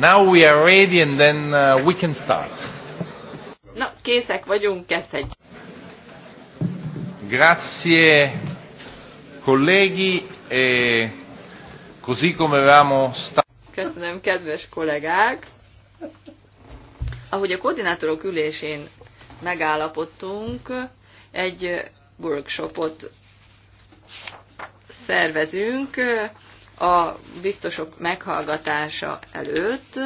Now we are ready and then uh, we can start. Na, készek vagyunk, kezdhetjük. Grazie colleghi e così come avevamo sta... Köszönöm, kedves kollégák! Ahogy a koordinátorok ülésén megállapodtunk, egy workshopot szervezünk, a biztosok meghallgatása előtt.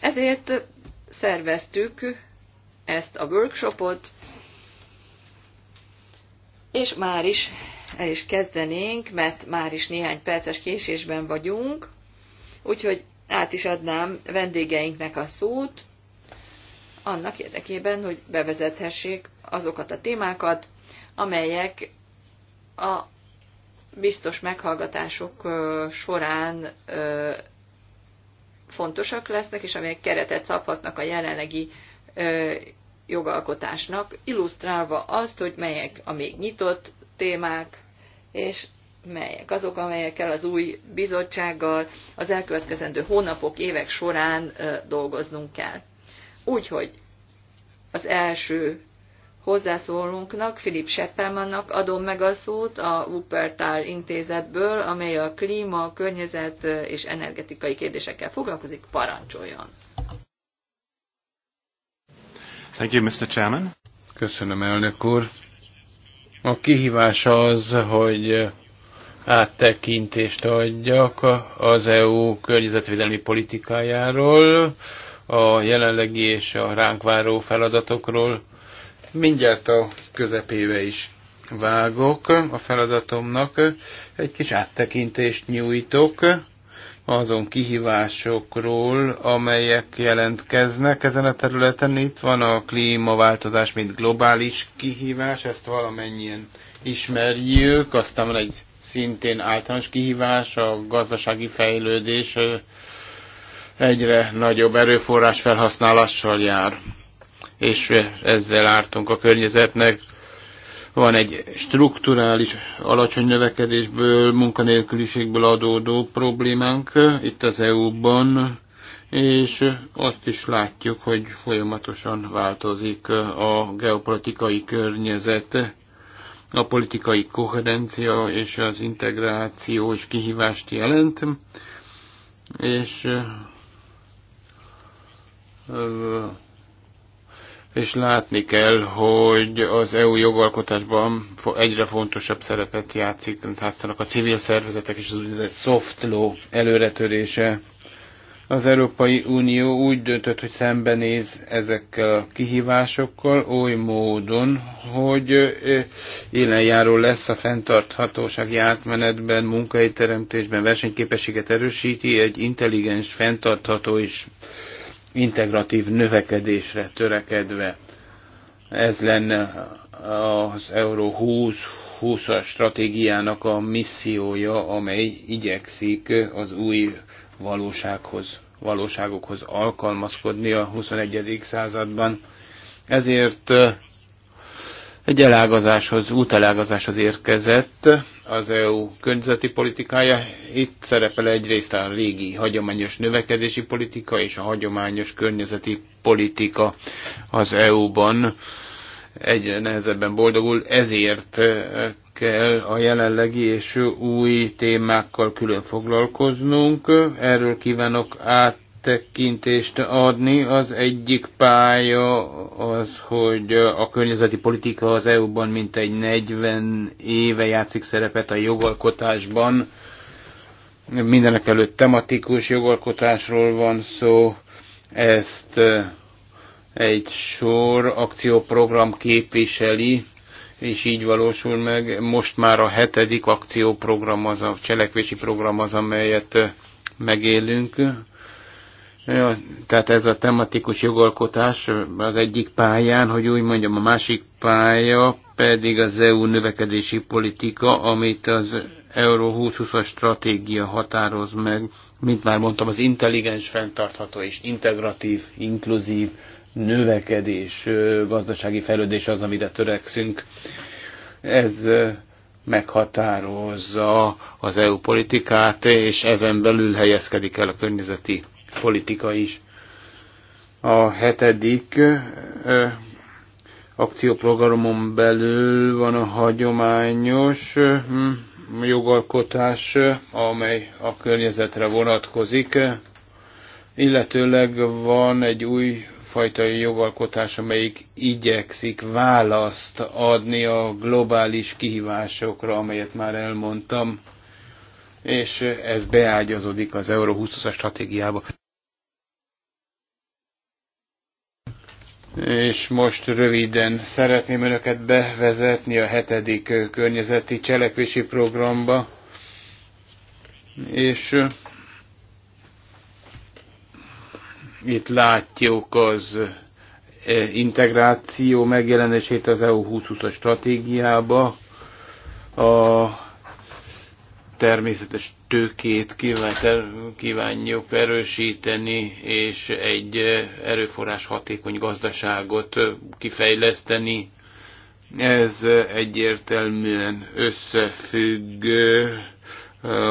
Ezért szerveztük ezt a workshopot, és már is el is kezdenénk, mert már is néhány perces késésben vagyunk, úgyhogy át is adnám vendégeinknek a szót, annak érdekében, hogy bevezethessék azokat a témákat, amelyek a biztos meghallgatások során fontosak lesznek, és amelyek keretet szabhatnak a jelenlegi jogalkotásnak, illusztrálva azt, hogy melyek a még nyitott témák, és melyek azok, amelyekkel az új bizottsággal az elkövetkezendő hónapok, évek során dolgoznunk kell. Úgyhogy az első hozzászólónknak, Philip Seppelmannak adom meg a szót a Wuppertal intézetből, amely a klíma, környezet és energetikai kérdésekkel foglalkozik, parancsoljon. Thank you, Mr. Chairman. Köszönöm, elnök úr. A kihívás az, hogy áttekintést adjak az EU környezetvédelmi politikájáról, a jelenlegi és a ránk váró feladatokról, mindjárt a közepébe is vágok a feladatomnak, egy kis áttekintést nyújtok azon kihívásokról, amelyek jelentkeznek ezen a területen. Itt van a klímaváltozás, mint globális kihívás, ezt valamennyien ismerjük, aztán van egy szintén általános kihívás, a gazdasági fejlődés egyre nagyobb erőforrás felhasználással jár és ezzel ártunk a környezetnek. Van egy strukturális alacsony növekedésből, munkanélküliségből adódó problémánk itt az EU-ban, és azt is látjuk, hogy folyamatosan változik a geopolitikai környezet, a politikai koherencia és az integráció is kihívást jelent, és és látni kell, hogy az EU jogalkotásban egyre fontosabb szerepet játszik, tehát a civil szervezetek és az úgynevezett soft law előretörése. Az Európai Unió úgy döntött, hogy szembenéz ezekkel a kihívásokkal oly módon, hogy élenjáró lesz a fenntarthatósági átmenetben, munkahelyteremtésben, versenyképességet erősíti, egy intelligens, fenntartható és integratív növekedésre törekedve. Ez lenne az Euró 20 20-as stratégiának a missziója, amely igyekszik az új valósághoz, valóságokhoz alkalmazkodni a 21. században. Ezért egy elágazáshoz, útelágazáshoz érkezett, az EU környezeti politikája. Itt szerepel egyrészt a régi hagyományos növekedési politika és a hagyományos környezeti politika az EU-ban egyre nehezebben boldogul, ezért eh, kell a jelenlegi és új témákkal külön foglalkoznunk. Erről kívánok át áttekintést adni. Az egyik pálya az, hogy a környezeti politika az EU-ban mintegy 40 éve játszik szerepet a jogalkotásban. Mindenek előtt tematikus jogalkotásról van szó. Ezt egy sor akcióprogram képviseli, és így valósul meg. Most már a hetedik akcióprogram az, a cselekvési program az, amelyet megélünk. Ja, tehát ez a tematikus jogalkotás az egyik pályán, hogy úgy mondjam, a másik pálya pedig az EU növekedési politika, amit az Euró 2020-as stratégia határoz meg, mint már mondtam, az intelligens, fenntartható és integratív, inkluzív növekedés, gazdasági fejlődés az, amire törekszünk. Ez meghatározza az EU politikát, és ezen belül helyezkedik el a környezeti politika is. A hetedik akcióprogramon belül van a hagyományos hm, jogalkotás, amely a környezetre vonatkozik, illetőleg van egy új fajta jogalkotás, amelyik igyekszik választ adni a globális kihívásokra, amelyet már elmondtam, és ez beágyazódik az Euró 20 stratégiába. És most röviden szeretném önöket bevezetni a hetedik környezeti cselekvési programba. És itt látjuk az e, integráció megjelenését az EU 2020-as stratégiába, a természetes tőkét kívánjuk erősíteni, és egy erőforrás hatékony gazdaságot kifejleszteni. Ez egyértelműen összefügg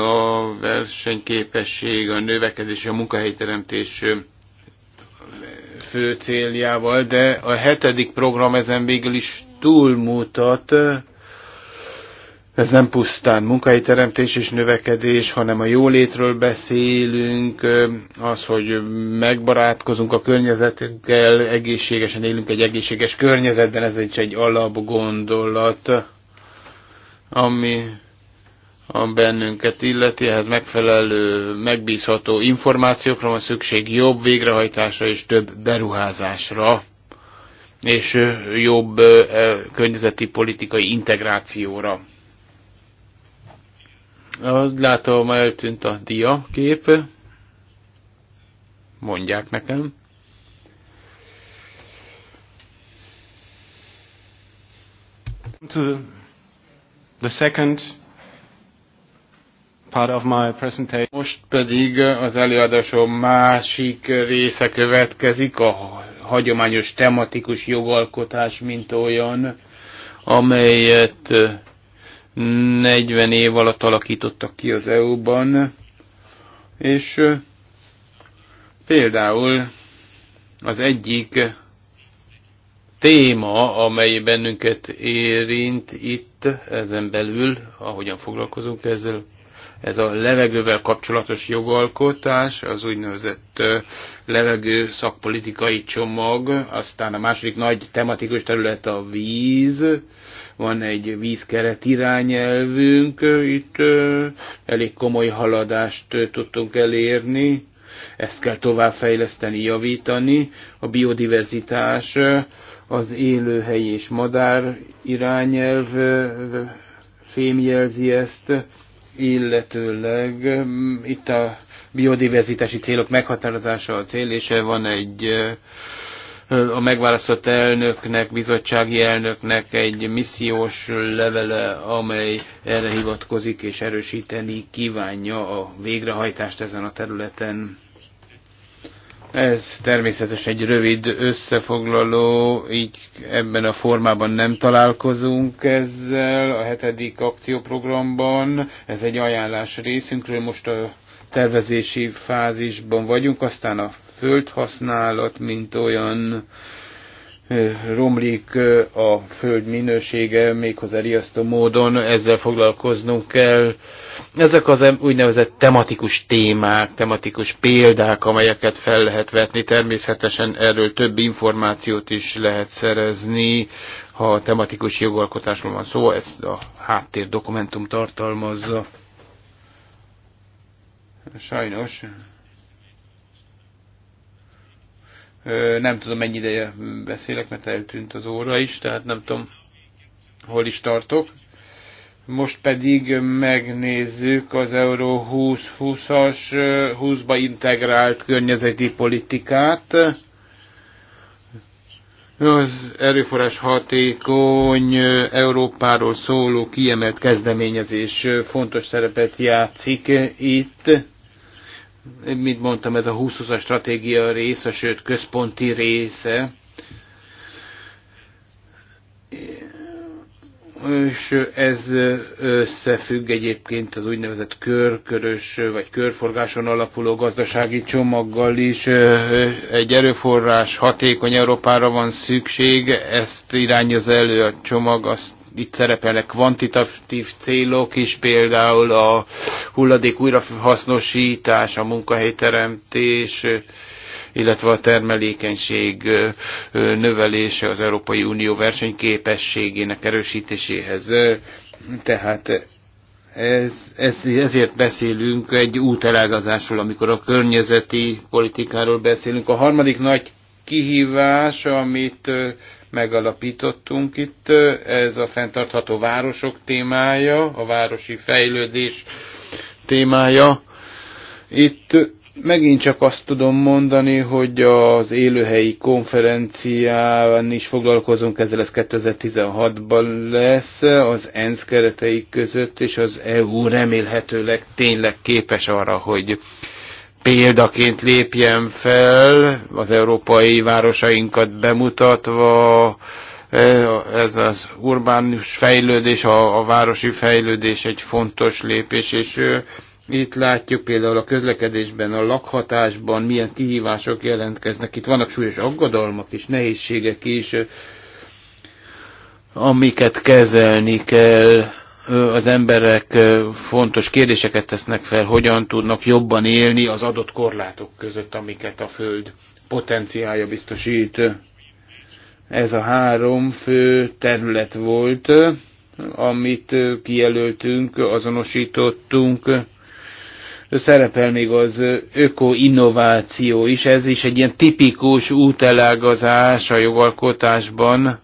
a versenyképesség, a növekedés, a munkahelyteremtés fő céljával, de a hetedik program ezen végül is túlmutat, ez nem pusztán munkahelyteremtés és növekedés, hanem a jólétről beszélünk, az, hogy megbarátkozunk a környezetünkkel, egészségesen élünk egy egészséges környezetben, ez egy, egy gondolat, ami a bennünket illeti, ehhez megfelelő, megbízható információkra van szükség, jobb végrehajtásra és több beruházásra, és jobb e, környezeti politikai integrációra. Látom, eltűnt a dia kép. Mondják nekem. To the second part of my presentation. Most pedig az előadásom másik része következik, a hagyományos tematikus jogalkotás, mint olyan, amelyet 40 év alatt alakítottak ki az EU-ban, és például az egyik téma, amely bennünket érint itt, ezen belül, ahogyan foglalkozunk ezzel, ez a levegővel kapcsolatos jogalkotás, az úgynevezett levegő szakpolitikai csomag, aztán a második nagy tematikus terület a víz, van egy vízkeret irányelvünk, itt elég komoly haladást tudtunk elérni, ezt kell továbbfejleszteni, javítani. A biodiverzitás, az élőhely és madár irányelv fémjelzi ezt, illetőleg itt a biodiverzitási célok meghatározása a cél, és van egy a megválasztott elnöknek, bizottsági elnöknek egy missziós levele, amely erre hivatkozik és erősíteni kívánja a végrehajtást ezen a területen. Ez természetesen egy rövid összefoglaló, így ebben a formában nem találkozunk ezzel a hetedik akcióprogramban. Ez egy ajánlás részünkről, most a tervezési fázisban vagyunk, aztán a földhasználat, mint olyan romlik a föld minősége, méghozzá riasztó módon ezzel foglalkoznunk kell. Ezek az úgynevezett tematikus témák, tematikus példák, amelyeket fel lehet vetni. Természetesen erről több információt is lehet szerezni, ha a tematikus jogalkotásról van szó, ezt a háttér dokumentum tartalmazza. Sajnos Nem tudom, mennyi ideje beszélek, mert eltűnt az óra is, tehát nem tudom, hol is tartok. Most pedig megnézzük az Euró 2020-as, 20-ba integrált környezeti politikát. Az erőforrás hatékony Európáról szóló kiemelt kezdeményezés fontos szerepet játszik itt mint mondtam, ez a 20-as stratégia része, sőt központi része. És ez összefügg egyébként az úgynevezett körkörös vagy körforgáson alapuló gazdasági csomaggal is. Egy erőforrás hatékony Európára van szükség, ezt irányoz elő a csomag, azt itt szerepelnek kvantitatív célok is, például a hulladék újrahasznosítás, a munkahelyteremtés, illetve a termelékenység növelése az Európai Unió versenyképességének erősítéséhez. Tehát ez, ez, ezért beszélünk egy útelágazásról, amikor a környezeti politikáról beszélünk. A harmadik nagy kihívás, amit megalapítottunk itt. Ez a fenntartható városok témája, a városi fejlődés témája. Itt megint csak azt tudom mondani, hogy az élőhelyi konferencián is foglalkozunk ezzel, ez 2016-ban lesz, az ENSZ keretei között, és az EU remélhetőleg tényleg képes arra, hogy példaként lépjen fel, az európai városainkat bemutatva, e, ez az urbánus fejlődés, a, a városi fejlődés egy fontos lépés, és itt látjuk például a közlekedésben, a lakhatásban milyen kihívások jelentkeznek. Itt vannak súlyos aggodalmak és nehézségek is, amiket kezelni kell az emberek fontos kérdéseket tesznek fel, hogyan tudnak jobban élni az adott korlátok között, amiket a Föld potenciálja biztosít. Ez a három fő terület volt, amit kijelöltünk, azonosítottunk. Szerepel még az öko-innováció is, ez is egy ilyen tipikus útelágazás a jogalkotásban,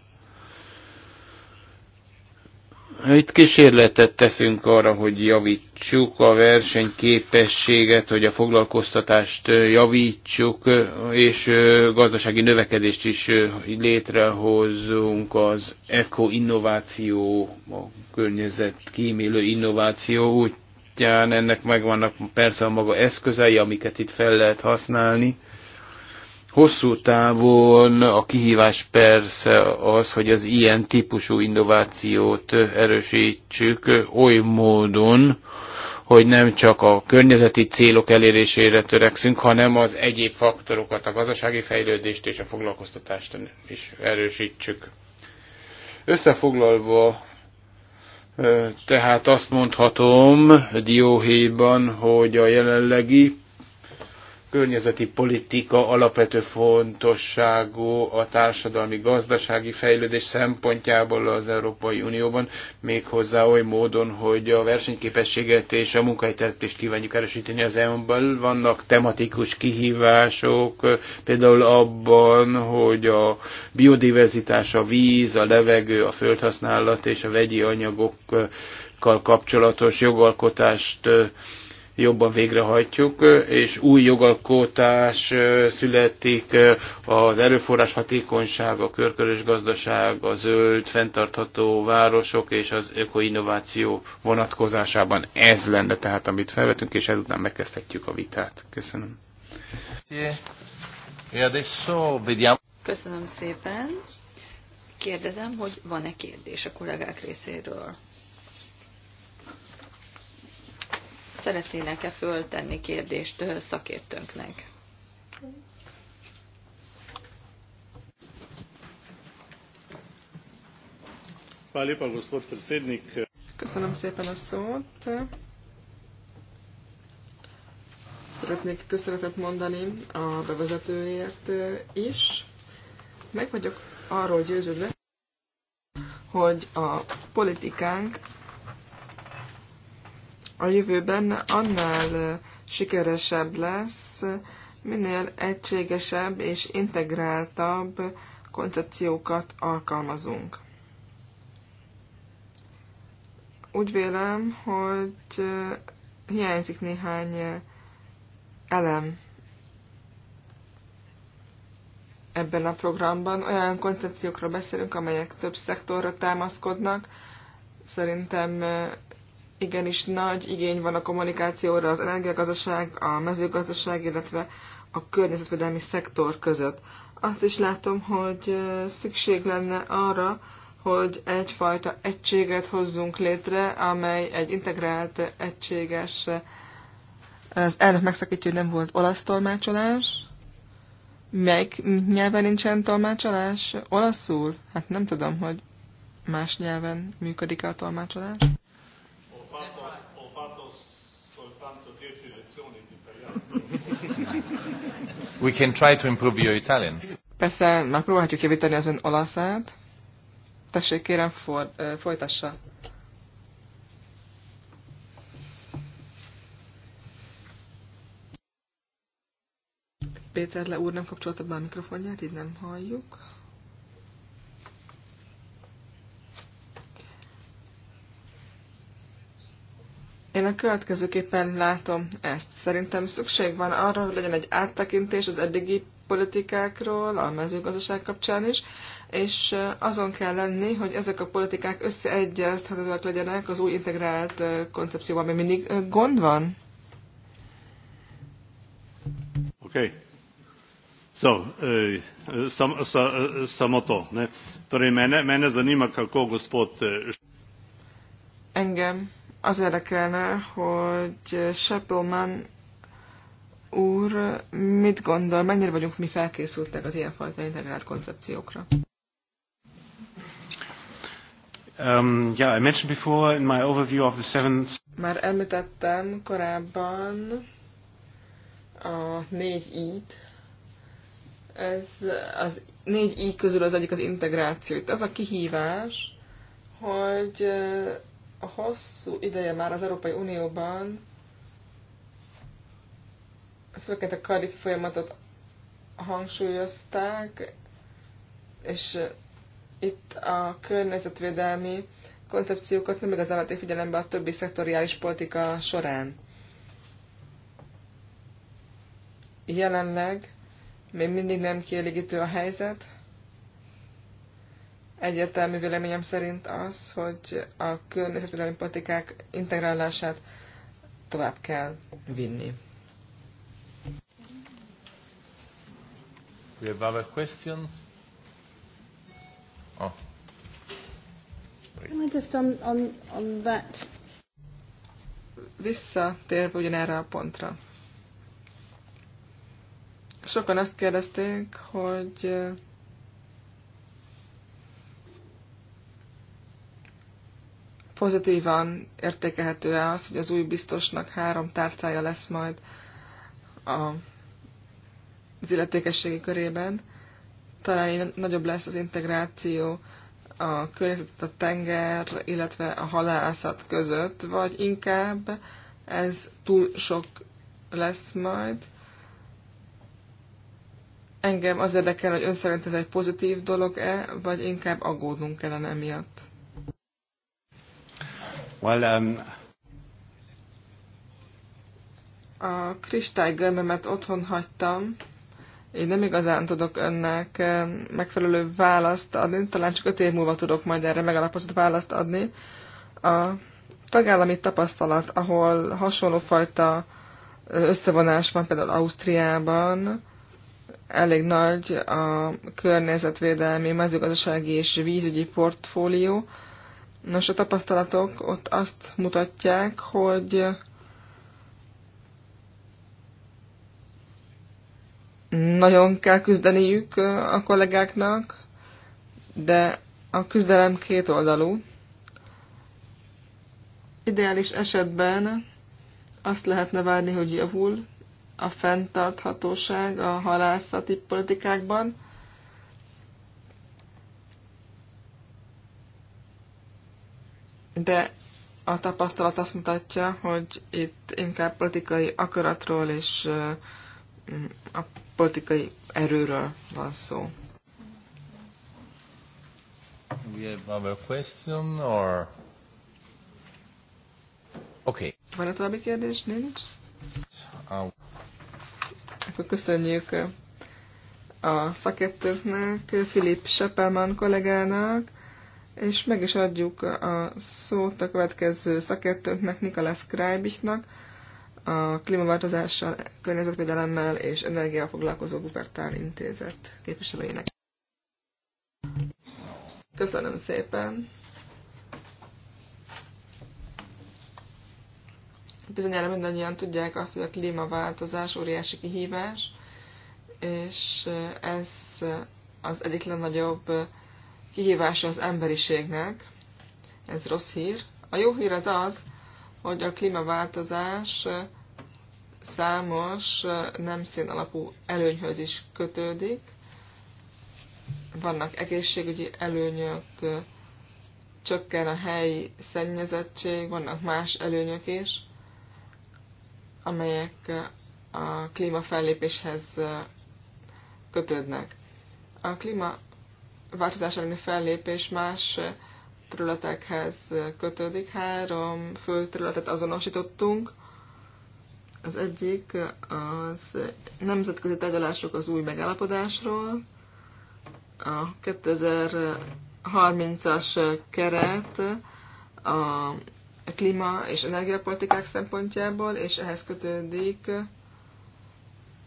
itt kísérletet teszünk arra, hogy javítsuk a versenyképességet, hogy a foglalkoztatást javítsuk, és gazdasági növekedést is létrehozzunk az eko-innováció, a környezet kímélő innováció útján. Ennek megvannak persze a maga eszközei, amiket itt fel lehet használni Hosszú távon a kihívás persze az, hogy az ilyen típusú innovációt erősítsük oly módon, hogy nem csak a környezeti célok elérésére törekszünk, hanem az egyéb faktorokat, a gazdasági fejlődést és a foglalkoztatást is erősítsük. Összefoglalva, tehát azt mondhatom dióhéjban, hogy a jelenlegi környezeti politika alapvető fontosságú a társadalmi gazdasági fejlődés szempontjából az Európai Unióban, méghozzá oly módon, hogy a versenyképességet és a munkahelyteremtést kívánjuk erősíteni az EU-ban. Vannak tematikus kihívások, például abban, hogy a biodiverzitás, a víz, a levegő, a földhasználat és a vegyi anyagokkal kapcsolatos jogalkotást jobban végrehajtjuk, és új jogalkotás születik, az erőforrás hatékonyság, a körkörös gazdaság, a zöld, fenntartható városok és az ökoinnováció vonatkozásában ez lenne tehát, amit felvetünk, és ezután megkezdhetjük a vitát. Köszönöm. E Köszönöm szépen. Kérdezem, hogy van-e kérdés a kollégák részéről. szeretnének-e föltenni kérdést szakértőnknek? Köszönöm szépen a szót. Szeretnék köszönetet mondani a bevezetőért is. Meg vagyok arról győződve, hogy a politikánk a jövőben annál sikeresebb lesz, minél egységesebb és integráltabb koncepciókat alkalmazunk. Úgy vélem, hogy hiányzik néhány elem ebben a programban. Olyan koncepciókra beszélünk, amelyek több szektorra támaszkodnak. Szerintem igenis nagy igény van a kommunikációra az energiagazdaság, a mezőgazdaság, illetve a környezetvédelmi szektor között. Azt is látom, hogy szükség lenne arra, hogy egyfajta egységet hozzunk létre, amely egy integrált, egységes... Az elnök megszakítja, hogy nem volt olasz tolmácsolás. Melyik nyelven nincsen tolmácsolás? Olaszul? Hát nem tudom, hogy más nyelven működik a tolmácsolás. We can try to improve your Italian. Persze, megpróbáljuk javítani az ön olaszát. Tessék, kérem, for, uh, folytassa. Péter le úr nem kapcsolta be a mikrofonját, így nem halljuk. Én a következőképpen látom ezt. Szerintem szükség van arra, hogy legyen egy áttekintés az eddigi politikákról, a mezőgazdaság kapcsán is, és azon kell lenni, hogy ezek a politikák összeegyezthetőek legyenek az új integrált koncepcióban, ami mindig gond van. Oké. Okay. So, sam, sa, samo to. Ne? Torej, mene, mene zanima, kako gospod... Engem az érdekelne, hogy Seppelman úr mit gondol, mennyire vagyunk mi felkészültek az ilyenfajta integrált koncepciókra? Um, yeah, I mentioned before in my overview of the seven... Már említettem korábban a négy i-t. Ez az négy i közül az egyik az integráció. Itt az a kihívás, hogy a hosszú ideje már az Európai Unióban, főként a karib folyamatot hangsúlyozták, és eh, itt a környezetvédelmi koncepciókat nem igazán vették figyelembe a többi szektoriális politika során. Jelenleg még mindig nem kielégítő a helyzet, egyértelmű véleményem szerint az, hogy a környezetvédelmi politikák integrálását tovább kell vinni. We have other questions? Oh. Can I just on, on, on that? Visszatérve ugyanerre a pontra. Sokan azt kérdezték, hogy Pozitívan értékelhető -e az, hogy az új biztosnak három tárcája lesz majd a, az illetékességi körében. Talán nagyobb lesz az integráció a környezetet a tenger, illetve a halászat között, vagy inkább ez túl sok lesz majd. Engem az érdekel, hogy ön szerint ez egy pozitív dolog-e, vagy inkább aggódnunk kellene emiatt. Well, um... A kristálygömbömet otthon hagytam, én nem igazán tudok önnek eh, megfelelő választ adni, talán csak öt év múlva tudok majd erre megalapozott választ adni. A tagállami tapasztalat, ahol hasonló fajta eh, összevonás van, például Ausztriában, elég nagy a környezetvédelmi, mezőgazdasági és vízügyi portfólió, Nos, a tapasztalatok ott azt mutatják, hogy nagyon kell küzdeniük a kollégáknak, de a küzdelem két oldalú. Ideális esetben azt lehetne várni, hogy javul a fenntarthatóság a halászati politikákban, de a tapasztalat azt mutatja, hogy itt inkább politikai akaratról és a politikai erőről van szó. We have a question or... Okay. Van-e további kérdés? Nincs? Akkor köszönjük a szakértőknek, Filip Seppelman kollégának, és meg is adjuk a szót a következő szakértőnknek, Nikolász Krajbichnak, a klímaváltozással, környezetvédelemmel és energiával foglalkozó Wuppertal intézet képviselőjének. Köszönöm szépen! Bizonyára mindannyian tudják azt, hogy a klímaváltozás óriási kihívás, és ez az egyik legnagyobb kihívása az emberiségnek. Ez rossz hír. A jó hír az az, hogy a klímaváltozás számos nem szín alapú előnyhöz is kötődik. Vannak egészségügyi előnyök, csökken a helyi szennyezettség, vannak más előnyök is, amelyek a klímafellépéshez kötődnek. A klíma változás elleni fellépés más területekhez kötődik. Három fő területet azonosítottunk. Az egyik az nemzetközi tárgyalások az új megállapodásról, a 2030-as keret a klíma és energiapolitikák szempontjából, és ehhez kötődik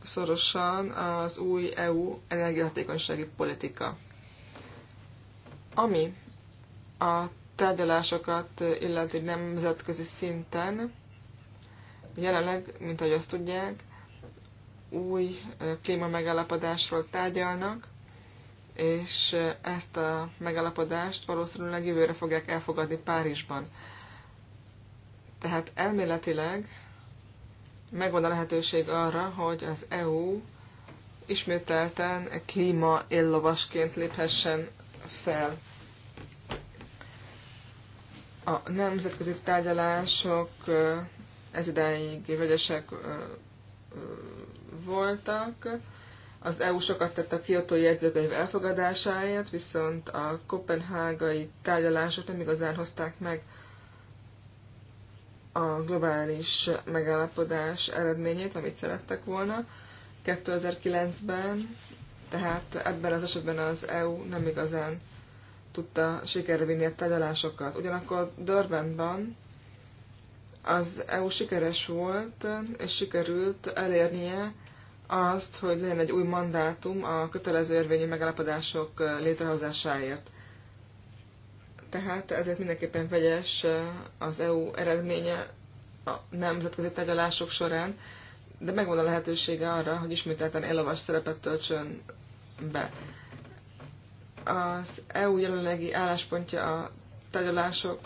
szorosan az új EU energiahatékonysági politika. Ami a tárgyalásokat illeti nemzetközi szinten, jelenleg, mint ahogy azt tudják, új klímamegállapodásról tárgyalnak, és ezt a megállapodást valószínűleg jövőre fogják elfogadni Párizsban. Tehát elméletileg megvan a lehetőség arra, hogy az EU ismételten klíma éllovasként léphessen fel. A nemzetközi tárgyalások ez idáig vegyesek voltak. Az EU sokat tett a kiotói jegyzőkönyv elfogadásáért, viszont a kopenhágai tárgyalások nem igazán hozták meg a globális megállapodás eredményét, amit szerettek volna 2009-ben tehát ebben az esetben az EU nem igazán tudta sikerre vinni a tárgyalásokat. Ugyanakkor Durbanban az EU sikeres volt, és sikerült elérnie azt, hogy legyen egy új mandátum a kötelező érvényű megállapodások létrehozásáért. Tehát ezért mindenképpen vegyes az EU eredménye a nemzetközi tárgyalások során, de megvan a lehetősége arra, hogy ismételten elavas szerepet töltsön be. Az EU jelenlegi álláspontja a tárgyalások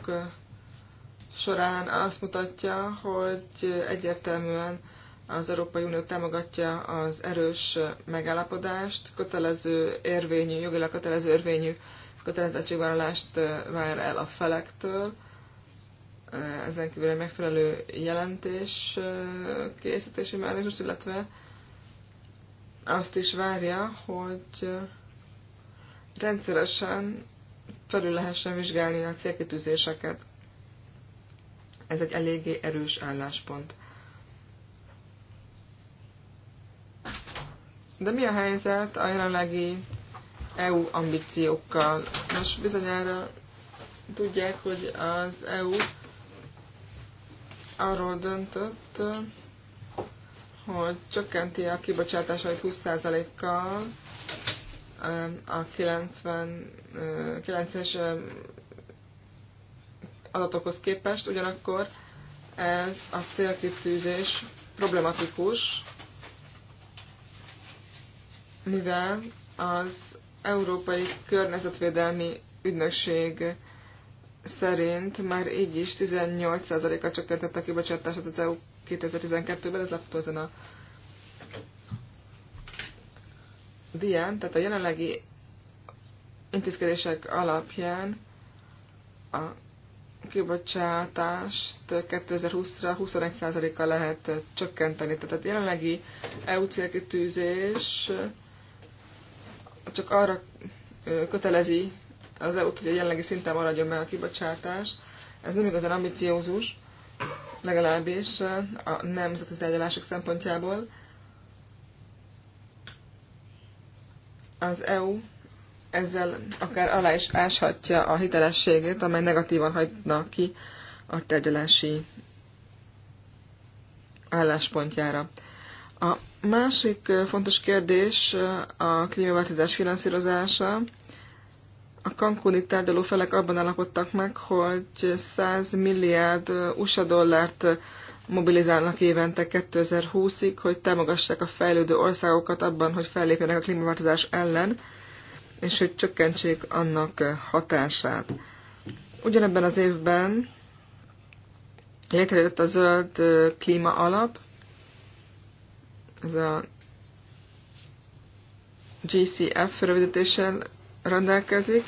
során azt mutatja, hogy egyértelműen az Európai Unió támogatja az erős megállapodást, kötelező érvényű, jogilag kötelező érvényű kötelezettségvállalást vár el a felektől, ezen kívül egy megfelelő jelentés készítési mechanizmus, illetve azt is várja, hogy rendszeresen felül lehessen vizsgálni a célkitűzéseket. Ez egy eléggé erős álláspont. De mi a helyzet a jelenlegi EU ambíciókkal? Most bizonyára tudják, hogy az EU arról döntött, hogy csökkenti a kibocsátásait 20%-kal a 99-es adatokhoz képest, ugyanakkor ez a célkitűzés problematikus, mivel az Európai Környezetvédelmi Ügynökség szerint már így is 18%-a csökkentett a kibocsátását az EU 2012-ben, ez látható ezen a dián, tehát a jelenlegi intézkedések alapján a kibocsátást 2020-ra 21%-kal lehet csökkenteni. Tehát a jelenlegi EU célkitűzés csak arra kötelezi az EU-t, hogy a jelenlegi szinten maradjon meg a kibocsátás. Ez nem igazán ambiciózus, legalábbis a nemzeti tárgyalások szempontjából. Az EU ezzel akár alá is áshatja a hitelességét, amely negatívan hagyna ki a tárgyalási álláspontjára. A másik fontos kérdés a klímaváltozás finanszírozása a Cancuni tárgyaló felek abban állapodtak meg, hogy 100 milliárd USA dollárt mobilizálnak évente 2020-ig, hogy támogassák a fejlődő országokat abban, hogy fellépjenek a klímaváltozás ellen, és hogy csökkentsék annak hatását. Ugyanebben az évben létrejött a Zöld Klíma Alap, ez a GCF rövidítéssel rendelkezik.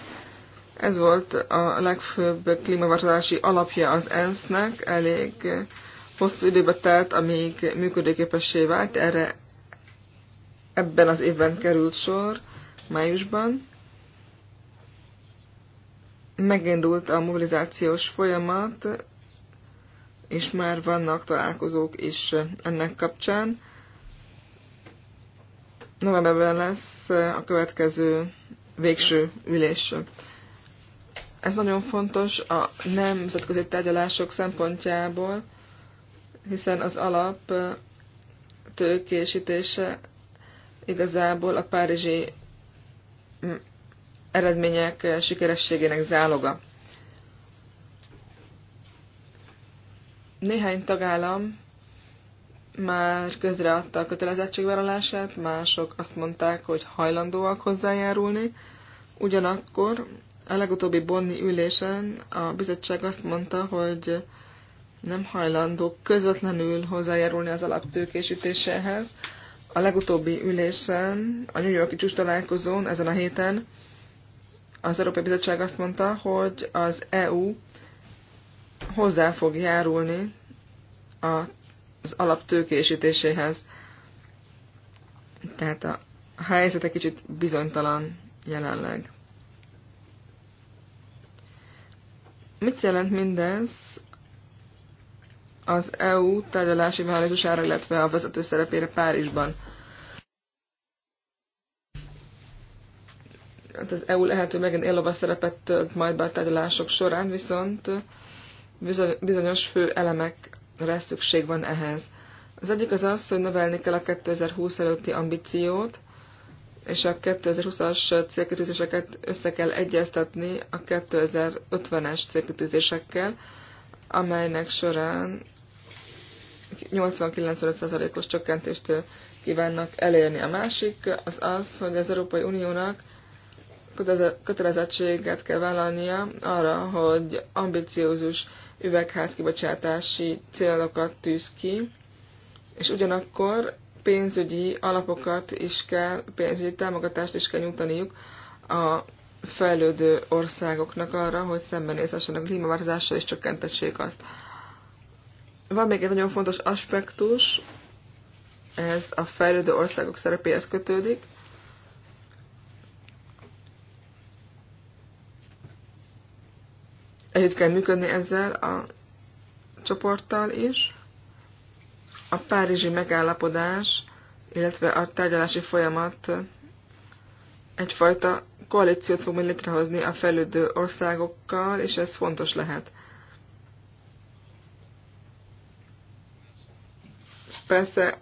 Ez volt a legfőbb klímaváltozási alapja az ENSZ-nek, elég hosszú időbe telt, amíg működőképessé vált, erre ebben az évben került sor, májusban. Megindult a mobilizációs folyamat, és már vannak találkozók is ennek kapcsán. Novemberben lesz a következő végső ülés. Ez nagyon fontos a nemzetközi tárgyalások szempontjából, hiszen az alap tőkésítése igazából a párizsi eredmények sikerességének záloga. Néhány tagállam már közreadta a kötelezettségvállalását, mások azt mondták, hogy hajlandóak hozzájárulni. Ugyanakkor a legutóbbi Bonni ülésen a bizottság azt mondta, hogy nem hajlandó közvetlenül hozzájárulni az alaptőkésítéséhez. A legutóbbi ülésen, a New Yorki csúcs találkozón ezen a héten az Európai Bizottság azt mondta, hogy az EU hozzá fog járulni a az alaptőkésítéséhez. Tehát a egy kicsit bizonytalan jelenleg. Mit jelent mindez az EU tárgyalási mechanizmusára, illetve a vezető szerepére Párizsban? Hát az EU lehető megint élova szerepet tölt majd be a tárgyalások során, viszont bizonyos fő elemek re szükség van ehhez. Az egyik az az, hogy növelni kell a 2020 előtti ambíciót, és a 2020-as célkitűzéseket össze kell egyeztetni a 2050-es célkitűzésekkel, amelynek során 89 os csökkentést kívánnak elérni. A másik az az, hogy az Európai Uniónak kötelezettséget kell vállalnia arra, hogy ambiciózus üvegházkibocsátási célokat tűz ki, és ugyanakkor pénzügyi alapokat is kell, pénzügyi támogatást is kell nyújtaniuk a fejlődő országoknak arra, hogy szembenézhessenek a klímaváltozással és csökkentessék azt. Van még egy nagyon fontos aspektus, ez a fejlődő országok szerepéhez kötődik. Együtt kell működni ezzel a csoporttal is. A párizsi megállapodás, illetve a tárgyalási folyamat egyfajta koalíciót fog majd létrehozni a fejlődő országokkal, és ez fontos lehet. Persze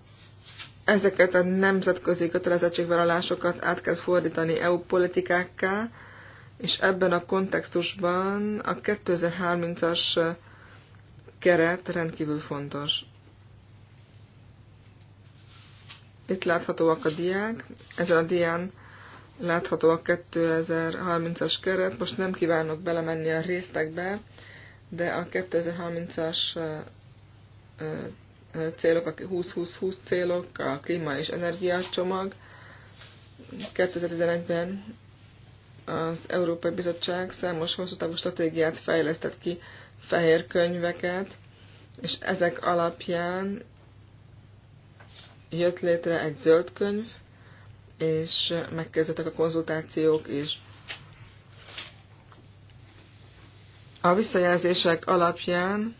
ezeket a nemzetközi kötelezettségvállalásokat át kell fordítani EU politikákká, és ebben a kontextusban a 2030-as keret rendkívül fontos. Itt láthatóak a diák, ezen a dián látható a 2030-as keret. Most nem kívánok belemenni a részekbe, de a 2030-as célok, a 20-20-20 célok, a klíma és energiacsomag 2011-ben az Európai Bizottság számos hosszútávú stratégiát fejlesztett ki, fehér könyveket, és ezek alapján jött létre egy zöld könyv, és megkezdődtek a konzultációk is. A visszajelzések alapján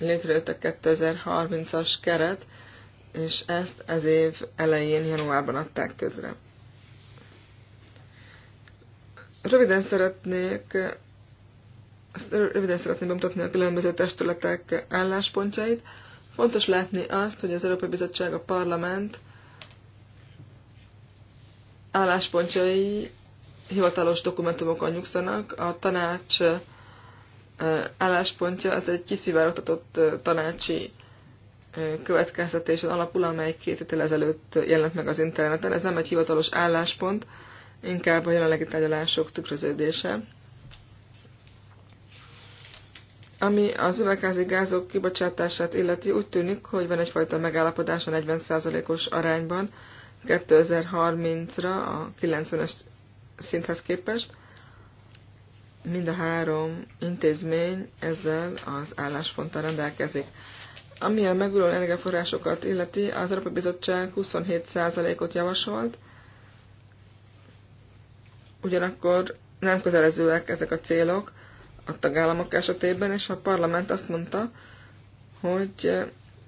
a 2030-as keret, és ezt ez év elején, januárban adták közre. Röviden szeretnék röviden szeretném bemutatni a különböző testületek álláspontjait. Fontos látni azt, hogy az Európai Bizottság, a Parlament álláspontjai hivatalos dokumentumokon nyugszanak. A tanács álláspontja az egy kiszivárogtatott tanácsi következtetésen alapul, amely két héttel ezelőtt jelent meg az interneten. Ez nem egy hivatalos álláspont, inkább a jelenlegi tárgyalások tükröződése. Ami az üvegházi gázok kibocsátását illeti, úgy tűnik, hogy van egyfajta megállapodás a 40%-os arányban 2030-ra a 90-es szinthez képest. Mind a három intézmény ezzel az állásponttal rendelkezik. Ami a megújuló energiaforrásokat illeti, az Európai Bizottság 27%-ot javasolt, ugyanakkor nem kötelezőek ezek a célok a tagállamok esetében, és a parlament azt mondta, hogy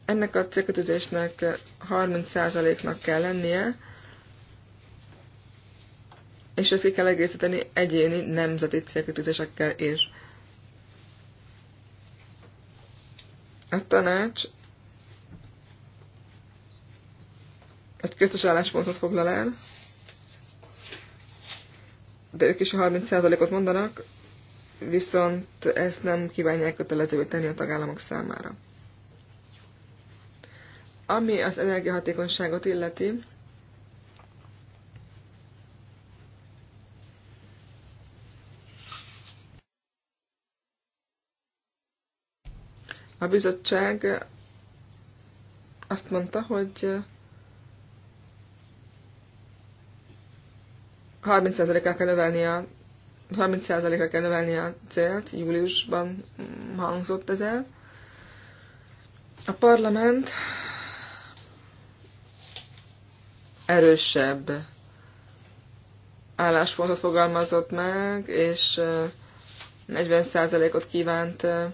ennek a célkötőzésnek 30%-nak kell lennie, és ezt ki kell egészíteni egyéni nemzeti célkötőzésekkel is. És A tanács egy köztes álláspontot foglal el, de ők is a 30%-ot mondanak, viszont ezt nem kívánják kötelezővé tenni a tagállamok számára. Ami az energiahatékonyságot illeti, A bizottság azt mondta, hogy 30%-ra kell növelni a 30%-ra kell növelni a célt, júliusban hangzott ez el. A parlament erősebb álláspontot fogalmazott meg, és 40%-ot eh, kívánt eh,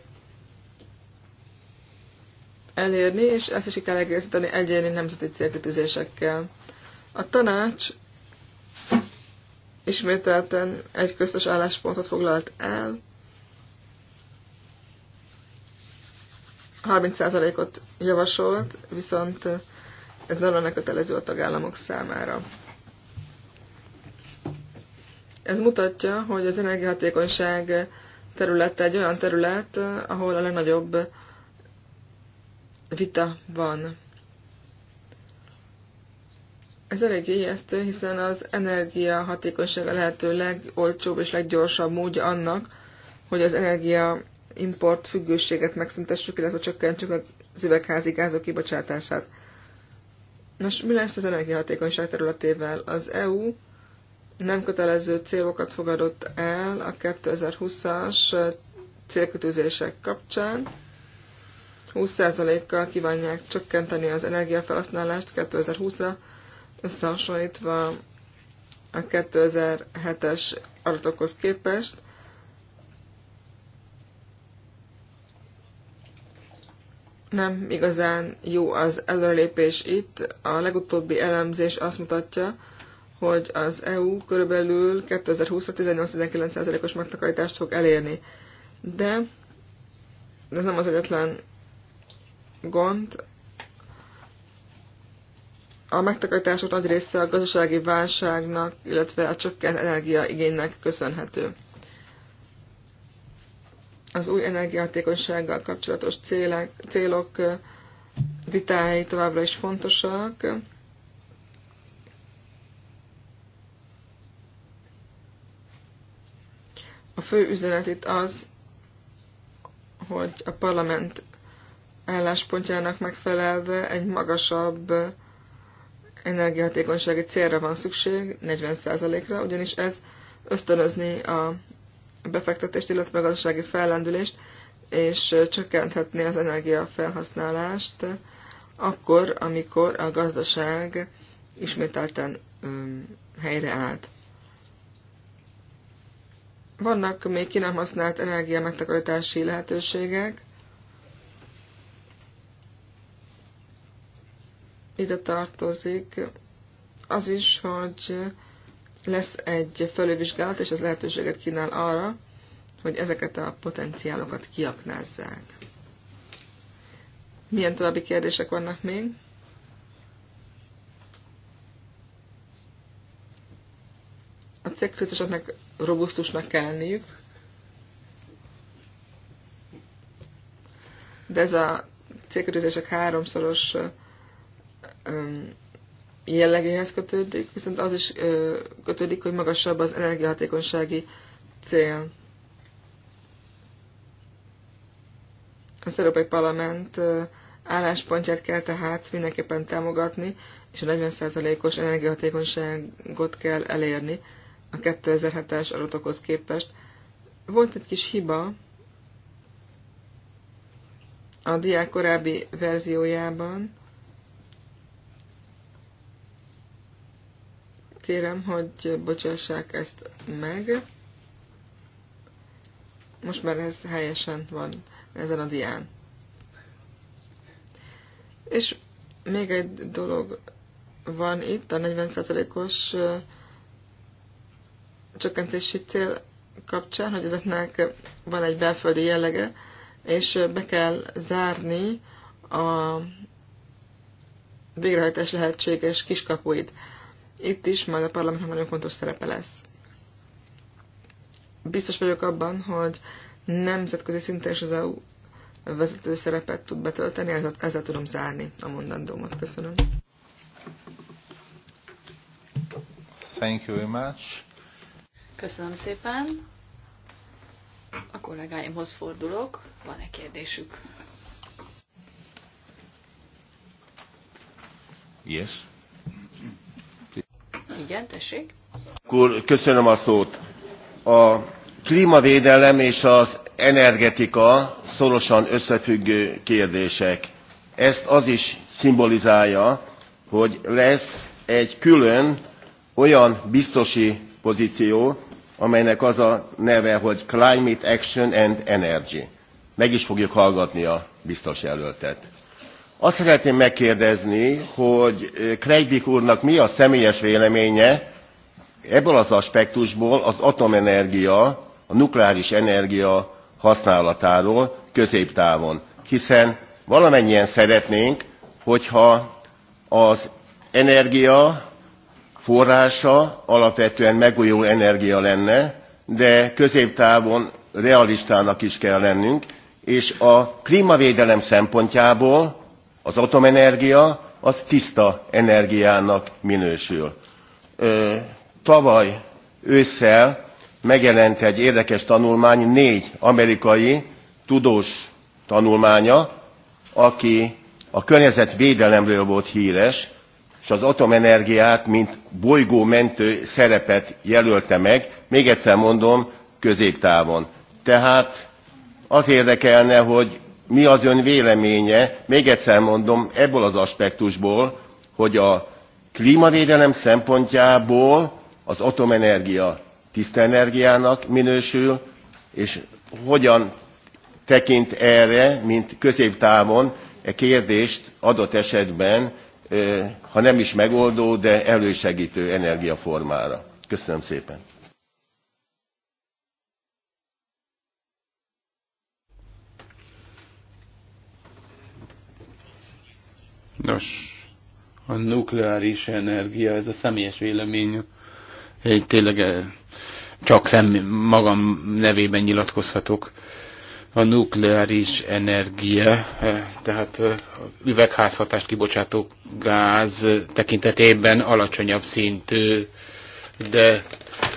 elérni, és ezt is ki kell egészíteni egyéni nemzeti célkötőzésekkel. A tanács ismételten egy köztes álláspontot foglalt el, 30%-ot javasolt, viszont ez nem lenne kötelező a tagállamok számára. Ez mutatja, hogy az energiahatékonyság területe egy olyan terület, ahol a legnagyobb vita van. Ez elég ijesztő, hiszen az energia hatékonysága lehető legolcsóbb és leggyorsabb módja annak, hogy az energia import függőséget megszüntessük, illetve csökkentsük az üvegházi gázok kibocsátását. Nos, mi lesz az energiahatékonyság területével? Az EU nem kötelező célokat fogadott el a 2020-as célkötőzések kapcsán. 20%-kal kívánják csökkenteni az energiafelhasználást 2020-ra, összehasonlítva a 2007-es adatokhoz képest. Nem igazán jó az előrelépés itt. A legutóbbi elemzés azt mutatja, hogy az EU körülbelül 2020-ra 18-19%-os megtakarítást fog elérni. De ez nem az egyetlen gond. A megtakarítások nagy része a gazdasági válságnak, illetve a csökkent energiaigénynek köszönhető. Az új energiahatékonysággal kapcsolatos célek, célok vitái továbbra is fontosak. A fő üzenet itt az, hogy a parlament álláspontjának megfelelve egy magasabb energiahatékonysági célra van szükség, 40%-ra, ugyanis ez ösztönözni a befektetést, illetve a gazdasági fellendülést, és csökkenthetni az energiafelhasználást akkor, amikor a gazdaság ismételten helyreállt. Vannak még ki nem használt energia megtakarítási lehetőségek, ide tartozik az is, hogy lesz egy felővizsgálat, és az lehetőséget kínál arra, hogy ezeket a potenciálokat kiaknázzák. Milyen további kérdések vannak még? A cégközösöknek robusztusnak kell lenniük, de ez a cégközösök háromszoros jellegéhez kötődik, viszont az is kötődik, hogy magasabb az energiahatékonysági cél. Az Európai Parlament álláspontját kell tehát mindenképpen támogatni, és a 40%-os energiahatékonyságot kell elérni a 2007-es adatokhoz képest. Volt egy kis hiba a diák korábbi verziójában, Kérem, hogy bocsássák ezt meg. Most már ez helyesen van ezen a dián. És még egy dolog van itt, a 40%-os csökkentési cél kapcsán, hogy ezeknek van egy belföldi jellege, és be kell zárni a végrehajtás lehetséges kiskapuit. Itt is majd a parlamentnek nagyon fontos szerepe lesz. Biztos vagyok abban, hogy nemzetközi szinten is az EU vezető szerepet tud betölteni, ezzel, ezzel tudom zárni a mondandómat. Köszönöm. Thank you very much. Köszönöm szépen. A kollégáimhoz fordulok. Van-e kérdésük? Yes. Igen, tessék. Akkor köszönöm a szót. A klímavédelem és az energetika szorosan összefüggő kérdések. Ezt az is szimbolizálja, hogy lesz egy külön olyan biztosi pozíció, amelynek az a neve, hogy Climate Action and Energy. Meg is fogjuk hallgatni a biztos jelöltet. Azt szeretném megkérdezni, hogy eh, Kreidvik úrnak mi a személyes véleménye ebből az aspektusból az atomenergia, a nukleáris energia használatáról középtávon. Hiszen valamennyien szeretnénk, hogyha az energia forrása alapvetően megújuló energia lenne, de középtávon realistának is kell lennünk, és a klímavédelem szempontjából az atomenergia az tiszta energiának minősül. Ö, tavaly ősszel megjelent egy érdekes tanulmány, négy amerikai tudós tanulmánya, aki a környezetvédelemről volt híres, és az atomenergiát, mint bolygómentő szerepet jelölte meg, még egyszer mondom, középtávon. Tehát az érdekelne, hogy mi az ön véleménye, még egyszer mondom, ebből az aspektusból, hogy a klímavédelem szempontjából az atomenergia tiszta energiának minősül, és hogyan tekint erre, mint középtávon e kérdést adott esetben, ha nem is megoldó, de elősegítő energiaformára. Köszönöm szépen! Nos, a nukleáris energia, ez a személyes vélemény. Én tényleg eh, csak szem, magam nevében nyilatkozhatok. A nukleáris energia, eh, tehát eh, üvegházhatást kibocsátó gáz tekintetében alacsonyabb szintű, de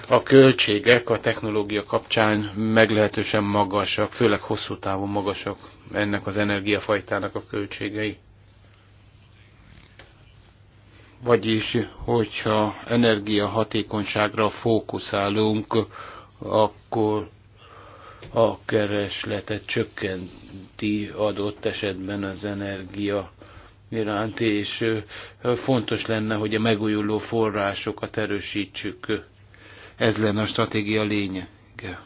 a költségek a technológia kapcsán meglehetősen magasak, főleg hosszú távon magasak ennek az energiafajtának a költségei. Vagyis, hogyha energiahatékonyságra fókuszálunk, akkor a keresletet csökkenti adott esetben az energia iránt, és fontos lenne, hogy a megújuló forrásokat erősítsük. Ez lenne a stratégia lényege.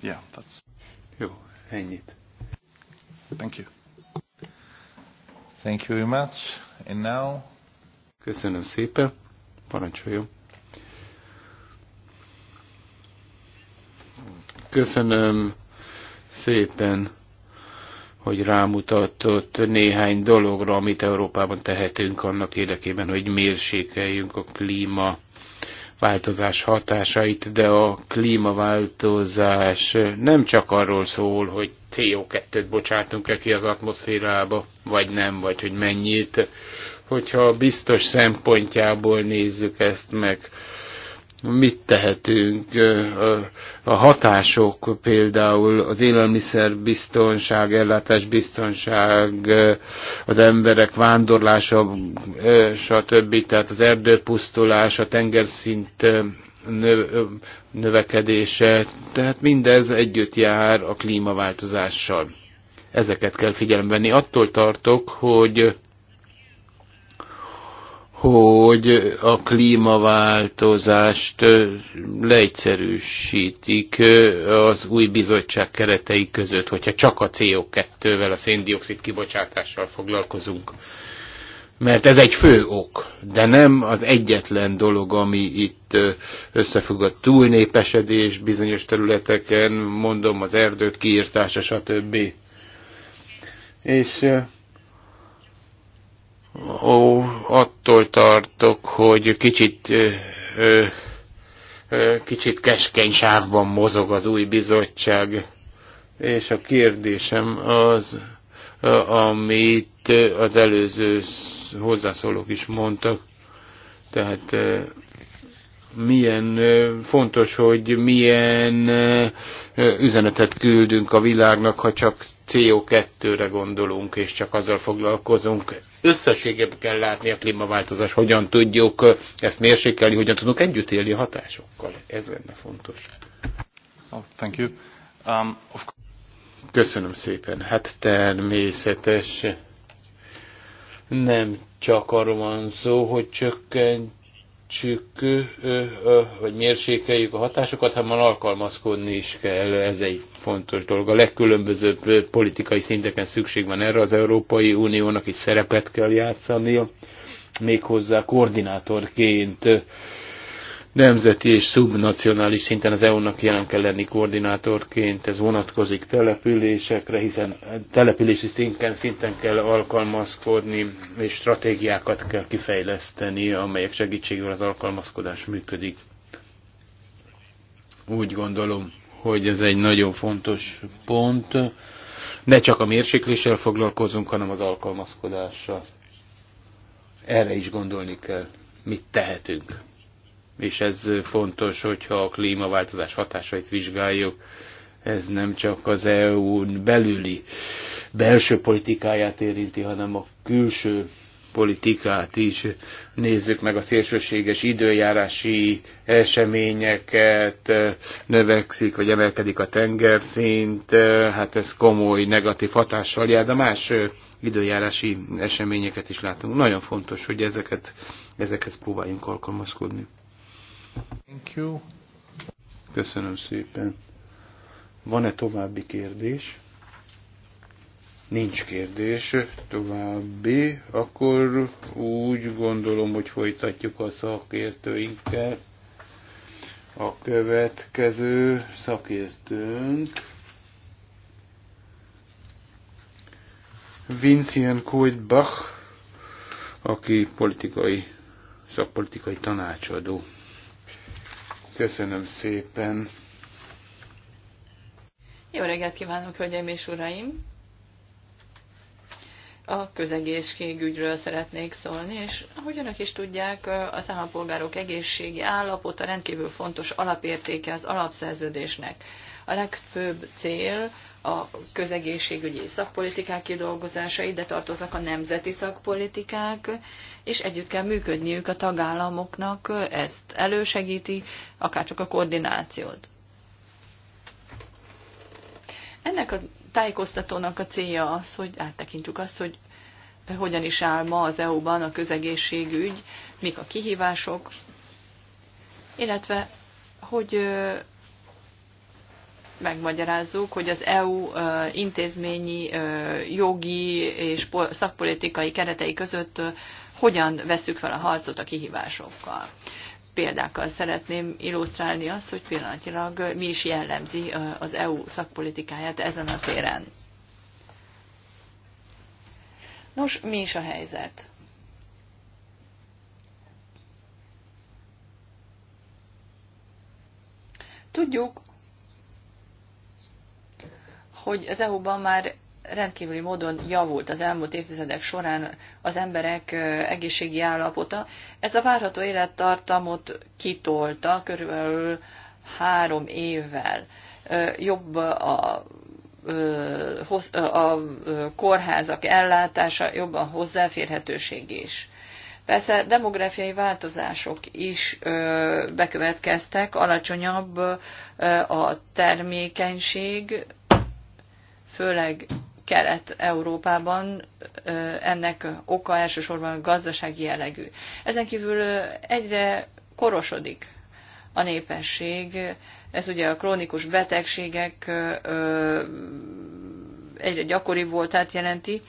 Yeah, that's... Jó, ennyit. Thank you. Thank you very much. And now Köszönöm szépen. Parancsoljon. Köszönöm szépen, hogy rámutatott néhány dologra, amit Európában tehetünk annak érdekében, hogy mérsékeljünk a klíma változás hatásait, de a klímaváltozás nem csak arról szól, hogy CO2-t bocsátunk-e ki az atmoszférába, vagy nem, vagy hogy mennyit, hogyha biztos szempontjából nézzük ezt meg mit tehetünk, a hatások például az élelmiszerbiztonság, ellátásbiztonság, az emberek vándorlása, stb. Tehát az erdőpusztulás, a tengerszint növekedése, tehát mindez együtt jár a klímaváltozással. Ezeket kell figyelembe venni. Attól tartok, hogy hogy a klímaváltozást leegyszerűsítik az új bizottság keretei között, hogyha csak a CO2-vel, a széndiokszid kibocsátással foglalkozunk. Mert ez egy fő ok, de nem az egyetlen dolog, ami itt összefügg a túlnépesedés bizonyos területeken, mondom az erdők kiírtása, stb. És Ó, attól tartok, hogy kicsit ö, ö, kicsit keskeny sávban mozog az új bizottság. És a kérdésem az, amit az előző hozzászólók is mondtak, tehát milyen fontos, hogy milyen üzenetet küldünk a világnak, ha csak CO2-re gondolunk, és csak azzal foglalkozunk. Összességében kell látni a klímaváltozás, hogyan tudjuk ezt mérsékelni, hogyan tudunk együtt élni a hatásokkal. Ez lenne fontos. Oh, thank you. Um, of... Köszönöm szépen. Hát természetes. Nem csak arról van szó, hogy csökkent csük, vagy mérsékeljük a hatásokat, hanem hát alkalmazkodni is kell, ez egy fontos dolog. A legkülönbözőbb politikai szinteken szükség van erre, az Európai Uniónak is szerepet kell játszania, méghozzá koordinátorként nemzeti és szubnacionális szinten az EU-nak jelen kell lenni koordinátorként, ez vonatkozik településekre, hiszen települési szinten, szinten kell alkalmazkodni, és stratégiákat kell kifejleszteni, amelyek segítségével az alkalmazkodás működik. Úgy gondolom, hogy ez egy nagyon fontos pont. Ne csak a mérsékléssel foglalkozunk, hanem az alkalmazkodással. Erre is gondolni kell, mit tehetünk és ez fontos, hogyha a klímaváltozás hatásait vizsgáljuk, ez nem csak az EU-n belüli belső politikáját érinti, hanem a külső politikát is. Nézzük meg a szélsőséges időjárási eseményeket, növekszik vagy emelkedik a tengerszint, hát ez komoly negatív hatással jár, de más időjárási eseményeket is látunk. Nagyon fontos, hogy ezeket, ezekhez próbáljunk alkalmazkodni. Thank you. Köszönöm szépen. Van-e további kérdés? Nincs kérdés további, akkor úgy gondolom, hogy folytatjuk a szakértőinkkel. A következő szakértőnk Vincent Koidbach, aki politikai, szakpolitikai tanácsadó. Köszönöm szépen. Jó reggelt kívánok, hölgyeim és uraim! A közegészségügyről szeretnék szólni, és ahogy önök is tudják, a számapolgárok egészségi állapota rendkívül fontos alapértéke az alapszerződésnek. A legfőbb cél a közegészségügyi szakpolitikák kidolgozása, ide tartoznak a nemzeti szakpolitikák, és együtt kell működniük a tagállamoknak, ezt elősegíti, akárcsak a koordinációt. Ennek a tájékoztatónak a célja az, hogy áttekintjük azt, hogy hogyan is áll ma az EU-ban a közegészségügy, mik a kihívások, illetve hogy megmagyarázzuk, hogy az EU intézményi, jogi és szakpolitikai keretei között hogyan veszük fel a harcot a kihívásokkal. Példákkal szeretném illusztrálni azt, hogy pillanatilag mi is jellemzi az EU szakpolitikáját ezen a téren. Nos, mi is a helyzet? Tudjuk, hogy az EU-ban már rendkívüli módon javult az elmúlt évtizedek során az emberek egészségi állapota. Ez a várható élettartamot kitolta körülbelül három évvel. Jobb a, a kórházak ellátása, jobban hozzáférhetőség is. Persze demográfiai változások is bekövetkeztek, alacsonyabb a termékenység, főleg Kelet-Európában ennek oka elsősorban gazdasági jellegű. Ezen kívül egyre korosodik a népesség, ez ugye a krónikus betegségek egyre gyakoribb voltát jelenti.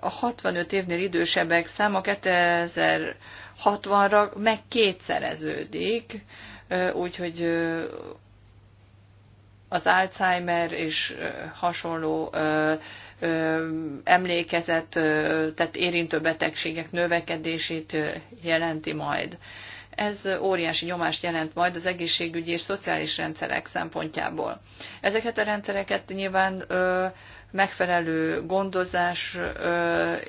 A 65 évnél idősebbek száma 2060-ra meg kétszereződik, úgyhogy az Alzheimer és hasonló emlékezet, tehát érintő betegségek növekedését jelenti majd. Ez óriási nyomást jelent majd az egészségügyi és szociális rendszerek szempontjából. Ezeket a rendszereket nyilván megfelelő gondozás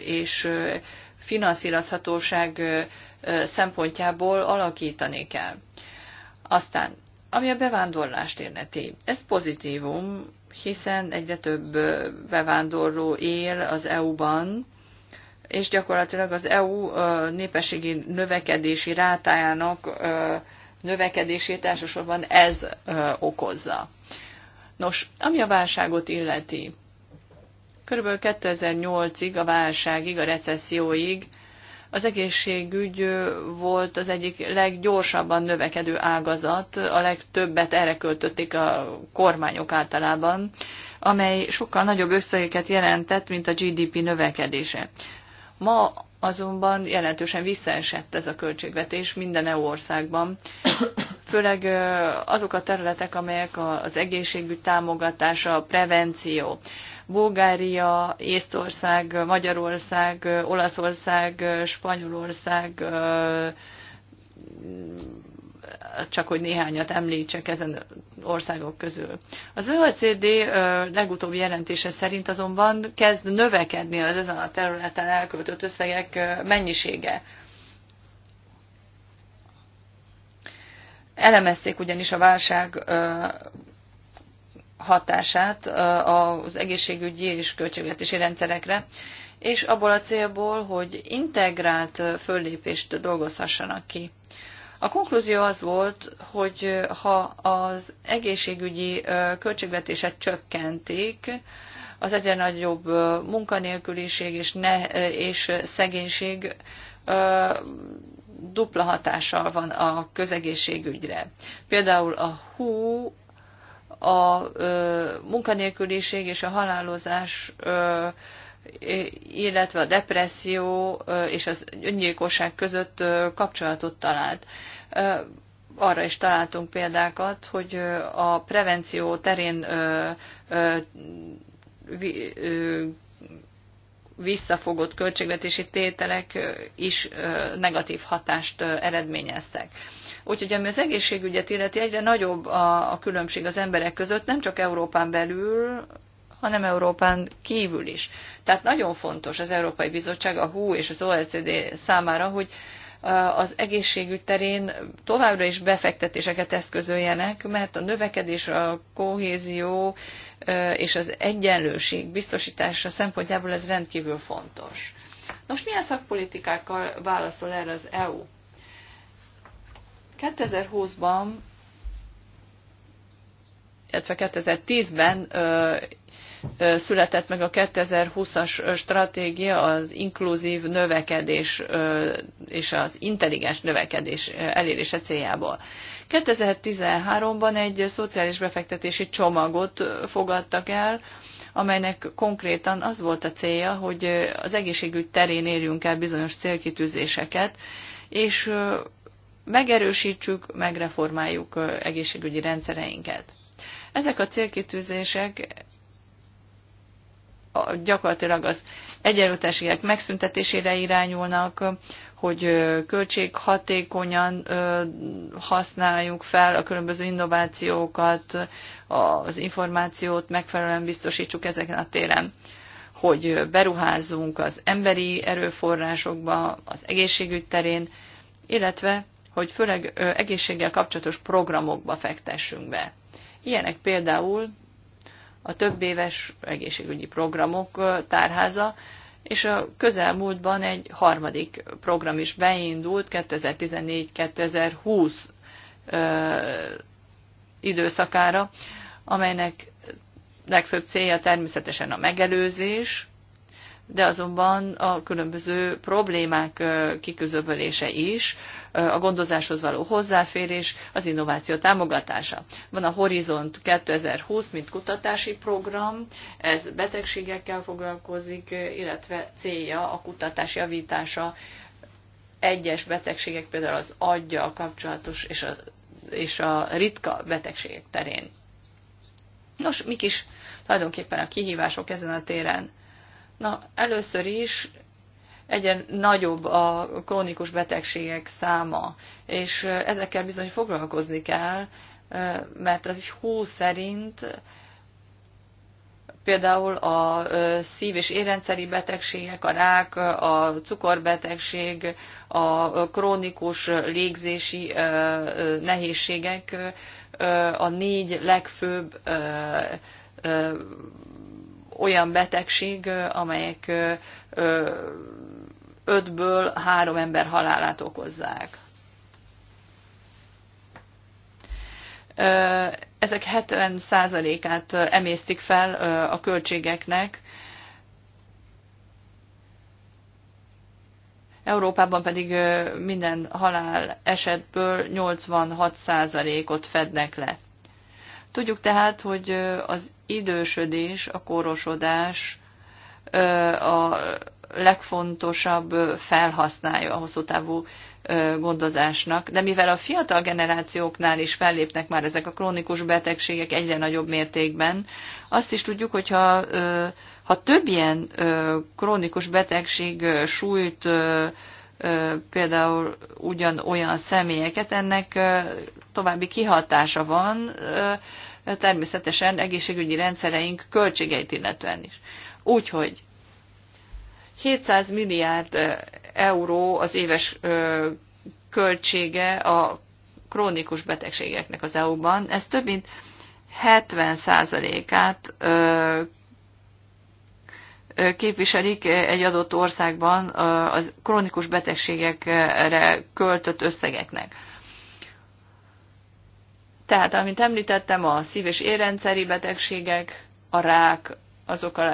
és finanszírozhatóság szempontjából alakítani kell. Aztán ami a bevándorlást érneti. ez pozitívum, hiszen egyre több bevándorló él az EU-ban, és gyakorlatilag az EU népességi növekedési rátájának növekedését elsősorban ez okozza. Nos, ami a válságot illeti, körülbelül 2008-ig, a válságig, a recesszióig az egészségügy volt az egyik leggyorsabban növekedő ágazat, a legtöbbet erre költötték a kormányok általában, amely sokkal nagyobb összegeket jelentett, mint a GDP növekedése. Ma azonban jelentősen visszaesett ez a költségvetés minden EU országban, főleg azok a területek, amelyek az egészségügy támogatása, a prevenció, Bulgária, Észtország, Magyarország, Olaszország, Spanyolország, csak hogy néhányat említsek ezen országok közül. Az OECD legutóbbi jelentése szerint azonban kezd növekedni az ezen a területen elköltött összegek mennyisége. Elemezték ugyanis a válság hatását az egészségügyi és költségvetési rendszerekre, és abból a célból, hogy integrált föllépést dolgozhassanak ki. A konklúzió az volt, hogy ha az egészségügyi költségvetéset csökkentik, az egyre nagyobb munkanélküliség és, ne, és szegénység dupla hatással van a közegészségügyre. Például a hú a munkanélküliség és a halálozás, illetve a depresszió és az öngyilkosság között kapcsolatot talált. Arra is találtunk példákat, hogy a prevenció terén visszafogott költségvetési tételek is negatív hatást eredményeztek. Úgyhogy ami az egészségügyet illeti, egyre nagyobb a, a különbség az emberek között, nem csak Európán belül, hanem Európán kívül is. Tehát nagyon fontos az Európai Bizottság, a HU és az OECD számára, hogy az egészségügy terén továbbra is befektetéseket eszközöljenek, mert a növekedés, a kohézió és az egyenlőség biztosítása szempontjából ez rendkívül fontos. Nos, milyen szakpolitikákkal válaszol erre az EU? 2020-ban, illetve 2010-ben született meg a 2020-as stratégia az inkluzív növekedés és az intelligens növekedés elérése céljából. 2013-ban egy szociális befektetési csomagot fogadtak el, amelynek konkrétan az volt a célja, hogy az egészségügy terén érjünk el bizonyos célkitűzéseket, és megerősítsük, megreformáljuk egészségügyi rendszereinket. Ezek a célkitűzések gyakorlatilag az egyenlőtességek megszüntetésére irányulnak, hogy költséghatékonyan használjuk fel a különböző innovációkat, az információt megfelelően biztosítsuk ezeken a téren, hogy beruházzunk az emberi erőforrásokba, az egészségügy terén, illetve hogy főleg egészséggel kapcsolatos programokba fektessünk be. Ilyenek például a több éves egészségügyi programok tárháza, és a közelmúltban egy harmadik program is beindult 2014-2020 időszakára, amelynek legfőbb célja természetesen a megelőzés, de azonban a különböző problémák kiküzöbölése is, a gondozáshoz való hozzáférés, az innováció támogatása. Van a Horizont 2020, mint kutatási program, ez betegségekkel foglalkozik, illetve célja a kutatás javítása egyes betegségek, például az aggyal kapcsolatos és a, és a ritka betegségek terén. Nos, mik is tulajdonképpen a kihívások ezen a téren? Na, először is egyre nagyobb a krónikus betegségek száma, és ezekkel bizony foglalkozni kell, mert a hú szerint például a szív- és érrendszeri betegségek, a rák, a cukorbetegség, a krónikus légzési nehézségek a négy legfőbb olyan betegség, amelyek ötből három ember halálát okozzák. Ezek 70%-át emésztik fel a költségeknek, Európában pedig minden halál esetből 86%-ot fednek le. Tudjuk tehát, hogy az idősödés, a korosodás a legfontosabb felhasználja a hosszú távú gondozásnak, de mivel a fiatal generációknál is fellépnek már ezek a krónikus betegségek egyre nagyobb mértékben, azt is tudjuk, hogy ha több ilyen krónikus betegség sújt például ugyanolyan személyeket, ennek további kihatása van, természetesen egészségügyi rendszereink költségeit illetően is. Úgyhogy 700 milliárd euró az éves költsége a krónikus betegségeknek az EU-ban. Ez több mint 70%-át képviselik egy adott országban a krónikus betegségekre költött összegeknek. Tehát, amit említettem, a szív- és érrendszeri betegségek, a rák, azok a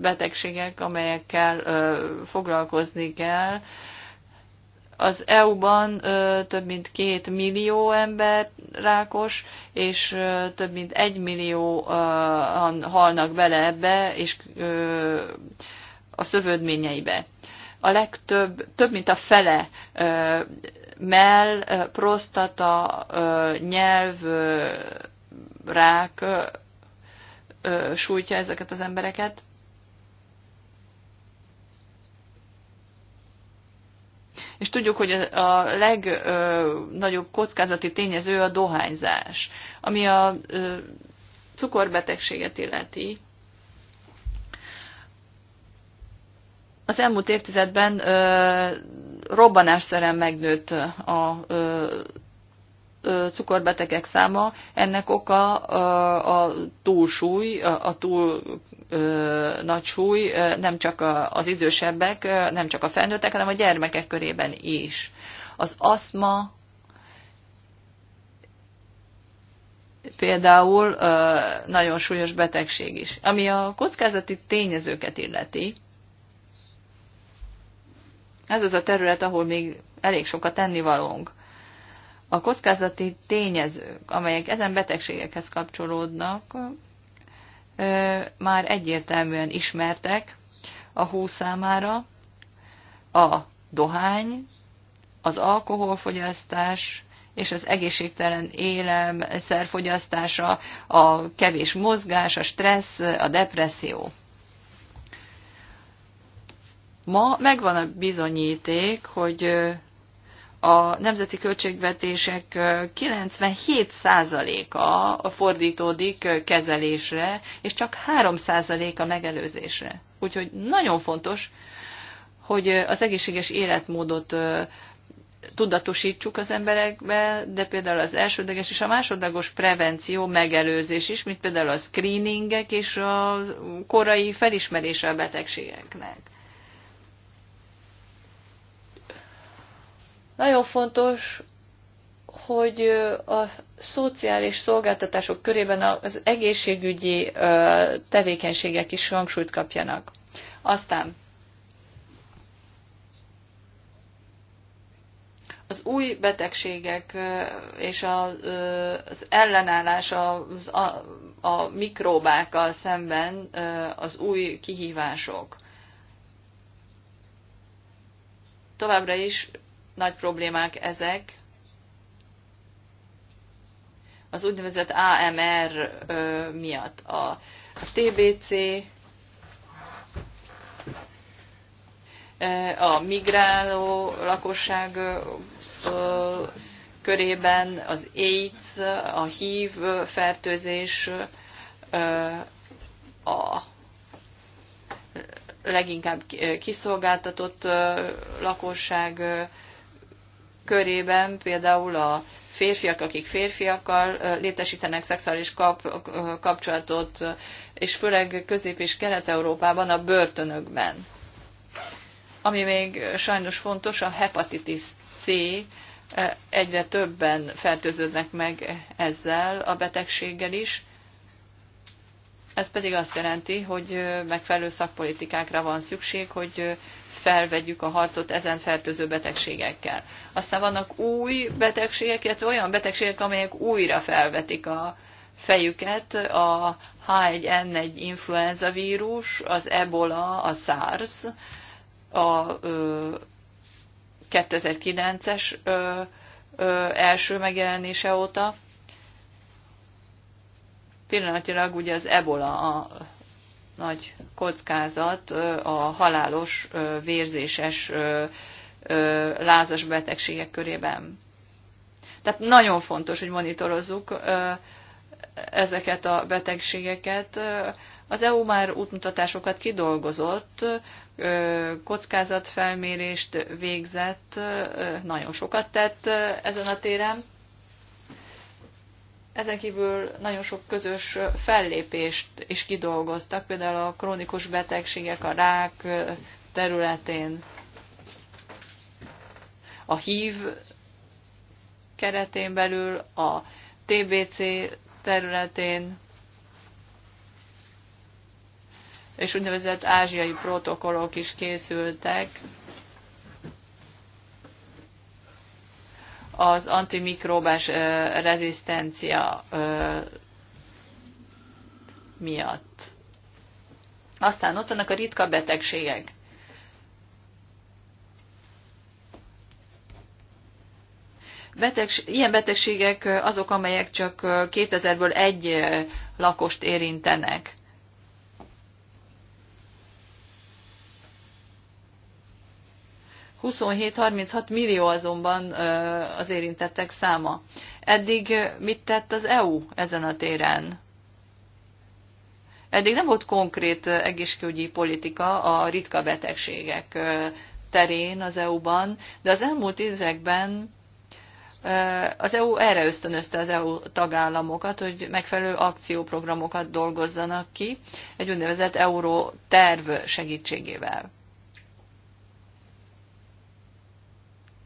betegségek, amelyekkel ö, foglalkozni kell. Az EU-ban több mint két millió ember rákos, és ö, több mint egy millióan halnak bele ebbe, és ö, a szövődményeibe. A legtöbb, több mint a fele ö, mell, prostata, nyelv, rák sújtja ezeket az embereket. És tudjuk, hogy a legnagyobb kockázati tényező a dohányzás, ami a cukorbetegséget illeti. Az elmúlt évtizedben robbanásszerűen megnőtt a cukorbetegek száma, ennek oka a túlsúly, a túl nagy súly, nem csak az idősebbek, nem csak a felnőttek, hanem a gyermekek körében is. Az aszma például nagyon súlyos betegség is. Ami a kockázati tényezőket illeti, ez az a terület, ahol még elég sokat tennivalónk. A kockázati tényezők, amelyek ezen betegségekhez kapcsolódnak, már egyértelműen ismertek a hú számára. A dohány, az alkoholfogyasztás és az egészségtelen élelmszerfogyasztása, a kevés mozgás, a stressz, a depresszió. Ma megvan a bizonyíték, hogy a nemzeti költségvetések 97%-a fordítódik kezelésre, és csak 3%-a megelőzésre. Úgyhogy nagyon fontos, hogy az egészséges életmódot tudatosítsuk az emberekbe, de például az elsődleges és a másodlagos prevenció megelőzés is, mint például a screeningek és a korai felismerése a betegségeknek. Nagyon fontos, hogy a szociális szolgáltatások körében az egészségügyi tevékenységek is hangsúlyt kapjanak. Aztán az új betegségek és az ellenállás a, a mikróbákkal szemben az új kihívások. Továbbra is nagy problémák ezek. Az úgynevezett AMR ö, miatt a, a TBC, a migráló lakosság ö, körében az AIDS, a HIV fertőzés, ö, a leginkább kiszolgáltatott lakosság körében például a férfiak, akik férfiakkal létesítenek szexuális kap, kapcsolatot, és főleg Közép- és Kelet-Európában a börtönökben. Ami még sajnos fontos, a hepatitis C, egyre többen fertőződnek meg ezzel a betegséggel is. Ez pedig azt jelenti, hogy megfelelő szakpolitikákra van szükség, hogy felvegyük a harcot ezen fertőző betegségekkel. Aztán vannak új betegségek, illetve olyan betegségek, amelyek újra felvetik a fejüket, a H1N1 influenza vírus, az ebola, a SARS, a 2009-es első megjelenése óta. Pillanatilag ugye az ebola a nagy kockázat a halálos, vérzéses, lázas betegségek körében. Tehát nagyon fontos, hogy monitorozzuk ezeket a betegségeket. Az EU már útmutatásokat kidolgozott, kockázatfelmérést végzett, nagyon sokat tett ezen a téren. Ezen kívül nagyon sok közös fellépést is kidolgoztak, például a krónikus betegségek, a rák területén, a HIV keretén belül, a TBC területén, és úgynevezett ázsiai protokollok is készültek, az antimikróbás rezisztencia miatt. Aztán ott vannak a ritka betegségek. Betegség, ilyen betegségek azok, amelyek csak 2000-ből egy lakost érintenek. 27-36 millió azonban az érintettek száma. Eddig mit tett az EU ezen a téren? Eddig nem volt konkrét egészségügyi politika a ritka betegségek terén az EU-ban, de az elmúlt években az EU erre ösztönözte az EU tagállamokat, hogy megfelelő akcióprogramokat dolgozzanak ki egy úgynevezett euró terv segítségével.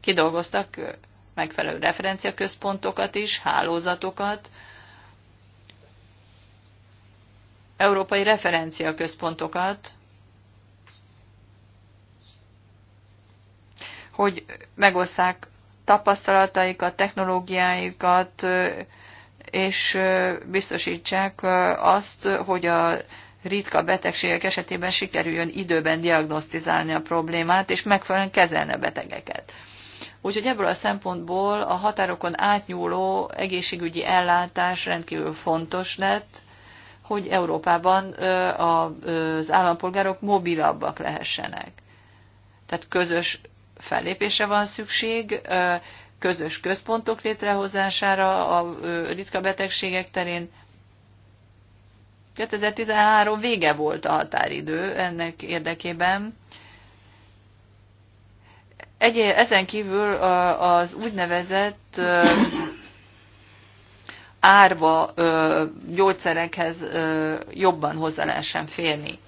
Kidolgoztak megfelelő referenciaközpontokat is, hálózatokat, európai referenciaközpontokat, hogy megoszták tapasztalataikat, technológiáikat, és biztosítsák azt, hogy a ritka betegségek esetében sikerüljön időben diagnosztizálni a problémát, és megfelelően kezelni a betegeket. Úgyhogy ebből a szempontból a határokon átnyúló egészségügyi ellátás rendkívül fontos lett, hogy Európában az állampolgárok mobilabbak lehessenek. Tehát közös fellépésre van szükség, közös központok létrehozására a ritka betegségek terén. 2013 vége volt a határidő ennek érdekében, egy, ezen kívül az úgynevezett árva gyógyszerekhez jobban hozzá lehessen férni.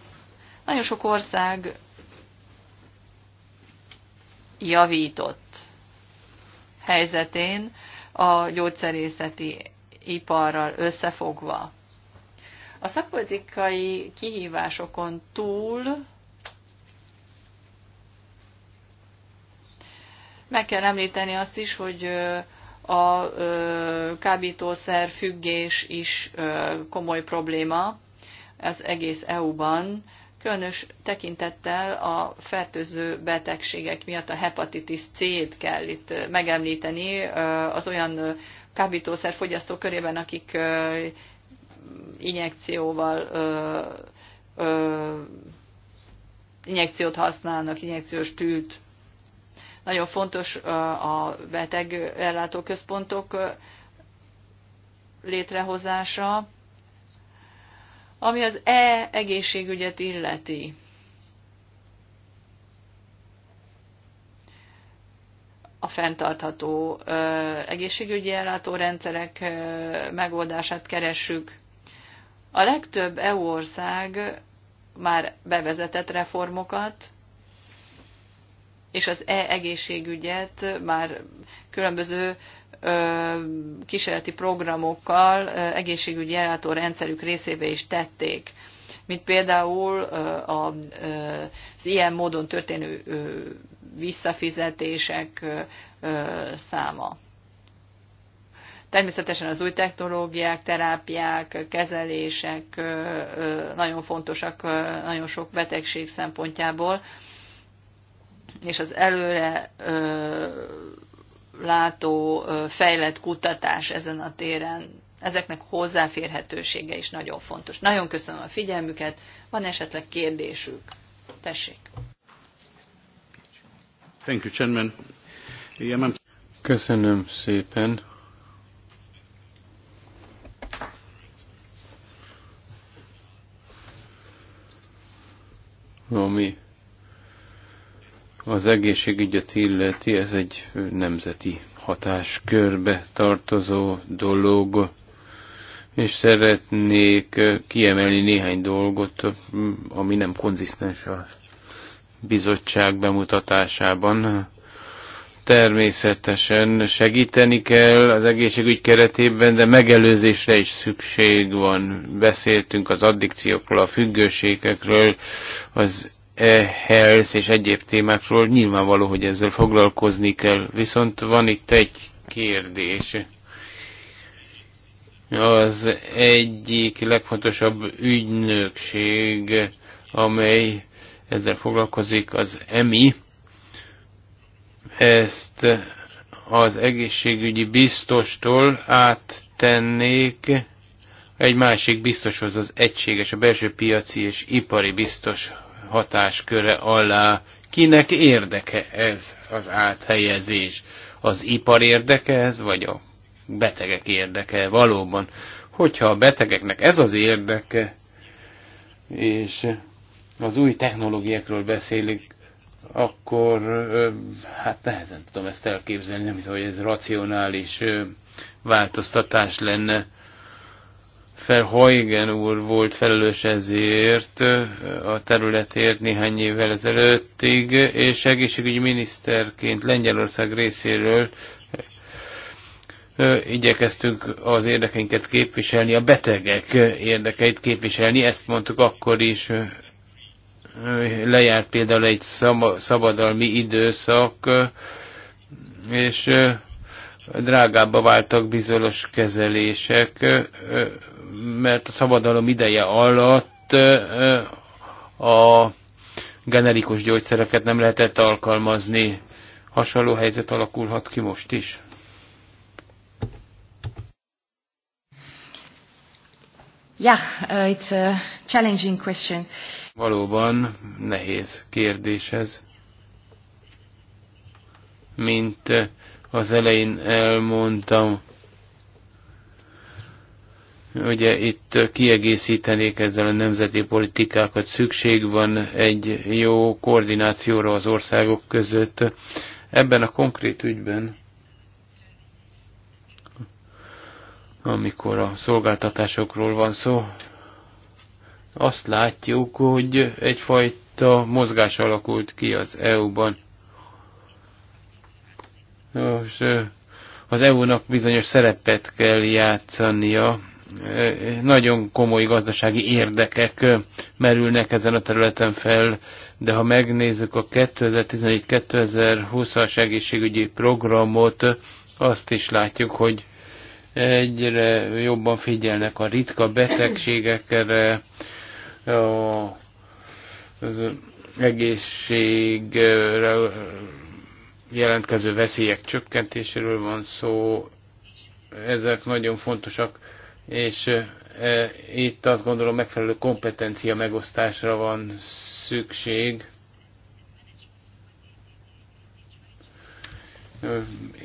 Nagyon sok ország javított helyzetén a gyógyszerészeti iparral összefogva. A szakpolitikai kihívásokon túl Meg kell említeni azt is, hogy a kábítószer függés is komoly probléma az egész EU-ban, különös tekintettel a fertőző betegségek miatt a hepatitis C-t kell itt megemlíteni, az olyan kábítószer fogyasztó körében, akik injekcióval injekciót használnak, injekciós tűt nagyon fontos a beteg ellátó központok létrehozása, ami az e-egészségügyet illeti. a fenntartható ö, egészségügyi ellátórendszerek ö, megoldását keressük. A legtöbb EU ország már bevezetett reformokat, és az e-egészségügyet már különböző kísérleti programokkal egészségügyi ellátó rendszerük részébe is tették, mint például az ilyen módon történő visszafizetések száma. Természetesen az új technológiák, terápiák, kezelések nagyon fontosak nagyon sok betegség szempontjából, és az előre ö, látó ö, fejlett kutatás ezen a téren, ezeknek hozzáférhetősége is nagyon fontos. Nagyon köszönöm a figyelmüket, van esetleg kérdésük. Tessék! Thank you, Chairman. Köszönöm szépen. Ami az egészségügyet illeti, ez egy nemzeti hatáskörbe tartozó dolog, és szeretnék kiemelni néhány dolgot, ami nem konzisztens a bizottság bemutatásában. Természetesen segíteni kell az egészségügy keretében, de megelőzésre is szükség van. Beszéltünk az addikciókról, a függőségekről, az health és egyéb témákról nyilvánvaló, hogy ezzel foglalkozni kell. Viszont van itt egy kérdés. Az egyik legfontosabb ügynökség, amely ezzel foglalkozik, az EMI. Ezt az egészségügyi biztostól áttennék egy másik biztoshoz, az egységes, a belső piaci és ipari biztos hatásköre alá. Kinek érdeke ez az áthelyezés? Az ipar érdeke ez, vagy a betegek érdeke valóban? Hogyha a betegeknek ez az érdeke, és az új technológiákról beszélünk, akkor hát nehezen tudom ezt elképzelni, nem hiszem, hogy ez racionális változtatás lenne. Verheugen úr volt felelős ezért a területért néhány évvel ezelőttig, és egészségügyi miniszterként Lengyelország részéről igyekeztünk az érdekeinket képviselni, a betegek érdekeit képviselni, ezt mondtuk akkor is. Lejárt például egy szabadalmi időszak, és drágábbá váltak bizonyos kezelések, mert a szabadalom ideje alatt a generikus gyógyszereket nem lehetett alkalmazni. Hasonló helyzet alakulhat ki most is. Yeah, uh, it's a challenging question. Valóban nehéz kérdés ez. Mint az elején elmondtam, Ugye itt kiegészítenék ezzel a nemzeti politikákat, szükség van egy jó koordinációra az országok között. Ebben a konkrét ügyben amikor a szolgáltatásokról van szó, azt látjuk, hogy egyfajta mozgás alakult ki az EU-ban. Az EU-nak bizonyos szerepet kell játszania nagyon komoly gazdasági érdekek merülnek ezen a területen fel, de ha megnézzük a 2014-2020-as egészségügyi programot, azt is látjuk, hogy egyre jobban figyelnek a ritka betegségekre, a, az egészségre jelentkező veszélyek csökkentéséről van szó, ezek nagyon fontosak és itt azt gondolom megfelelő kompetencia megosztásra van szükség.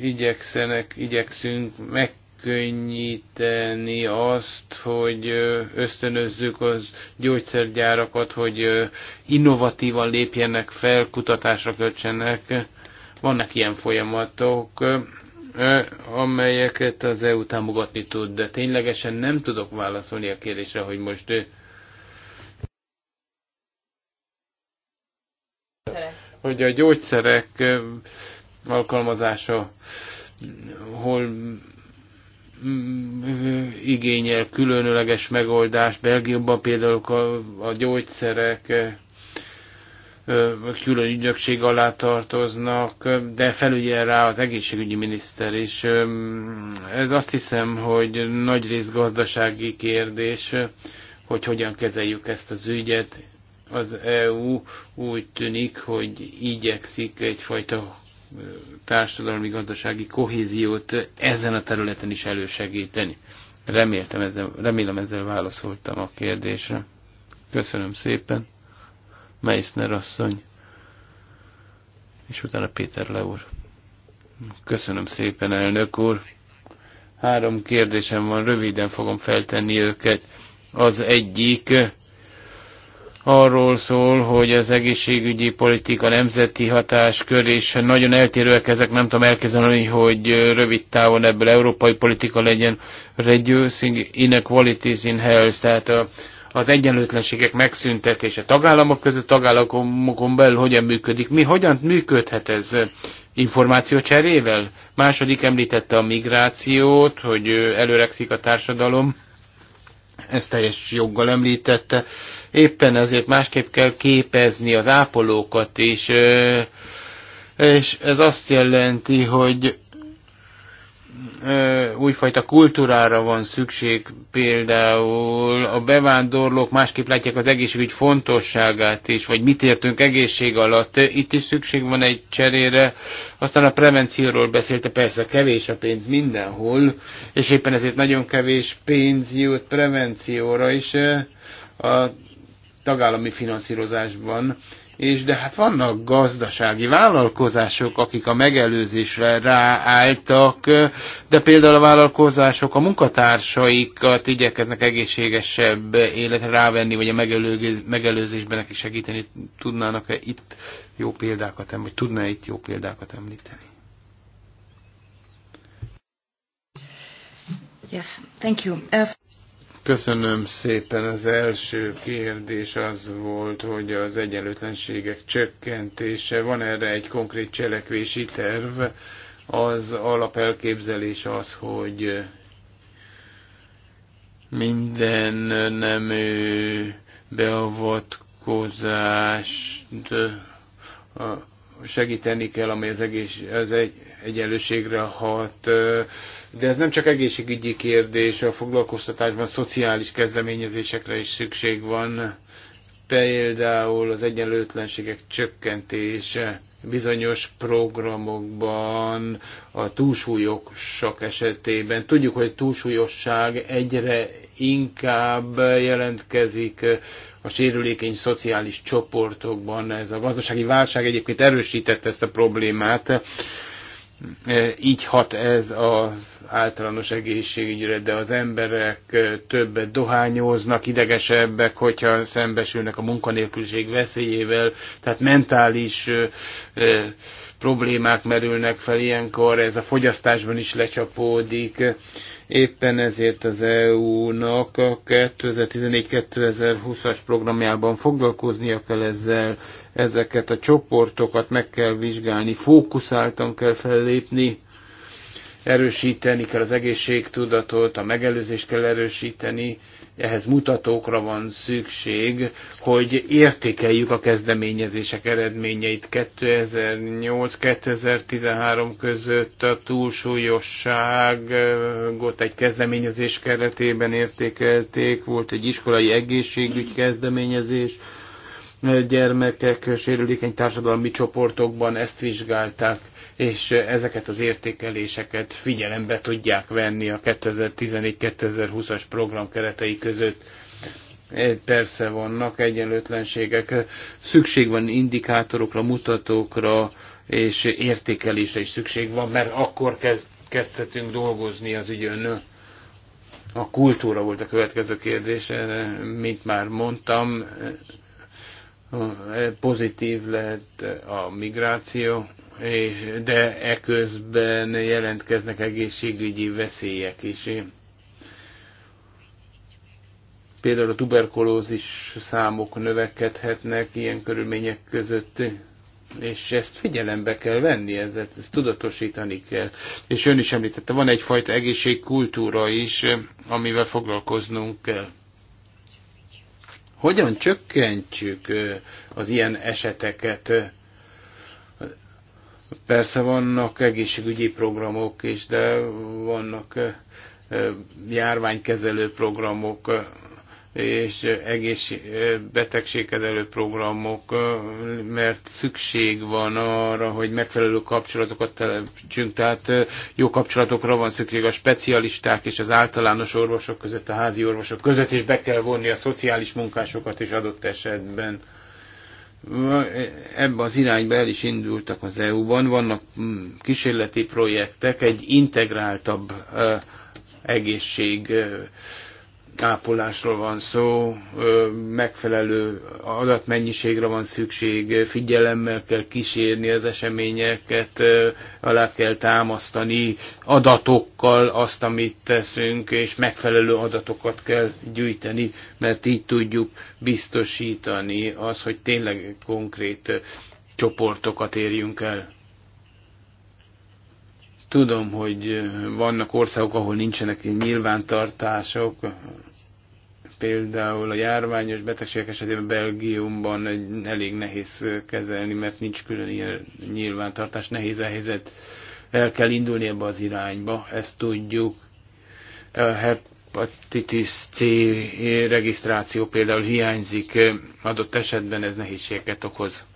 Igyekszenek, igyekszünk megkönnyíteni azt, hogy ösztönözzük az gyógyszergyárakat, hogy innovatívan lépjenek fel, kutatásra költsenek. Vannak ilyen folyamatok, amelyeket az EU támogatni tud, de ténylegesen nem tudok válaszolni a kérdésre, hogy most hogy a gyógyszerek alkalmazása hol igényel különleges megoldást. Belgiumban például a gyógyszerek külön ügynökség alá tartoznak, de felügyel rá az egészségügyi miniszter is. Ez azt hiszem, hogy nagy rész gazdasági kérdés, hogy hogyan kezeljük ezt az ügyet. Az EU úgy tűnik, hogy igyekszik egyfajta társadalmi gazdasági kohéziót ezen a területen is elősegíteni. Reméltem ezzel, remélem ezzel válaszoltam a kérdésre. Köszönöm szépen. Meissner asszony, és utána Péter Leur. Köszönöm szépen, elnök úr. Három kérdésem van, röviden fogom feltenni őket. Az egyik arról szól, hogy az egészségügyi politika nemzeti hatáskör, és nagyon eltérőek ezek, nem tudom elkezdeni, hogy rövid távon ebből európai politika legyen. Reducing inequalities in health, tehát a az egyenlőtlenségek megszüntetése tagállamok között, tagállamokon belül hogyan működik, mi hogyan működhet ez információ cserével? Második említette a migrációt, hogy előrekszik a társadalom, ezt teljes joggal említette. Éppen ezért másképp kell képezni az ápolókat is, és ez azt jelenti, hogy újfajta kultúrára van szükség, például a bevándorlók másképp látják az egészségügy fontosságát is, vagy mit értünk egészség alatt. Itt is szükség van egy cserére. Aztán a prevencióról beszélte, persze kevés a pénz mindenhol, és éppen ezért nagyon kevés pénz jut prevencióra is a tagállami finanszírozásban és de hát vannak gazdasági vállalkozások, akik a megelőzésre ráálltak, de például a vállalkozások a munkatársaikat igyekeznek egészségesebb életre rávenni, vagy a megelőzésben neki segíteni tudnának-e itt jó példákat, vagy tudná -e itt jó példákat említeni? Yes, thank you. Uh... Köszönöm szépen. Az első kérdés az volt, hogy az egyenlőtlenségek csökkentése. Van erre egy konkrét cselekvési terv. Az alapelképzelés az, hogy minden nem beavatkozást segíteni kell, amely az, egész, az egy, egyenlőségre hat de ez nem csak egészségügyi kérdés, a foglalkoztatásban szociális kezdeményezésekre is szükség van, például az egyenlőtlenségek csökkentése bizonyos programokban, a túlsúlyosak esetében. Tudjuk, hogy túlsúlyosság egyre inkább jelentkezik a sérülékeny szociális csoportokban. Ez a gazdasági válság egyébként erősítette ezt a problémát így hat ez az általános egészségügyre, de az emberek többet dohányoznak, idegesebbek, hogyha szembesülnek a munkanélküliség veszélyével, tehát mentális problémák merülnek fel ilyenkor, ez a fogyasztásban is lecsapódik, Éppen ezért az EU-nak a 2014-2020-as programjában foglalkoznia kell ezzel, ezeket a csoportokat meg kell vizsgálni, fókuszáltan kell fellépni, erősíteni kell az egészségtudatot, a megelőzést kell erősíteni, ehhez mutatókra van szükség, hogy értékeljük a kezdeményezések eredményeit. 2008-2013 között a túlsúlyosságot egy kezdeményezés keretében értékelték, volt egy iskolai egészségügy kezdeményezés, gyermekek sérülékeny társadalmi csoportokban ezt vizsgálták és ezeket az értékeléseket figyelembe tudják venni a 2014-2020-as program keretei között. E, persze vannak egyenlőtlenségek, szükség van indikátorokra, mutatókra, és értékelésre is szükség van, mert akkor kezd, kezdhetünk dolgozni az ügyön. A kultúra volt a következő kérdés, mint már mondtam, e, pozitív lett a migráció, és de eközben jelentkeznek egészségügyi veszélyek is. Például a tuberkulózis számok növekedhetnek ilyen körülmények között, és ezt figyelembe kell venni, ezt, ezt tudatosítani kell. És ön is említette, van egyfajta egészségkultúra is, amivel foglalkoznunk kell. Hogyan csökkentsük az ilyen eseteket? Persze vannak egészségügyi programok is, de vannak járványkezelő programok, és egész betegségkezelő programok, mert szükség van arra, hogy megfelelő kapcsolatokat teremtsünk, tehát jó kapcsolatokra van szükség a specialisták és az általános orvosok között, a házi orvosok között, és be kell vonni a szociális munkásokat is adott esetben ebbe az irányba el is indultak az EU-ban, vannak mm, kísérleti projektek, egy integráltabb egészség tápolásról van szó, megfelelő adatmennyiségre van szükség, figyelemmel kell kísérni az eseményeket, alá kell támasztani adatokkal azt, amit teszünk, és megfelelő adatokat kell gyűjteni, mert így tudjuk biztosítani az, hogy tényleg konkrét csoportokat érjünk el. Tudom, hogy vannak országok, ahol nincsenek nyilvántartások, Például a járványos betegségek esetében Belgiumban elég nehéz kezelni, mert nincs külön ilyen nyilvántartás, nehéz a helyzet. El kell indulni ebbe az irányba, ezt tudjuk. A hepatitis C regisztráció például hiányzik, adott esetben ez nehézségeket okoz.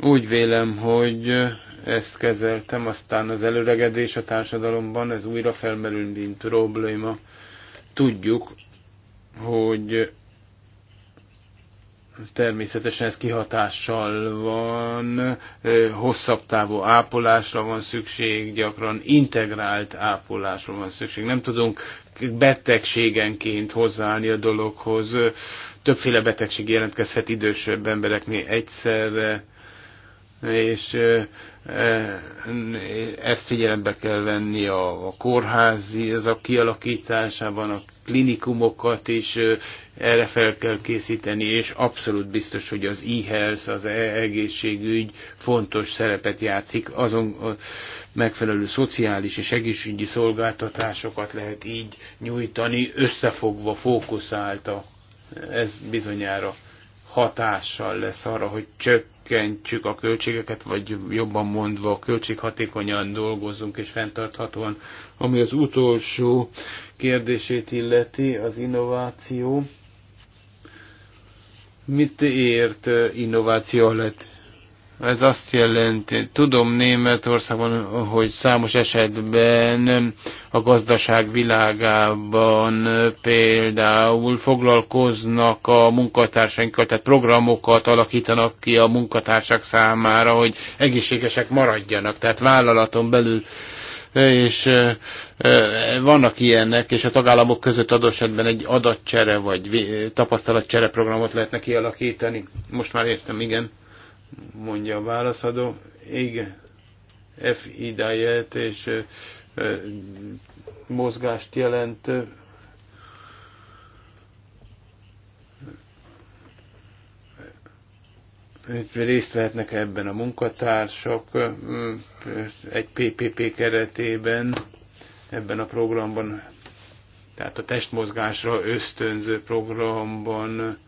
Úgy vélem, hogy ezt kezeltem, aztán az előregedés a társadalomban, ez újra felmerül, mint probléma. Tudjuk, hogy természetesen ez kihatással van, hosszabb távú ápolásra van szükség, gyakran integrált ápolásra van szükség. Nem tudunk betegségenként hozzáállni a dologhoz. Többféle betegség jelentkezhet idősebb embereknél egyszerre, és Eh, ezt figyelembe kell venni a, a kórházi, ez a kialakításában, a klinikumokat is erre fel kell készíteni, és abszolút biztos, hogy az e-health, az e egészségügy fontos szerepet játszik, azon megfelelő szociális és egészségügyi szolgáltatásokat lehet így nyújtani, összefogva, fókuszálta. Ez bizonyára hatással lesz arra, hogy csökk csökkentsük a költségeket, vagy jobban mondva költséghatékonyan dolgozunk és fenntarthatóan. Ami az utolsó kérdését illeti, az innováció. Mit ért eh, innováció lett? Ez azt jelenti, tudom Németországban, hogy számos esetben a gazdaság világában például foglalkoznak a munkatársainkkal, tehát programokat alakítanak ki a munkatársak számára, hogy egészségesek maradjanak, tehát vállalaton belül és vannak ilyenek, és a tagállamok között adott egy adatcsere vagy tapasztalatcsere programot lehetne kialakítani. Most már értem, igen mondja a válaszadó. Igen, F idáját és mozgást jelent. Részt vehetnek ebben a munkatársak egy PPP keretében, ebben a programban, tehát a testmozgásra ösztönző programban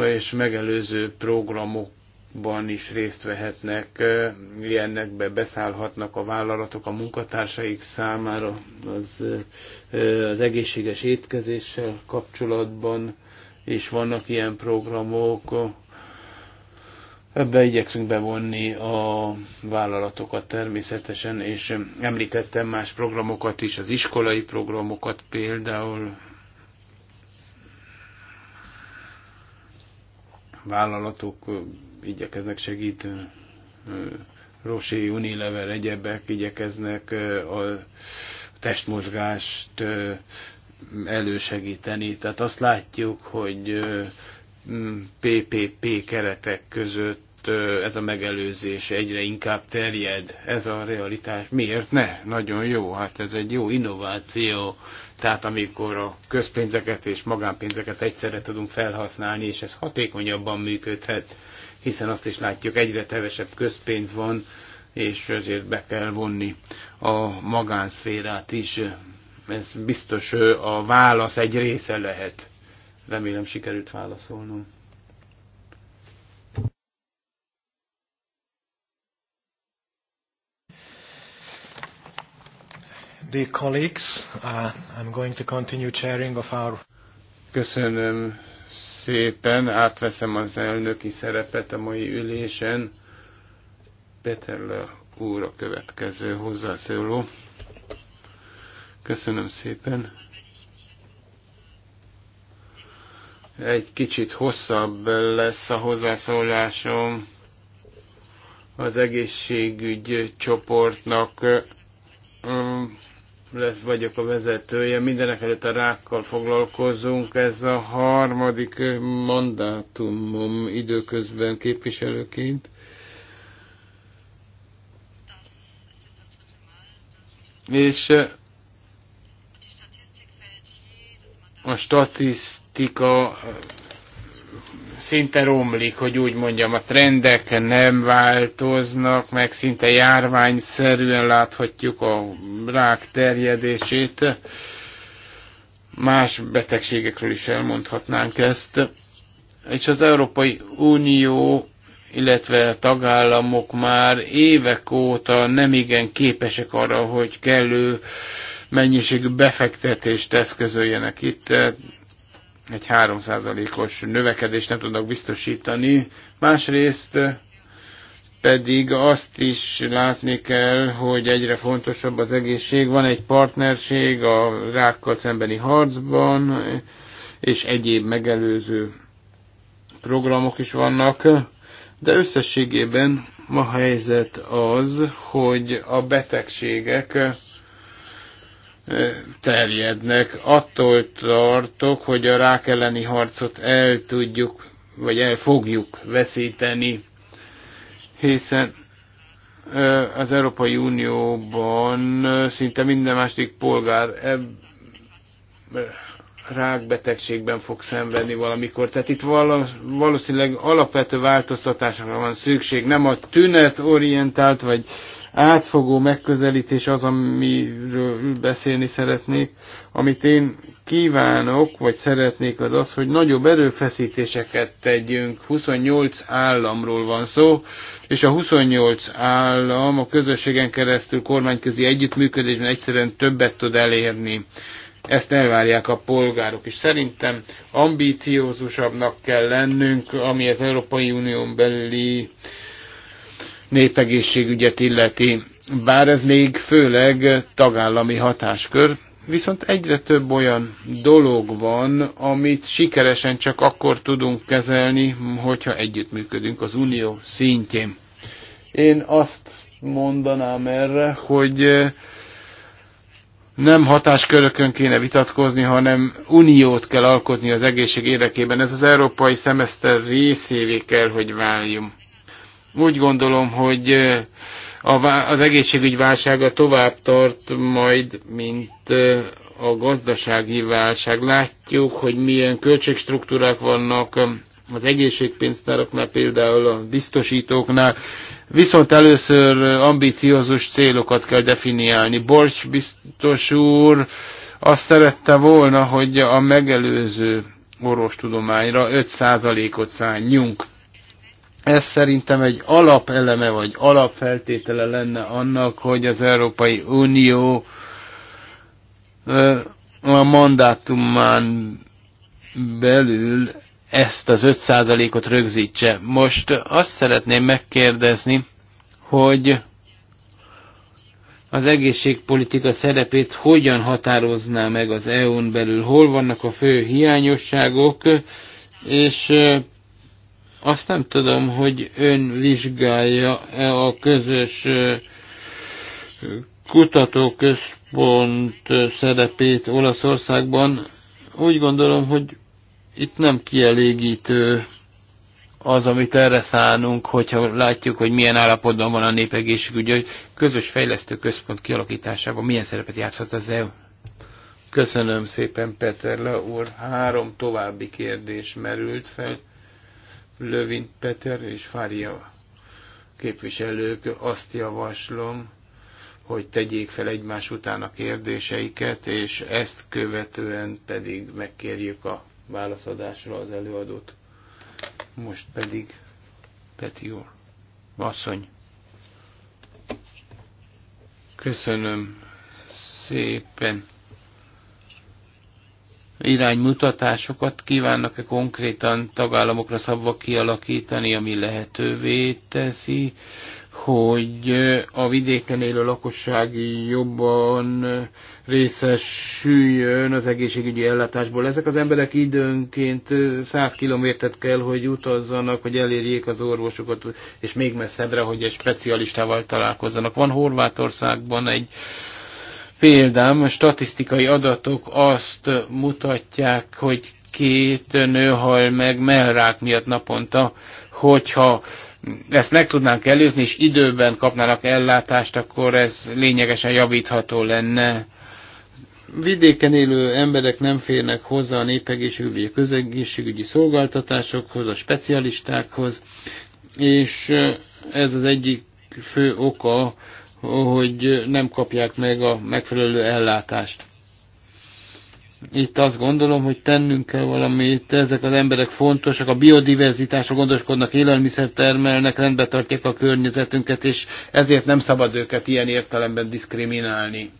és megelőző programokban is részt vehetnek, ilyenekbe beszállhatnak a vállalatok a munkatársaik számára az, az egészséges étkezéssel kapcsolatban, és vannak ilyen programok, Ebbe igyekszünk bevonni a vállalatokat természetesen, és említettem más programokat is, az iskolai programokat például, vállalatok igyekeznek segíteni, Rosé, Unilever, egyebek igyekeznek a testmozgást elősegíteni. Tehát azt látjuk, hogy PPP keretek között ez a megelőzés egyre inkább terjed. Ez a realitás. Miért ne? Nagyon jó. Hát ez egy jó innováció. Tehát amikor a közpénzeket és magánpénzeket egyszerre tudunk felhasználni, és ez hatékonyabban működhet, hiszen azt is látjuk, egyre tevesebb közpénz van, és ezért be kell vonni a magánszférát is. Ez biztos a válasz egy része lehet. Remélem sikerült válaszolnom. Dear colleagues, uh, I'm going to continue chairing of our... Köszönöm szépen, átveszem az elnöki szerepet a mai ülésen. Peter Le úr a következő hozzászóló. Köszönöm szépen. Egy kicsit hosszabb lesz a hozzászólásom az egészségügy csoportnak vagyok a vezetője, mindenek előtt a rákkal foglalkozunk. Ez a harmadik mandátumom időközben képviselőként. És eh, a statisztika szinte romlik, hogy úgy mondjam, a trendek nem változnak, meg szinte járványszerűen láthatjuk a rák terjedését. Más betegségekről is elmondhatnánk ezt. És az Európai Unió, illetve a tagállamok már évek óta nem igen képesek arra, hogy kellő mennyiségű befektetést eszközöljenek itt egy 3%-os növekedést nem tudnak biztosítani. Másrészt pedig azt is látni kell, hogy egyre fontosabb az egészség. Van egy partnerség a rákkal szembeni harcban, és egyéb megelőző programok is vannak, de összességében ma helyzet az, hogy a betegségek terjednek. Attól tartok, hogy a rák elleni harcot el tudjuk, vagy el fogjuk veszíteni, hiszen az Európai Unióban szinte minden második polgár rákbetegségben fog szenvedni valamikor. Tehát itt valószínűleg alapvető változtatásra van szükség, nem a tünetorientált vagy átfogó megközelítés az, amiről beszélni szeretnék. Amit én kívánok, vagy szeretnék az az, hogy nagyobb erőfeszítéseket tegyünk. 28 államról van szó, és a 28 állam a közösségen keresztül kormányközi együttműködésben egyszerűen többet tud elérni. Ezt elvárják a polgárok is. Szerintem ambíciózusabbnak kell lennünk, ami az Európai Unión belüli uh, népegészségügyet illeti. Bár ez még főleg tagállami hatáskör, viszont egyre több olyan dolog van, amit sikeresen csak akkor tudunk kezelni, hogyha együttműködünk az unió szintjén. Én azt mondanám erre, hogy nem hatáskörökön kéne vitatkozni, hanem uniót kell alkotni az egészség érdekében. Ez az európai szemeszter részévé kell, hogy váljunk. Úgy gondolom, hogy a, az egészségügy válsága tovább tart majd, mint a gazdasági válság. Látjuk, hogy milyen költségstruktúrák vannak az egészségpénztáraknál, például a biztosítóknál, viszont először ambiciózus célokat kell definiálni. Borcs biztos úr azt szerette volna, hogy a megelőző orvostudományra 5%-ot szálljunk ez szerintem egy alapeleme vagy alapfeltétele lenne annak, hogy az Európai Unió a mandátumán belül ezt az 5%-ot rögzítse. Most azt szeretném megkérdezni, hogy az egészségpolitika szerepét hogyan határozná meg az EU-n belül, hol vannak a fő hiányosságok, és azt nem tudom, hogy ön vizsgálja-e a közös kutatóközpont szerepét Olaszországban. Úgy gondolom, hogy itt nem kielégítő az, amit erre szánunk, hogyha látjuk, hogy milyen állapotban van a népegészségügy, hogy közös fejlesztő központ kialakításában milyen szerepet játszhat az EU. Köszönöm szépen, Le, úr. Három további kérdés merült fel. Lövin Peter és Fária képviselők azt javaslom, hogy tegyék fel egymás után a kérdéseiket, és ezt követően pedig megkérjük a válaszadásra az előadót. Most pedig Peti úr. Asszony. Köszönöm szépen iránymutatásokat kívánnak-e konkrétan tagállamokra szabva kialakítani, ami lehetővé teszi, hogy a vidéken élő lakosság jobban részesüljön az egészségügyi ellátásból. Ezek az emberek időnként 100 kilométert kell, hogy utazzanak, hogy elérjék az orvosokat, és még messzebbre, hogy egy specialistával találkozzanak. Van Horvátországban egy Például statisztikai adatok azt mutatják, hogy két nő hal meg mellrák miatt naponta, hogyha ezt meg tudnánk előzni, és időben kapnának ellátást, akkor ez lényegesen javítható lenne. Vidéken élő emberek nem férnek hozzá a népegészségügyi közegészségügyi szolgáltatásokhoz, a specialistákhoz, és ez az egyik fő oka hogy nem kapják meg a megfelelő ellátást. Itt azt gondolom, hogy tennünk kell valamit, ezek az emberek fontosak, a biodiverzitásra gondoskodnak, élelmiszer termelnek, rendbe tartják a környezetünket, és ezért nem szabad őket ilyen értelemben diszkriminálni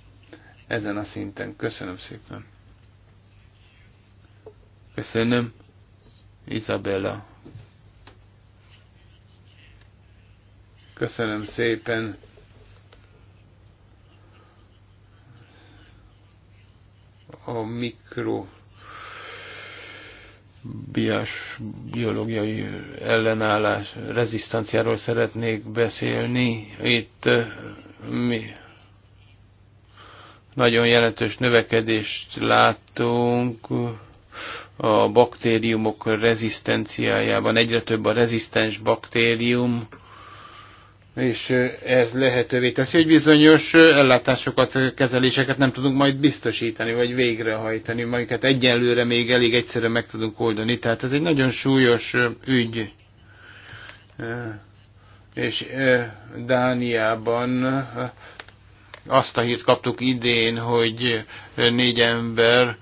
ezen a szinten. Köszönöm szépen. Köszönöm. Isabella. Köszönöm szépen. a mikro biás biológiai ellenállás, rezisztanciáról szeretnék beszélni. Itt eh, mi nagyon jelentős növekedést láttunk a baktériumok rezisztenciájában. Egyre több a rezisztens baktérium, és ez lehetővé teszi, hogy bizonyos ellátásokat, kezeléseket nem tudunk majd biztosítani, vagy végrehajtani, amiket egyenlőre még elég egyszerűen meg tudunk oldani. Tehát ez egy nagyon súlyos ügy. És Dániában azt a hírt kaptuk idén, hogy négy ember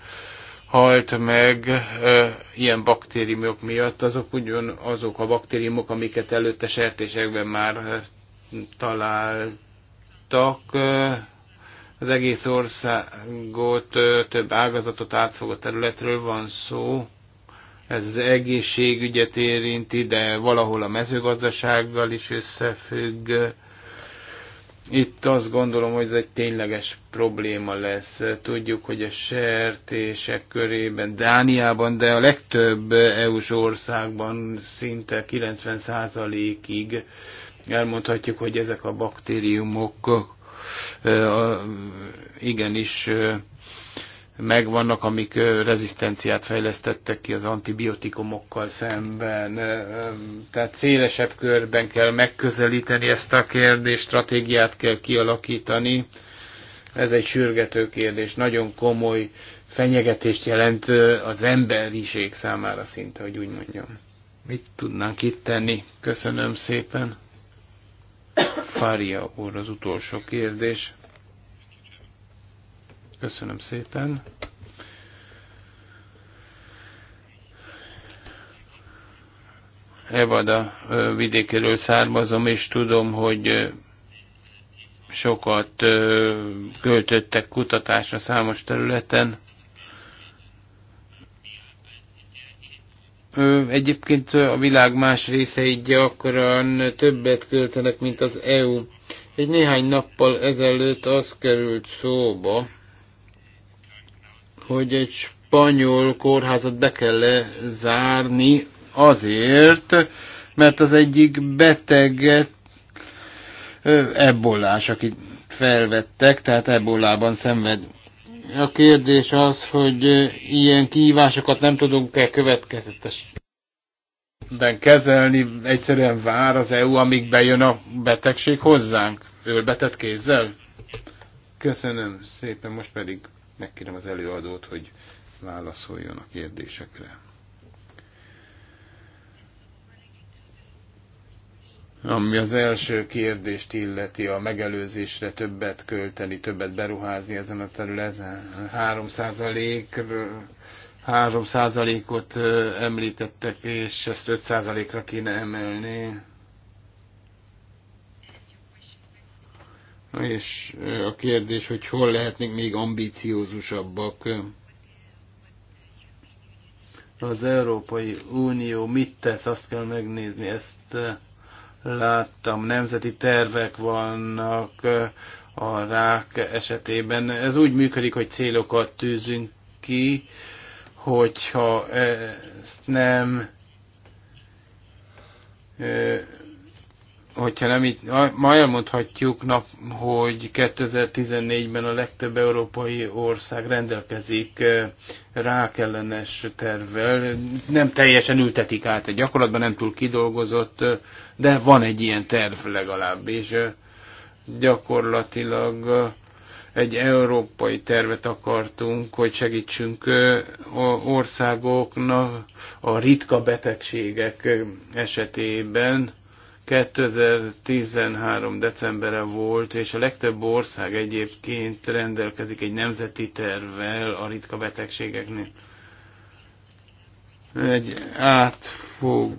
halt meg e, ilyen baktériumok miatt, azok ugyanazok a baktériumok, amiket előtte sertésekben már találtak, az egész országot, több ágazatot átfogó területről van szó. Ez az egészségügyet érinti, de valahol a mezőgazdasággal is összefügg. Itt azt gondolom, hogy ez egy tényleges probléma lesz. Tudjuk, hogy a sertések körében, Dániában, de a legtöbb EU-s országban szinte 90%-ig elmondhatjuk, hogy ezek a baktériumok igenis megvannak, amik rezisztenciát fejlesztettek ki az antibiotikumokkal szemben. Tehát szélesebb körben kell megközelíteni ezt a kérdést, stratégiát kell kialakítani. Ez egy sürgető kérdés, nagyon komoly fenyegetést jelent az emberiség számára szinte, hogy úgy mondjam. Mit tudnánk itt tenni? Köszönöm szépen! Fária úr az utolsó kérdés. Köszönöm szépen. Evada vidékéről származom, és tudom, hogy sokat költöttek kutatásra számos területen. Egyébként a világ más részei gyakran többet költenek, mint az EU. Egy néhány nappal ezelőtt az került szóba, hogy egy spanyol kórházat be kell zárni azért, mert az egyik beteget ebolás, akit felvettek, tehát ebolában szenved. A kérdés az, hogy ilyen kihívásokat nem tudunk-e következetesen kezelni, egyszerűen vár az EU, amíg bejön a betegség hozzánk, ölbetett kézzel? Köszönöm szépen, most pedig megkérem az előadót, hogy válaszoljon a kérdésekre. Ami az első kérdést illeti, a megelőzésre többet költeni, többet beruházni ezen a területen. 3 százalékot említettek, és ezt 5 százalékra kéne emelni. És a kérdés, hogy hol lehetnénk még ambíciózusabbak. Az Európai Unió mit tesz, azt kell megnézni, ezt láttam, nemzeti tervek vannak eh, a rák esetében. Ez úgy működik, hogy célokat tűzünk ki, hogyha ezt nem eh, hogyha nem így, ma elmondhatjuk, nap, hogy 2014-ben a legtöbb európai ország rendelkezik rákellenes tervvel. Nem teljesen ültetik át a gyakorlatban, nem túl kidolgozott, de van egy ilyen terv legalább, és gyakorlatilag egy európai tervet akartunk, hogy segítsünk országoknak a ritka betegségek esetében, 2013. decemberre volt, és a legtöbb ország egyébként rendelkezik egy nemzeti tervvel a ritka betegségeknél. Egy átfog,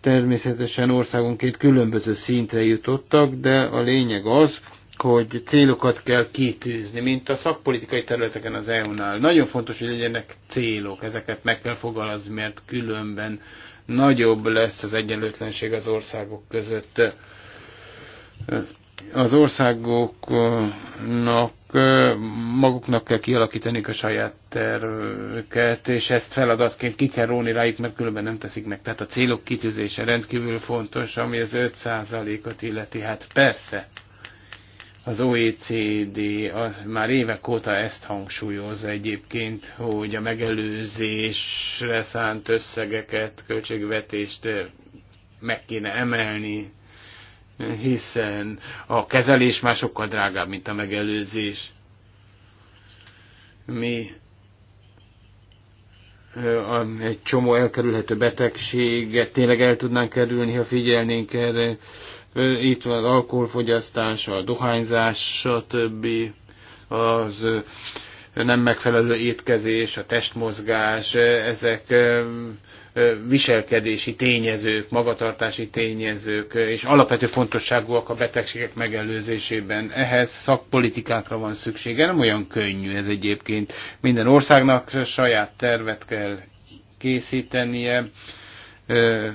természetesen országonként különböző szintre jutottak, de a lényeg az, hogy célokat kell kitűzni, mint a szakpolitikai területeken az EU-nál. Nagyon fontos, hogy legyenek célok, ezeket meg kell fogalmazni, mert különben nagyobb lesz az egyenlőtlenség az országok között. Az országoknak maguknak kell kialakítani a saját tervüket, és ezt feladatként ki kell róni rájuk, mert különben nem teszik meg. Tehát a célok kitűzése rendkívül fontos, ami az 5%-ot illeti. Hát persze, az OECD a, már évek óta ezt hangsúlyozza egyébként, hogy a megelőzésre szánt összegeket, költségvetést eh, meg kéne emelni, hiszen a kezelés már sokkal drágább, mint a megelőzés. Mi eh, egy csomó elkerülhető betegséget tényleg el tudnánk kerülni, ha figyelnénk erre. Itt van az alkoholfogyasztás, a dohányzás, többi, az nem megfelelő étkezés, a testmozgás, ezek viselkedési tényezők, magatartási tényezők, és alapvető fontosságúak a betegségek megelőzésében. Ehhez szakpolitikákra van szüksége, nem olyan könnyű ez egyébként. Minden országnak saját tervet kell készítenie,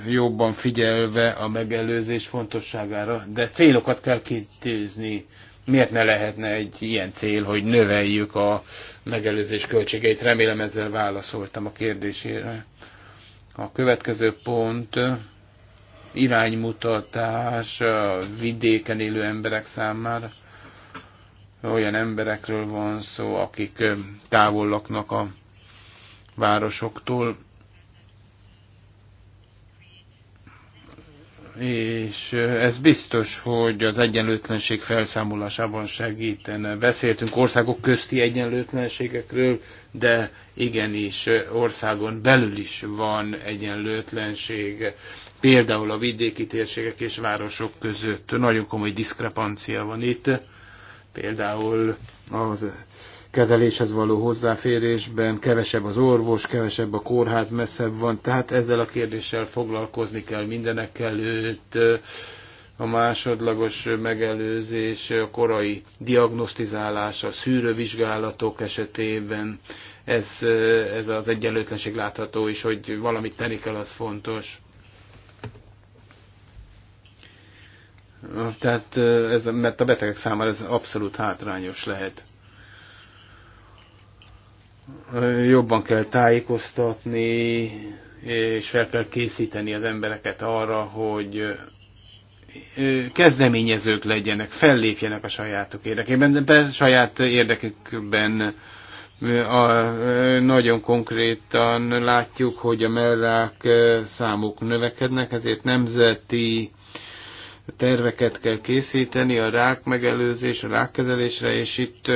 jobban figyelve a megelőzés fontosságára, de célokat kell kitűzni. Miért ne lehetne egy ilyen cél, hogy növeljük a megelőzés költségeit? Remélem ezzel válaszoltam a kérdésére. A következő pont iránymutatás a vidéken élő emberek számára. Olyan emberekről van szó, akik távol laknak a városoktól és ez biztos, hogy az egyenlőtlenség felszámolásában segítene. Beszéltünk országok közti egyenlőtlenségekről, de igenis országon belül is van egyenlőtlenség. Például a vidéki térségek és városok között nagyon komoly diszkrepancia van itt. Például az kezeléshez való hozzáférésben, kevesebb az orvos, kevesebb a kórház, messzebb van, tehát ezzel a kérdéssel foglalkozni kell mindenek előtt, a másodlagos megelőzés, a korai diagnosztizálás, a szűrővizsgálatok esetében, ez, ez az egyenlőtlenség látható is, hogy valamit tenni kell, az fontos. Tehát ez, mert a betegek számára ez abszolút hátrányos lehet jobban kell tájékoztatni, és fel kell készíteni az embereket arra, hogy kezdeményezők legyenek, fellépjenek a sajátok érdekében, de saját érdekükben a, nagyon konkrétan látjuk, hogy a mellák számuk növekednek, ezért nemzeti terveket kell készíteni a rák megelőzés, a rákkezelésre, és itt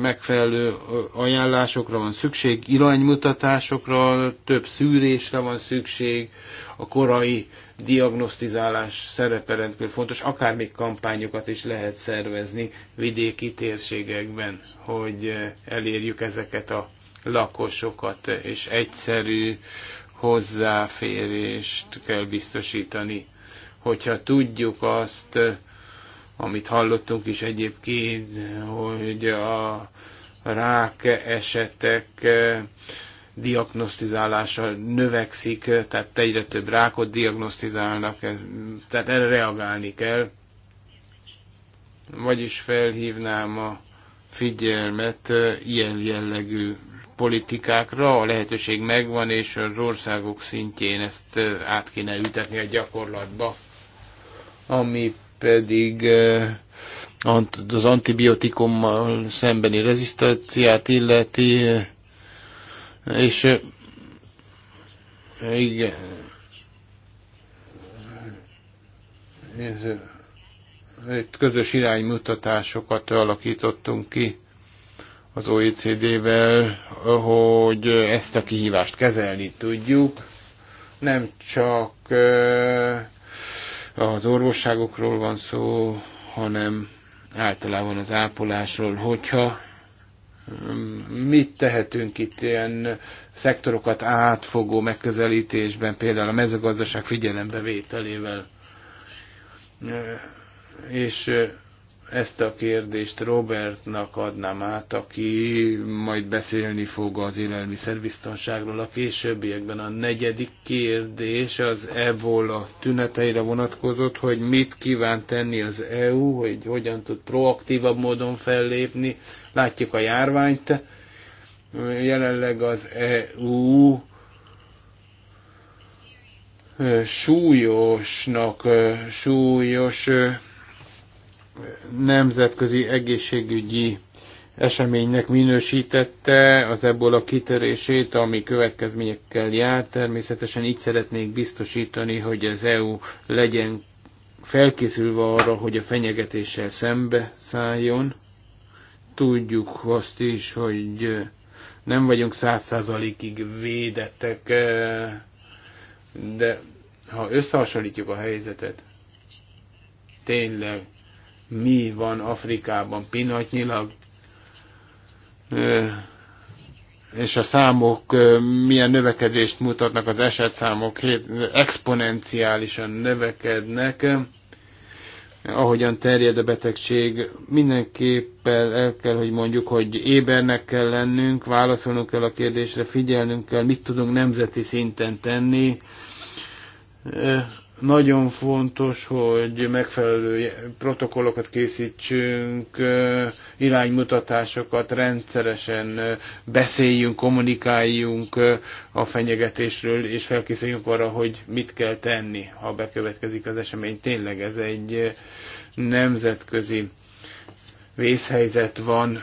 megfelelő ajánlásokra van szükség, iránymutatásokra, több szűrésre van szükség, a korai diagnosztizálás szerepe rendkívül fontos, akár még kampányokat is lehet szervezni vidéki térségekben, hogy elérjük ezeket a lakosokat, és egyszerű hozzáférést kell biztosítani hogyha tudjuk azt, eh, amit hallottunk is egyébként, hogy a rák esetek eh, diagnosztizálása növekszik, eh, tehát egyre több rákot diagnosztizálnak, tehát erre reagálni kell. Vagyis felhívnám a figyelmet ilyen jellegű politikákra, a lehetőség megvan, és az országok szintjén ezt át kéne ütetni a gyakorlatba ami pedig eh, az antibiotikummal szembeni rezisztenciát illeti, eh, és eh, igen, egy közös iránymutatásokat alakítottunk ki az OECD-vel, hogy ezt a kihívást kezelni tudjuk, nem csak az orvosságokról van szó, hanem általában az ápolásról, hogyha mm, mit tehetünk itt ilyen szektorokat átfogó megközelítésben, például a mezőgazdaság figyelembevételével. És ezt a kérdést Robertnak adnám át, aki majd beszélni fog az élelmiszerbiztonságról a későbbiekben. A negyedik kérdés az ebola tüneteire vonatkozott, hogy mit kíván tenni az EU, hogy hogyan tud proaktívabb módon fellépni. Látjuk a járványt. Jelenleg az EU súlyosnak, súlyos nemzetközi egészségügyi eseménynek minősítette az ebből a kitörését, ami következményekkel jár. Természetesen így szeretnék biztosítani, hogy az EU legyen felkészülve arra, hogy a fenyegetéssel szembe szálljon. Tudjuk azt is, hogy nem vagyunk száz százalékig védettek, de ha összehasonlítjuk a helyzetet, tényleg mi van Afrikában pinatnyilag, és a számok milyen növekedést mutatnak, az esetszámok exponenciálisan növekednek, ahogyan terjed a betegség, mindenképpen el kell, hogy mondjuk, hogy ébernek kell lennünk, válaszolnunk kell a kérdésre, figyelnünk kell, mit tudunk nemzeti szinten tenni, nagyon fontos, hogy megfelelő protokollokat készítsünk, iránymutatásokat, rendszeresen beszéljünk, kommunikáljunk a fenyegetésről, és felkészüljünk arra, hogy mit kell tenni, ha bekövetkezik az esemény. Tényleg ez egy nemzetközi vészhelyzet van,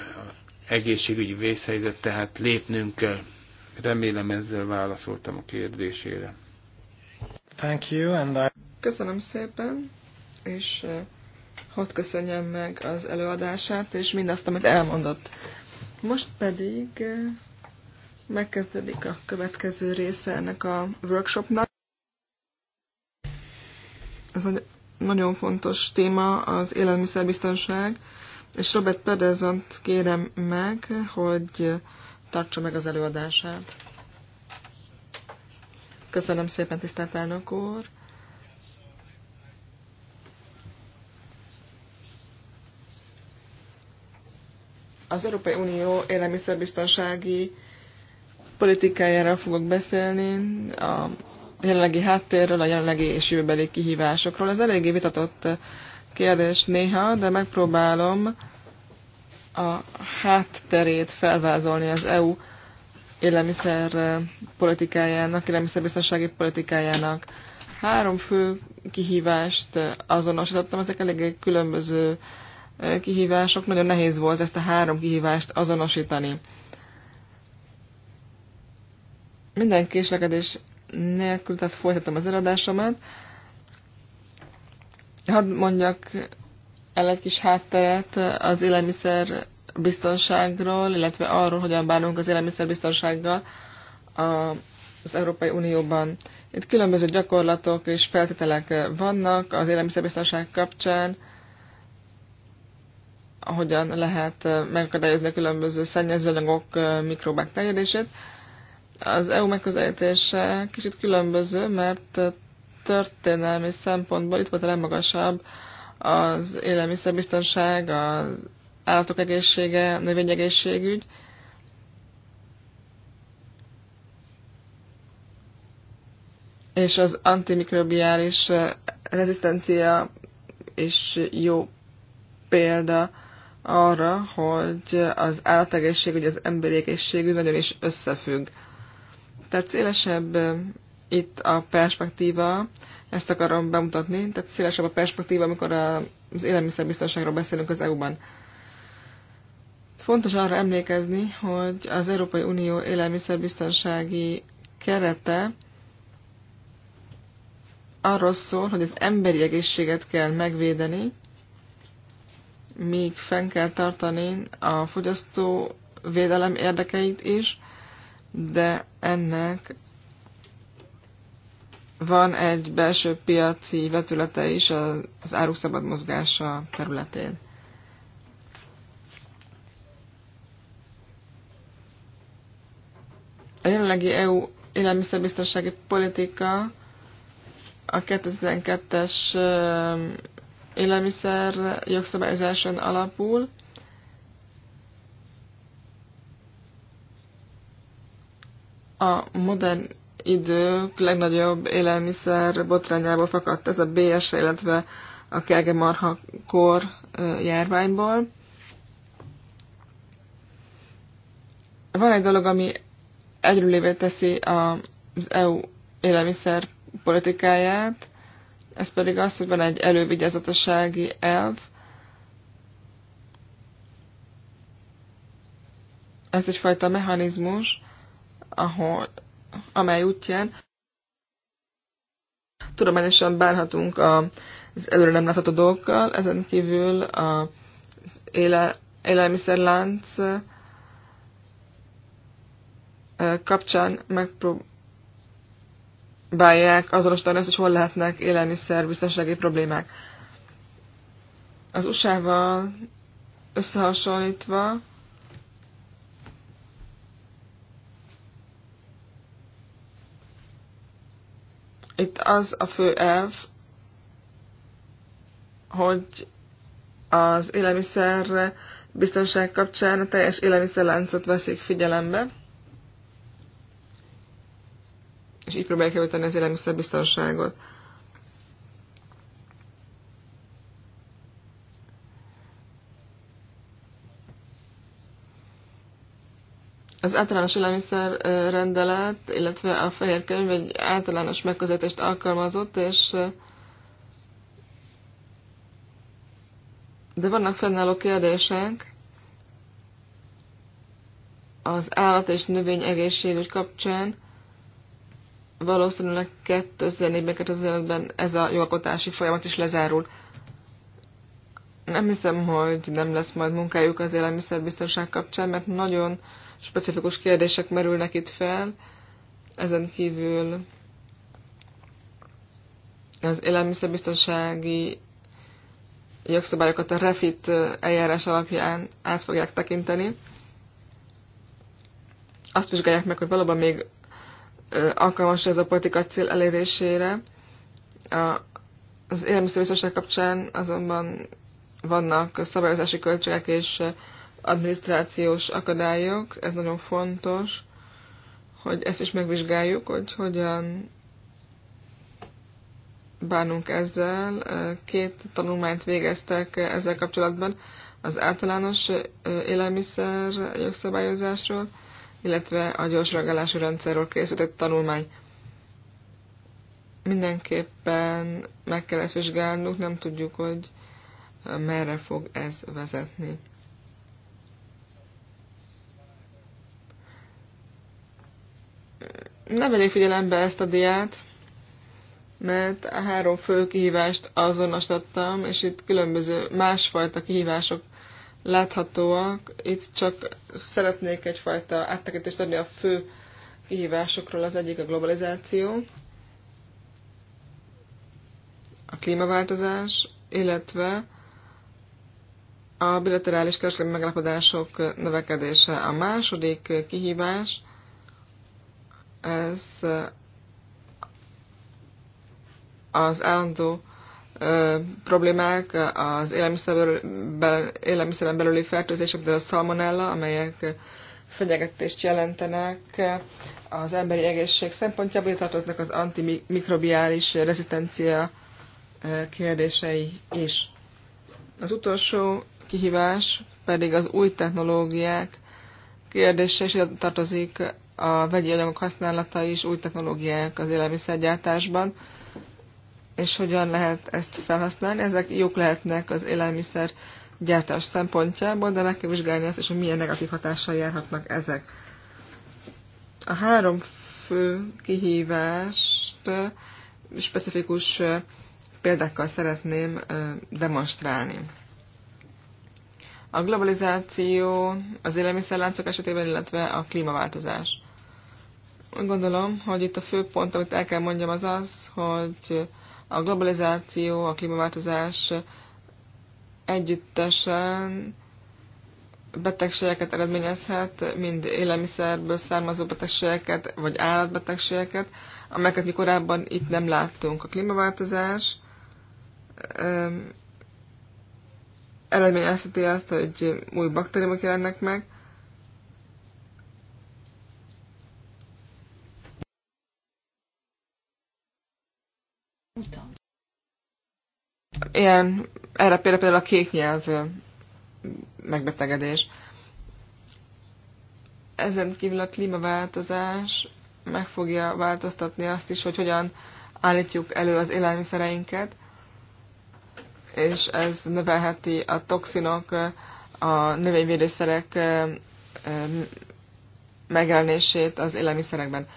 egészségügyi vészhelyzet, tehát lépnünk kell. Remélem ezzel válaszoltam a kérdésére. Thank you, and I... Köszönöm szépen, és eh, hadd köszönjem meg az előadását, és mindazt, amit elmondott. Most pedig eh, megkezdődik a következő része ennek a workshopnak. Ez egy nagyon fontos téma az élelmiszerbiztonság, és Robert Pedersont kérem meg, hogy tartsa meg az előadását. Köszönöm szépen, tisztelt elnök úr. Az Európai Unió élelmiszerbiztonsági politikájáról fogok beszélni, a jelenlegi háttérről, a jelenlegi és jövőbeli kihívásokról. Ez eléggé vitatott kérdés néha, de megpróbálom a hátterét felvázolni az EU élelmiszer eh, politikájának, élelmiszerbiztonsági politikájának. Három fő kihívást eh, azonosítottam, ezek eléggé különböző eh, kihívások, nagyon nehéz volt ezt a három kihívást azonosítani. Minden késlekedés nélkül, tehát folytatom az eladásomat. Hadd mondjak el egy kis hátteret az élelmiszer biztonságról, illetve arról, hogyan bánunk az élelmiszerbiztonsággal az Európai Unióban. Itt különböző gyakorlatok és feltételek vannak az élelmiszerbiztonság kapcsán, hogyan lehet megakadályozni a különböző szennyezőanyagok, mikróbák terjedését. Az EU megközelítése kicsit különböző, mert történelmi szempontból itt volt a legmagasabb az élelmiszerbiztonság, az állatok egészsége, növényegészségügy. És az antimikrobiális eh, rezisztencia is jó példa arra, hogy az ugye az emberi egészségügy nagyon is összefügg. Tehát szélesebb eh, itt a perspektíva, ezt akarom bemutatni, tehát szélesebb a perspektíva, amikor az élelmiszerbiztonságról beszélünk az EU-ban. Fontos arra emlékezni, hogy az Európai Unió élelmiszerbiztonsági kerete arról szól, hogy az emberi egészséget kell megvédeni, míg fenn kell tartani a fogyasztó védelem érdekeit is, de ennek van egy belső piaci vetülete is az áruk szabad mozgása területén. A jelenlegi EU élelmiszerbiztonsági politika a 2012-es élelmiszer jogszabályozáson alapul, a modern idők legnagyobb élelmiszer botrányából fakadt ez a BS, illetve a kelge marha kor járványból. Van egy dolog, ami egyrülévé teszi az EU élelmiszer politikáját, ez pedig az, hogy van egy elővigyázatossági elv, ez egyfajta mechanizmus, ahol, amely útján tudományosan bárhatunk az előre nem látható dolgokkal, ezen kívül az éle, élelmiszerlánc kapcsán megpróbálják azonosítani azt, hogy hol lehetnek biztonsági problémák. Az USA-val összehasonlítva itt az a fő elv, hogy az élelmiszer biztonság kapcsán a teljes élelmiszerláncot veszik figyelembe. és így próbálják javítani az élelmiszerbiztonságot. Az általános élelmiszerrendelet, rendelet, illetve a fehér könyv egy általános megközelítést alkalmazott, és de vannak fennálló kérdések az állat és növény egészségügy kapcsán, valószínűleg 2004-ben, 2005-ben ez a jogalkotási folyamat is lezárul. Nem hiszem, hogy nem lesz majd munkájuk az élelmiszerbiztonság kapcsán, mert nagyon specifikus kérdések merülnek itt fel. Ezen kívül az élelmiszerbiztonsági jogszabályokat a refit eljárás alapján át fogják tekinteni. Azt vizsgálják meg, hogy valóban még alkalmas ez a politika cél elérésére. A, az élelmiszerbiztonság kapcsán azonban vannak szabályozási költségek és adminisztrációs akadályok, ez nagyon fontos, hogy ezt is megvizsgáljuk, hogy hogyan bánunk ezzel. Két tanulmányt végeztek ezzel kapcsolatban az általános élelmiszer jogszabályozásról, illetve a gyors reagálási rendszerről készült egy tanulmány. Mindenképpen meg kell ezt vizsgálnunk, nem tudjuk, hogy merre fog ez vezetni. Nem vegyék figyelembe ezt a diát, mert a három fő kihívást azonosítottam, és itt különböző másfajta kihívások láthatóak. Itt csak szeretnék egyfajta áttekintést adni a fő kihívásokról. Az egyik a globalizáció, a klímaváltozás, illetve a bilaterális kereskedelmi megállapodások növekedése. A második kihívás, ez az állandó problémák, az élelmiszeren belüli fertőzések, de a szalmonella, amelyek fenyegetést jelentenek az emberi egészség szempontjából, tartoznak az antimikrobiális rezisztencia kérdései is. Az utolsó kihívás pedig az új technológiák kérdése, és tartozik a vegyi anyagok használata is, új technológiák az élelmiszergyártásban és hogyan lehet ezt felhasználni. Ezek jók lehetnek az élelmiszer gyártás szempontjából, de meg kell vizsgálni azt is, hogy milyen negatív hatással járhatnak ezek. A három fő kihívást specifikus példákkal szeretném demonstrálni. A globalizáció, az élelmiszerláncok esetében, illetve a klímaváltozás. Úgy gondolom, hogy itt a fő pont, amit el kell mondjam, az az, hogy a globalizáció, a klímaváltozás együttesen betegségeket eredményezhet, mind élelmiszerből származó betegségeket, vagy állatbetegségeket, amelyeket mi korábban itt nem láttunk. A klímaváltozás eredményezheti azt, hogy új baktériumok jelennek meg, Ilyen, erre például a kék nyelv megbetegedés. Ezen kívül a klímaváltozás meg fogja változtatni azt is, hogy hogyan állítjuk elő az élelmiszereinket, és ez növelheti a toxinok, a növényvédőszerek megjelenését az élelmiszerekben.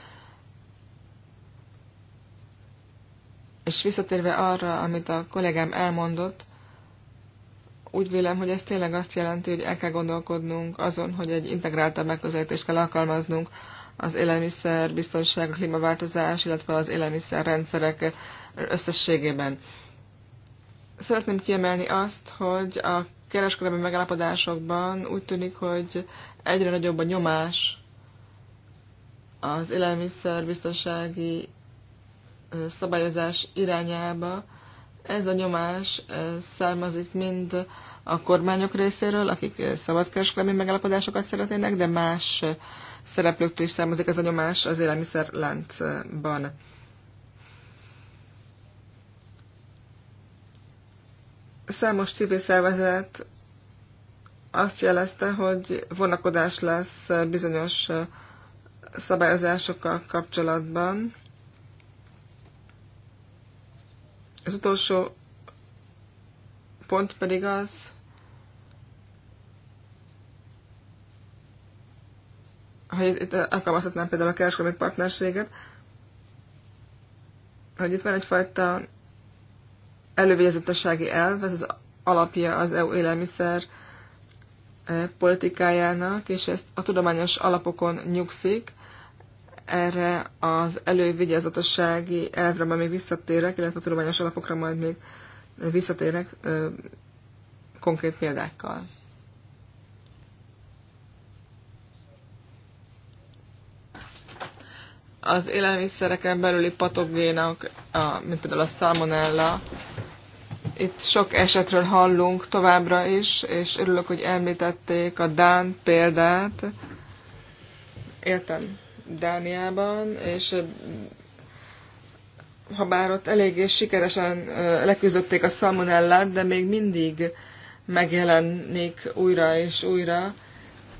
És visszatérve arra, amit a kollégám elmondott, úgy vélem, hogy ez tényleg azt jelenti, hogy el kell gondolkodnunk azon, hogy egy integráltabb megközelítést kell alkalmaznunk az élelmiszer, biztonság, a klímaváltozás, illetve az élelmiszer rendszerek összességében. Szeretném kiemelni azt, hogy a kereskedelmi megállapodásokban úgy tűnik, hogy egyre nagyobb a nyomás az élelmiszer biztonsági szabályozás irányába. Ez a nyomás származik mind a kormányok részéről, akik szabadkereskedelmi megállapodásokat szeretnének, de más szereplőktől is származik ez a nyomás az élelmiszerláncban. Számos civil szervezet azt jelezte, hogy vonakodás lesz bizonyos szabályozásokkal kapcsolatban. Az utolsó pont pedig az, hogy itt alkalmazhatnám például a kereskedelmi partnerséget, hogy itt van egyfajta elővégzetességi elv, ez az alapja az EU élelmiszer eh, politikájának, és ezt a tudományos alapokon nyugszik, erre az elővigyázatossági elvre majd még visszatérek, illetve tudományos alapokra majd még visszatérek ö, konkrét példákkal. Az élelmiszereken belüli patogénak, a, mint például a salmonella, itt sok esetről hallunk továbbra is, és örülök, hogy említették a Dán példát. Értem Dániában, és ha bár ott eléggé sikeresen leküzdötték a szalmonellát, de még mindig megjelenik újra és újra.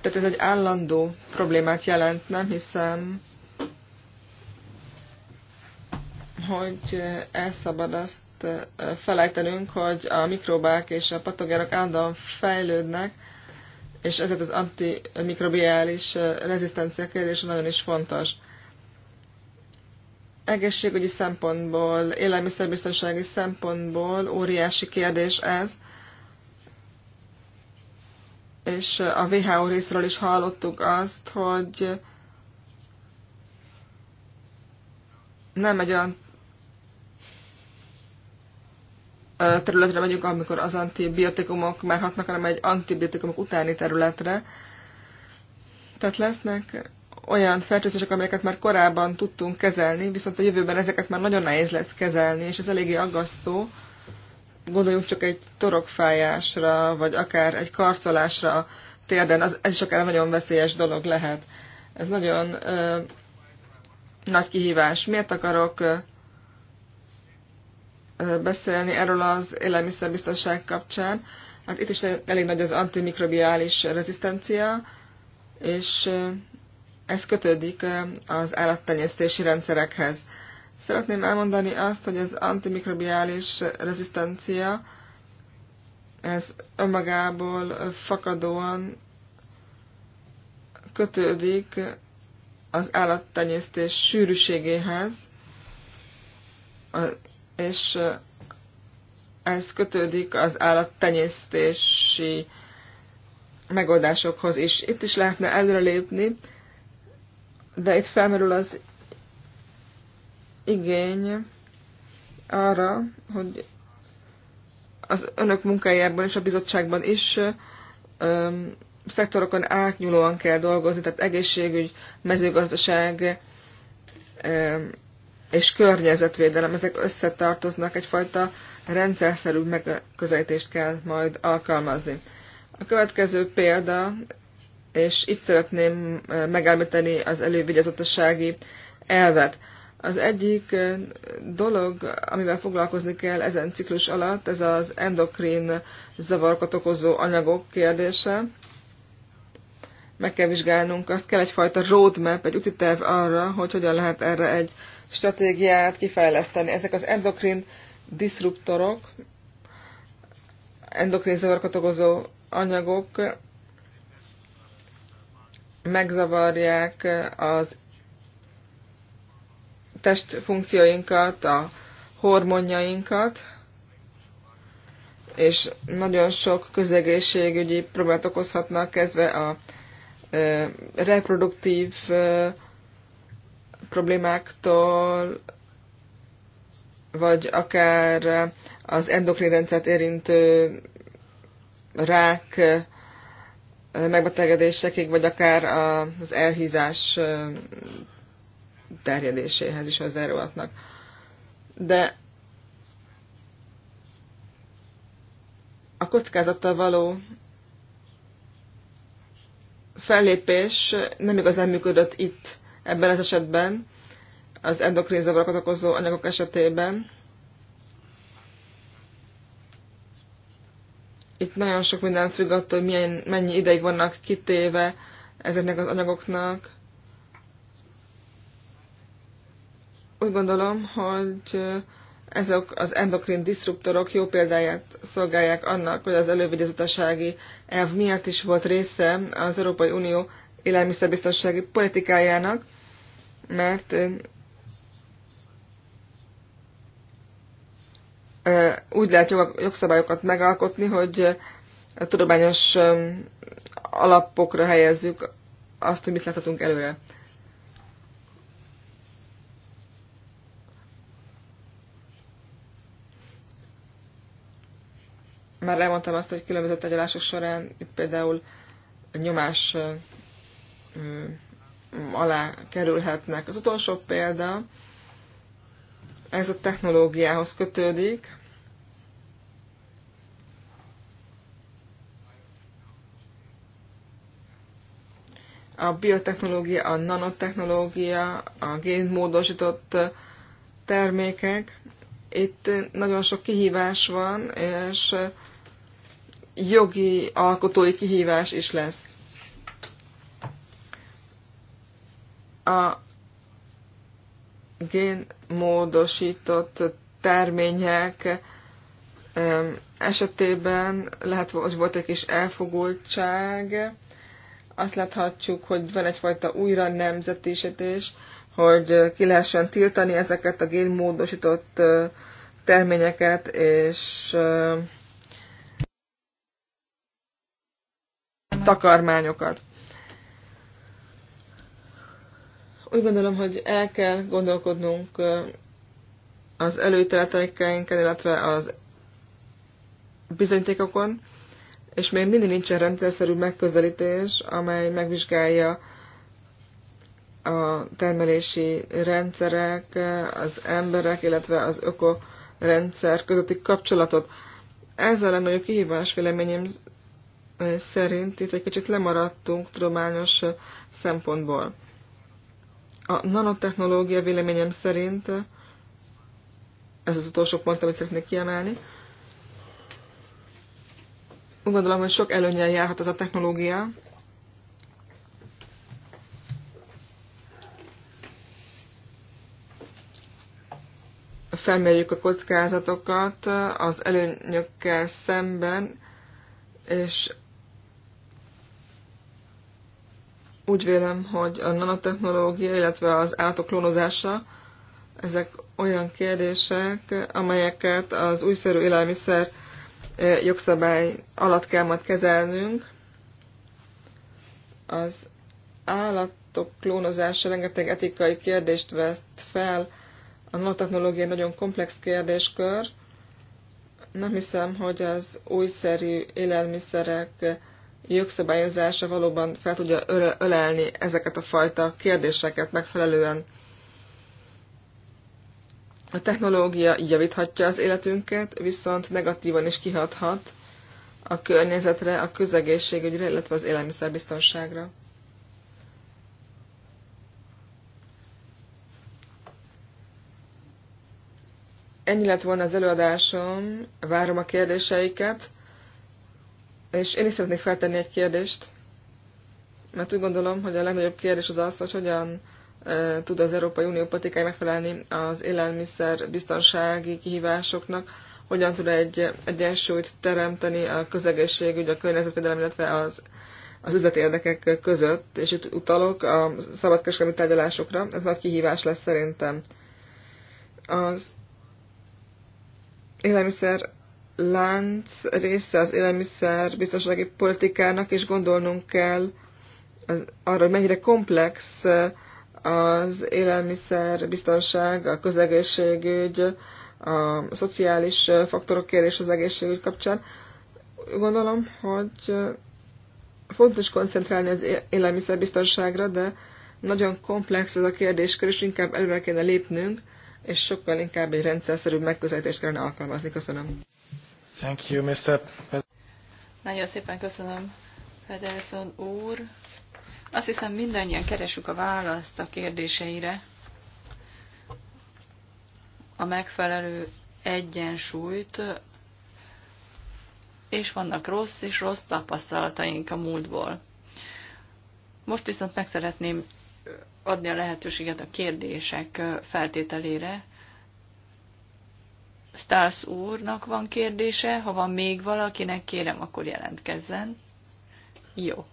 Tehát ez egy állandó problémát jelent, nem hiszem, hogy elszabad azt felejtenünk, hogy a mikrobák és a patogénok állandóan fejlődnek, és ezért az antimikrobiális rezisztencia kérdése nagyon is fontos. Egészségügyi szempontból, élelmiszerbiztonsági szempontból óriási kérdés ez, és a WHO részről is hallottuk azt, hogy nem egy olyan területre megyünk, amikor az antibiotikumok már hatnak, hanem egy antibiotikumok utáni területre. Tehát lesznek olyan fertőzések, amelyeket már korábban tudtunk kezelni, viszont a jövőben ezeket már nagyon nehéz lesz kezelni, és ez eléggé aggasztó. Gondoljunk csak egy torokfájásra, vagy akár egy karcolásra térden, az, ez is akár nagyon veszélyes dolog lehet. Ez nagyon ö, nagy kihívás. Miért akarok ö, beszélni erről az élelmiszerbiztonság kapcsán. Hát itt is elég nagy az antimikrobiális rezisztencia, és ez kötődik az állattenyésztési rendszerekhez. Szeretném elmondani azt, hogy az antimikrobiális rezisztencia ez önmagából fakadóan kötődik az állattenyésztés sűrűségéhez, és ez kötődik az állattenyésztési megoldásokhoz is. Itt is lehetne előrelépni, de itt felmerül az igény arra, hogy az önök munkájában és a bizottságban is öm, szektorokon átnyúlóan kell dolgozni, tehát egészségügy, mezőgazdaság, öm, és környezetvédelem, ezek összetartoznak, egyfajta rendszerszerű megközelítést kell majd alkalmazni. A következő példa, és itt szeretném megállítani az elővigyázatossági elvet. Az egyik dolog, amivel foglalkozni kell ezen ciklus alatt, ez az endokrin zavarokat okozó anyagok kérdése. Meg kell vizsgálnunk azt, kell egyfajta roadmap, egy útiterv arra, hogy hogyan lehet erre egy stratégiát kifejleszteni. Ezek az endokrin diszruptorok, endokrin zavarokat okozó anyagok megzavarják az testfunkcióinkat, a hormonjainkat, és nagyon sok közegészségügyi problémát okozhatnak, kezdve a reproduktív problémáktól, vagy akár az endokrin rendszert érintő rák megbetegedésekig, vagy akár az elhízás terjedéséhez is hozzájárulhatnak. De a kockázattal való fellépés nem igazán működött itt ebben az esetben, az endokrin zavarokat okozó anyagok esetében. Itt nagyon sok minden függ attól, hogy milyen, mennyi ideig vannak kitéve ezeknek az anyagoknak. Úgy gondolom, hogy ezek az endokrin disruptorok, jó példáját szolgálják annak, hogy az elővigyázatossági elv miatt is volt része az Európai Unió élelmiszerbiztonsági politikájának, mert úgy lehet jogszabályokat megalkotni, hogy a tudományos alapokra helyezzük azt, hogy mit láthatunk előre. Már elmondtam azt, hogy különböző tegyelások során itt például nyomás alá kerülhetnek. Az utolsó példa, ez a technológiához kötődik. A biotechnológia, a nanotechnológia, a génmódosított termékek. Itt nagyon sok kihívás van, és jogi alkotói kihívás is lesz. a génmódosított termények esetében lehet, hogy volt egy kis elfogultság. Azt láthatjuk, hogy van egyfajta újra nemzetisítés, hogy ki lehessen tiltani ezeket a génmódosított terményeket, és takarmányokat. Úgy gondolom, hogy el kell gondolkodnunk az előítéleteinkkel, illetve az bizonyítékokon, és még mindig nincsen rendszerszerű megközelítés, amely megvizsgálja a termelési rendszerek, az emberek, illetve az ökorendszer közötti kapcsolatot. Ez a legnagyobb kihívás véleményem szerint, itt egy kicsit lemaradtunk tudományos szempontból. A nanotechnológia véleményem szerint, ez az utolsó pont, amit szeretnék kiemelni, úgy gondolom, hogy sok előnyel járhat az a technológia, felmérjük a kockázatokat az előnyökkel szemben, és Úgy vélem, hogy a nanotechnológia, illetve az állatok klónozása, ezek olyan kérdések, amelyeket az újszerű élelmiszer jogszabály alatt kell majd kezelnünk. Az állatok klónozása rengeteg etikai kérdést vett fel, a nanotechnológia nagyon komplex kérdéskör. Nem hiszem, hogy az újszerű élelmiszerek jogszabályozása valóban fel tudja ölelni ezeket a fajta kérdéseket megfelelően. A technológia javíthatja az életünket, viszont negatívan is kihathat a környezetre, a közegészségügyre, illetve az élelmiszerbiztonságra. Ennyi lett volna az előadásom, várom a kérdéseiket, és én is szeretnék feltenni egy kérdést, mert úgy gondolom, hogy a legnagyobb kérdés az az, hogy hogyan tud az Európai Unió politikája megfelelni az élelmiszer biztonsági kihívásoknak, hogyan tud egy egyensúlyt teremteni a közegészségügy, a környezetvédelem, illetve az, az üzleti érdekek között, és itt utalok a szabadkereskedelmi tárgyalásokra, ez nagy kihívás lesz szerintem. Az élelmiszer lánc része az élelmiszer biztonsági politikának, és gondolnunk kell az, arra, hogy mennyire komplex az élelmiszer biztonság, a közegészségügy, a szociális faktorok kérés az egészségügy kapcsán. Gondolom, hogy fontos koncentrálni az élelmiszer biztonságra, de nagyon komplex ez a kérdéskör, és inkább előre kéne lépnünk, és sokkal inkább egy rendszerszerűbb megközelítést kellene alkalmazni. Köszönöm. Thank you, Mr. Nagyon szépen köszönöm, Pedersen úr. Azt hiszem mindannyian keresünk a választ a kérdéseire, a megfelelő egyensúlyt, és vannak rossz és rossz tapasztalataink a múltból. Most viszont meg szeretném adni a lehetőséget a kérdések feltételére, Stász úrnak van kérdése, ha van még valakinek, kérem, akkor jelentkezzen. Jó.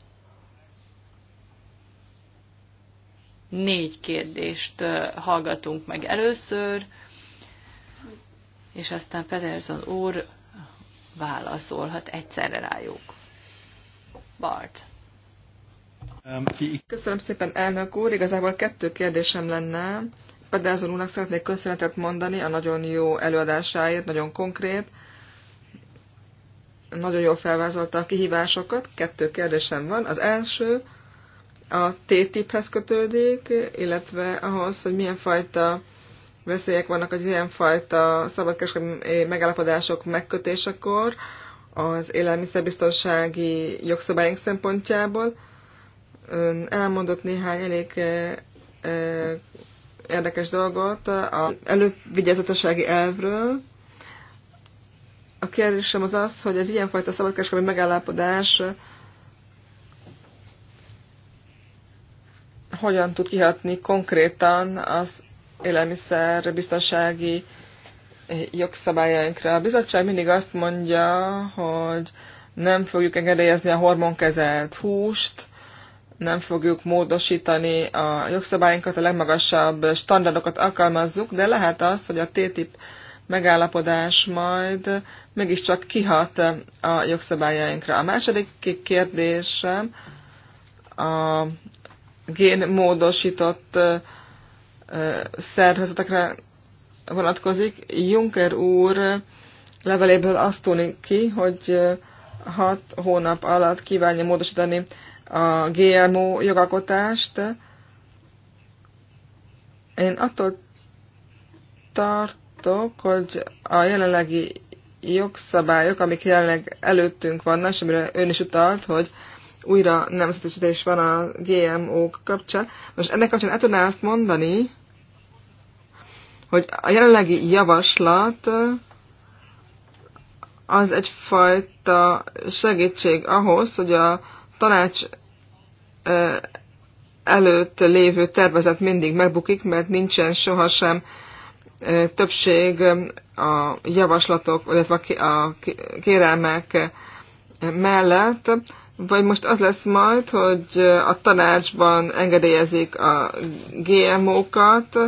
Négy kérdést hallgatunk meg először, és aztán Pedersen úr válaszolhat egyszerre rájuk. Bart. Köszönöm szépen, elnök úr. Igazából kettő kérdésem lenne. Pedázon úrnak szeretnék köszönetet mondani a nagyon jó előadásáért, nagyon konkrét, nagyon jól felvázolta a kihívásokat. Kettő kérdésem van. Az első a T-tiphez kötődik, illetve ahhoz, hogy milyen fajta veszélyek vannak az ilyenfajta szabadkereskedelmi eh, megállapodások megkötésekor az élelmiszerbiztonsági jogszabályunk szempontjából. Ön elmondott néhány elég eh, eh, érdekes dolgot a elővigyázatossági elvről. A kérdésem az az, hogy az ilyenfajta szabadkereskedelmi megállapodás hogyan tud kihatni konkrétan az élelmiszer biztonsági jogszabályainkra. A bizottság mindig azt mondja, hogy nem fogjuk engedélyezni a hormonkezelt húst, nem fogjuk módosítani a jogszabályunkat, a legmagasabb standardokat alkalmazzuk, de lehet az, hogy a TTIP megállapodás majd mégiscsak kihat a jogszabályainkra. A második kérdésem a génmódosított szervezetekre vonatkozik. Juncker úr leveléből azt tűnik ki, hogy hat hónap alatt kívánja módosítani a GMO jogalkotást. Én attól tartok, hogy a jelenlegi jogszabályok, amik jelenleg előttünk vannak, és amire ön is utalt, hogy újra nemzetesítés van a GMO-k kapcsán. Most ennek kapcsán el tudná azt mondani, hogy a jelenlegi javaslat az egyfajta segítség ahhoz, hogy a tanács előtt lévő tervezet mindig megbukik, mert nincsen sohasem többség a javaslatok, illetve a kérelmek mellett, vagy most az lesz majd, hogy a tanácsban engedélyezik a GMO-kat,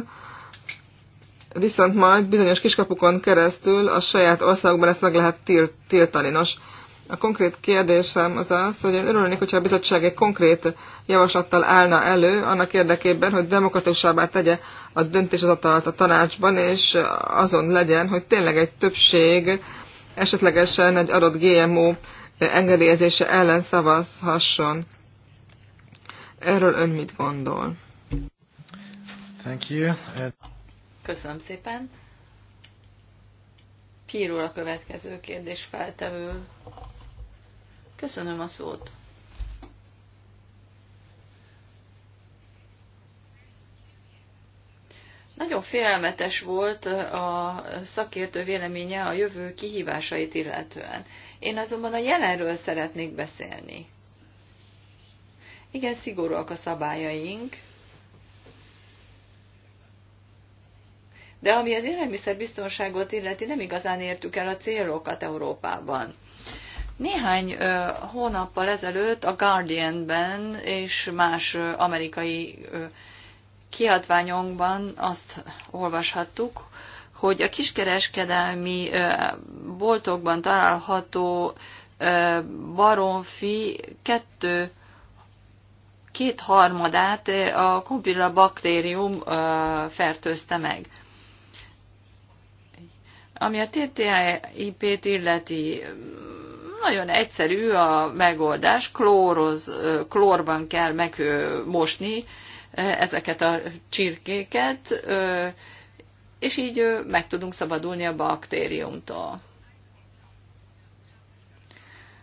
viszont majd bizonyos kiskapukon keresztül a saját országban ezt meg lehet tiltani. Nos, a konkrét kérdésem az az, hogy én örülnék, hogyha a bizottság egy konkrét javaslattal állna elő annak érdekében, hogy demokratikusabbá tegye a döntéshozatalt a tanácsban, és azon legyen, hogy tényleg egy többség esetlegesen egy adott GMO engedélyezése ellen szavazhasson. Erről ön mit gondol? Thank you. Köszönöm szépen. Kírul a következő kérdés feltevő. Köszönöm a szót. Nagyon félelmetes volt a szakértő véleménye a jövő kihívásait illetően. Én azonban a jelenről szeretnék beszélni. Igen, szigorúak a szabályaink, de ami az élelmiszerbiztonságot illeti, nem igazán értük el a célokat Európában. Néhány hónappal ezelőtt a Guardian-ben és más amerikai kiadványokban azt olvashattuk, hogy a kiskereskedelmi boltokban található baronfi kettő kétharmadát a kompilla baktérium fertőzte meg. Ami a TTIP-t illeti, nagyon egyszerű a megoldás, klóroz, klórban kell megmosni ezeket a csirkéket, és így meg tudunk szabadulni a baktériumtól.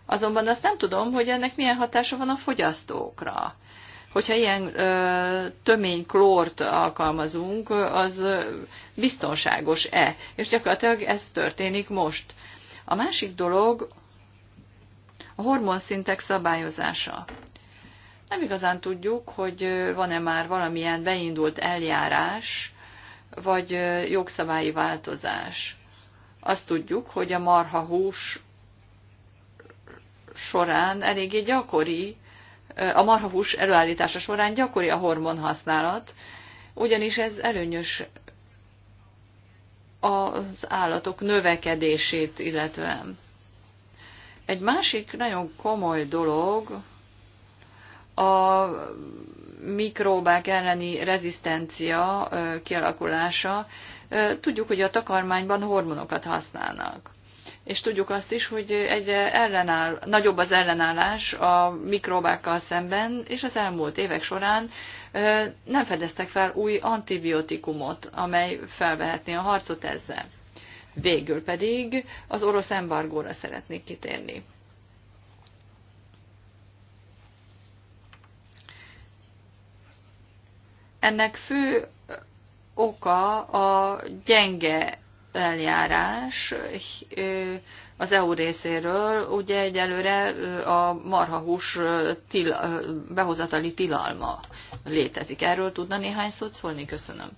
Azonban azt nem tudom, hogy ennek milyen hatása van a fogyasztókra. Hogyha ilyen ö, tömény klórt alkalmazunk, az biztonságos-e? És gyakorlatilag ez történik most. A másik dolog, a hormonszintek szabályozása. Nem igazán tudjuk, hogy van-e már valamilyen beindult eljárás, vagy jogszabályi változás. Azt tudjuk, hogy a marha hús során eléggé gyakori, a marhahús előállítása során gyakori a hormon használat, ugyanis ez előnyös az állatok növekedését illetően. Egy másik nagyon komoly dolog a mikróbák elleni rezisztencia kialakulása. Tudjuk, hogy a takarmányban hormonokat használnak. És tudjuk azt is, hogy egyre ellenáll, nagyobb az ellenállás a mikróbákkal szemben, és az elmúlt évek során nem fedeztek fel új antibiotikumot, amely felvehetné a harcot ezzel. Végül pedig az orosz embargóra szeretnék kitérni. Ennek fő oka a gyenge eljárás az EU részéről, ugye egyelőre a marhahús til, behozatali tilalma létezik. Erről tudna néhány szót szólni? Köszönöm.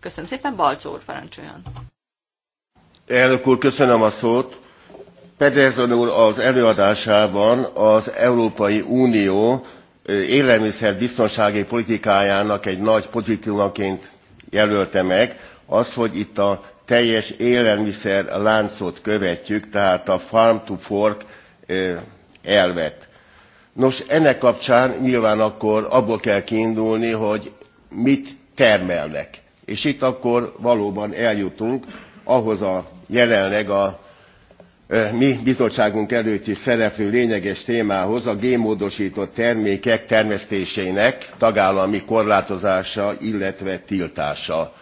Köszönöm szépen, Balcó úr parancsoljon. Elnök úr, köszönöm a szót. Pedersen úr az előadásában az Európai Unió élelmiszer biztonsági politikájának egy nagy pozitívumaként jelölte meg az, hogy itt a teljes élelmiszer láncot követjük, tehát a farm to fork elvet. Nos, ennek kapcsán nyilván akkor abból kell kiindulni, hogy mit termelnek és itt akkor valóban eljutunk ahhoz a jelenleg a mi bizottságunk előtt is szereplő lényeges témához a gémódosított termékek termesztésének tagállami korlátozása illetve tiltása.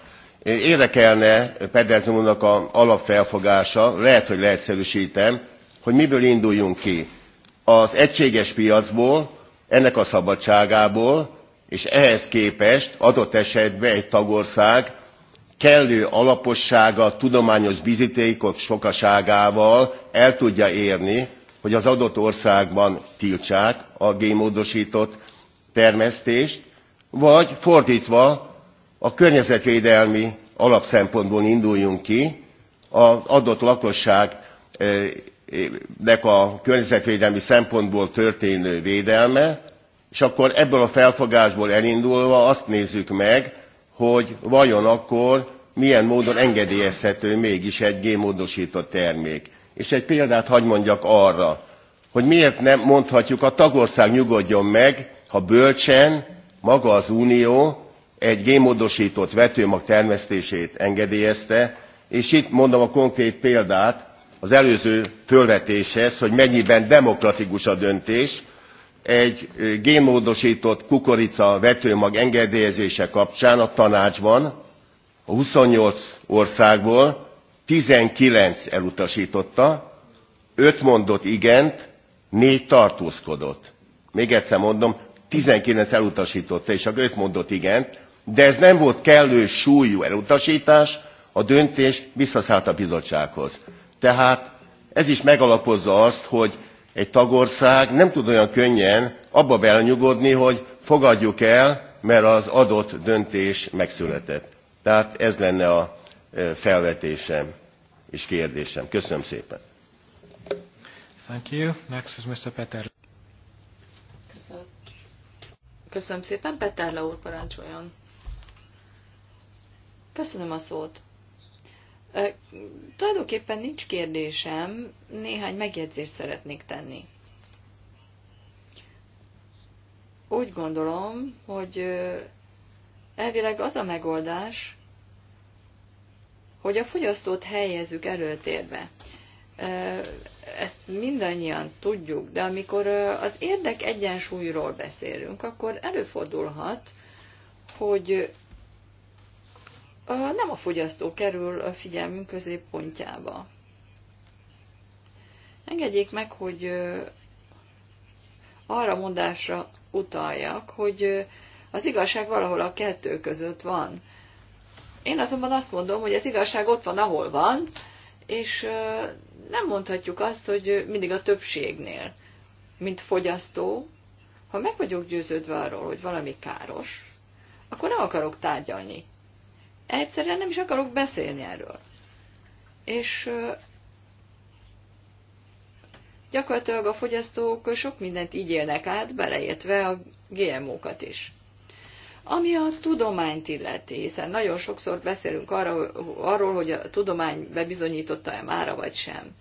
érdekelne pedersen a alapfelfogása lehet hogy leegyszerűsítem, hogy miből induljunk ki az egységes piacból ennek a szabadságából és ehhez képest adott esetben egy tagország kellő alapossága, tudományos biztékok sokaságával el tudja érni hogy az adott országban tiltsák a génmódostott termesztést vagy fordtva a környezetvédelmi alapszempontból induljunk ki az adott lakosságnak eh, eh, a környezetvédelmi szempontból történő védelme és akkor ebből a felfogásból elindulva azt nézzük meg, hogy vajon akkor milyen módon engedélyezhető mégis egy gémódosított termék. És egy példát hagy mondjak arra, hogy miért nem mondhatjuk, a tagország nyugodjon meg, ha bölcsen maga az Unió egy gémódosított vetőmag termesztését engedélyezte, és itt mondom a konkrét példát az előző fölvetéshez, hogy mennyiben demokratikus a döntés, egy génmódostott kukorica vetőmag engedélyezése kapcsán a tanácsban a twenty eight országból nineteen elutastotta five mondott igent four tartózkodott. még egyszer mondom nineteen elutastotta és csak five mondott igent de ez nem volt kellő súlyú elutastás a döntés visszaszállt a bizottsághoz. tehát ez is megalapozza azt hogy egy tagország nem tud olyan könnyen abba belenyugodni, hogy fogadjuk el, mert az adott döntés megszületett. Tehát ez lenne a e, felvetésem és kérdésem. Köszönöm szépen. Thank you. Next is Mr. Peter. Köszönöm. Köszönöm szépen. Peter úr parancsoljon. Köszönöm a szót. Tulajdonképpen nincs kérdésem, néhány megjegyzést szeretnék tenni. Úgy gondolom, hogy elvileg az a megoldás, hogy a fogyasztót helyezzük előtérbe. Ezt mindannyian tudjuk, de amikor az érdek egyensúlyról beszélünk, akkor előfordulhat, hogy nem a fogyasztó kerül a figyelmünk középpontjába. Engedjék meg, hogy arra mondásra utaljak, hogy az igazság valahol a kettő között van. Én azonban azt mondom, hogy az igazság ott van, ahol van, és nem mondhatjuk azt, hogy mindig a többségnél, mint fogyasztó, ha meg vagyok győződve arról, hogy valami káros, akkor nem akarok tárgyalni egyszerűen nem is akarok beszélni erről. És gyakorlatilag a fogyasztók sok mindent így élnek át, beleértve a GMO-kat is. Ami a tudományt illeti, hiszen nagyon sokszor beszélünk arra, arról, hogy a tudomány bebizonyította-e mára vagy sem.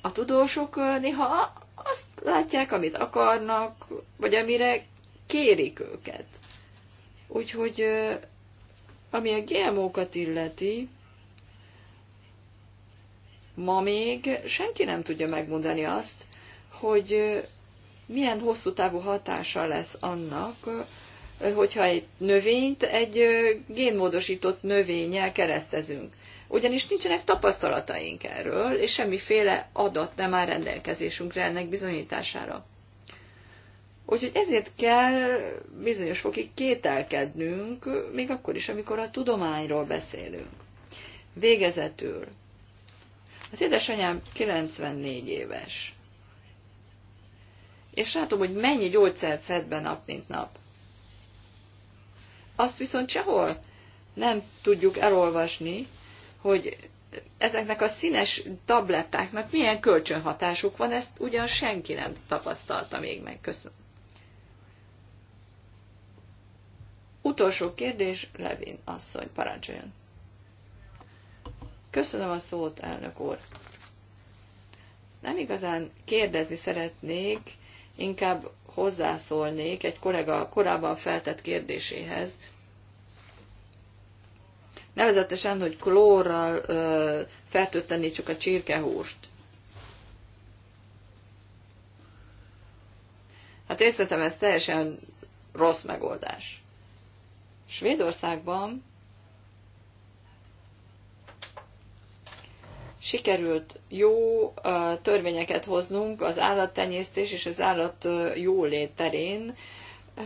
A tudósok néha azt látják, amit akarnak, vagy amire kérik őket. Úgyhogy ami a GMO-kat illeti, ma még senki nem tudja megmondani azt, hogy milyen hosszú távú hatása lesz annak, hogyha egy növényt egy génmódosított növényel keresztezünk. Ugyanis nincsenek tapasztalataink erről, és semmiféle adat nem áll rendelkezésünkre ennek bizonyítására. Úgyhogy ezért kell bizonyos fokig kételkednünk, még akkor is, amikor a tudományról beszélünk. Végezetül. Az édesanyám 94 éves. És látom, hogy mennyi gyógyszert szed be nap, mint nap. Azt viszont sehol nem tudjuk elolvasni, hogy ezeknek a színes tablettáknak milyen kölcsönhatásuk van, ezt ugyan senki nem tapasztalta még meg. Köszönöm. Utolsó kérdés, Levin asszony, parancsoljon. Köszönöm a szót, elnök úr. Nem igazán kérdezni szeretnék, inkább hozzászólnék egy kollega korábban feltett kérdéséhez. Nevezetesen, hogy klórral ö, fertőteni csak a csirkehúst. Hát észletem, ez teljesen rossz megoldás. Svédországban sikerült jó törvényeket hoznunk az állattenyésztés és az állat jólét terén,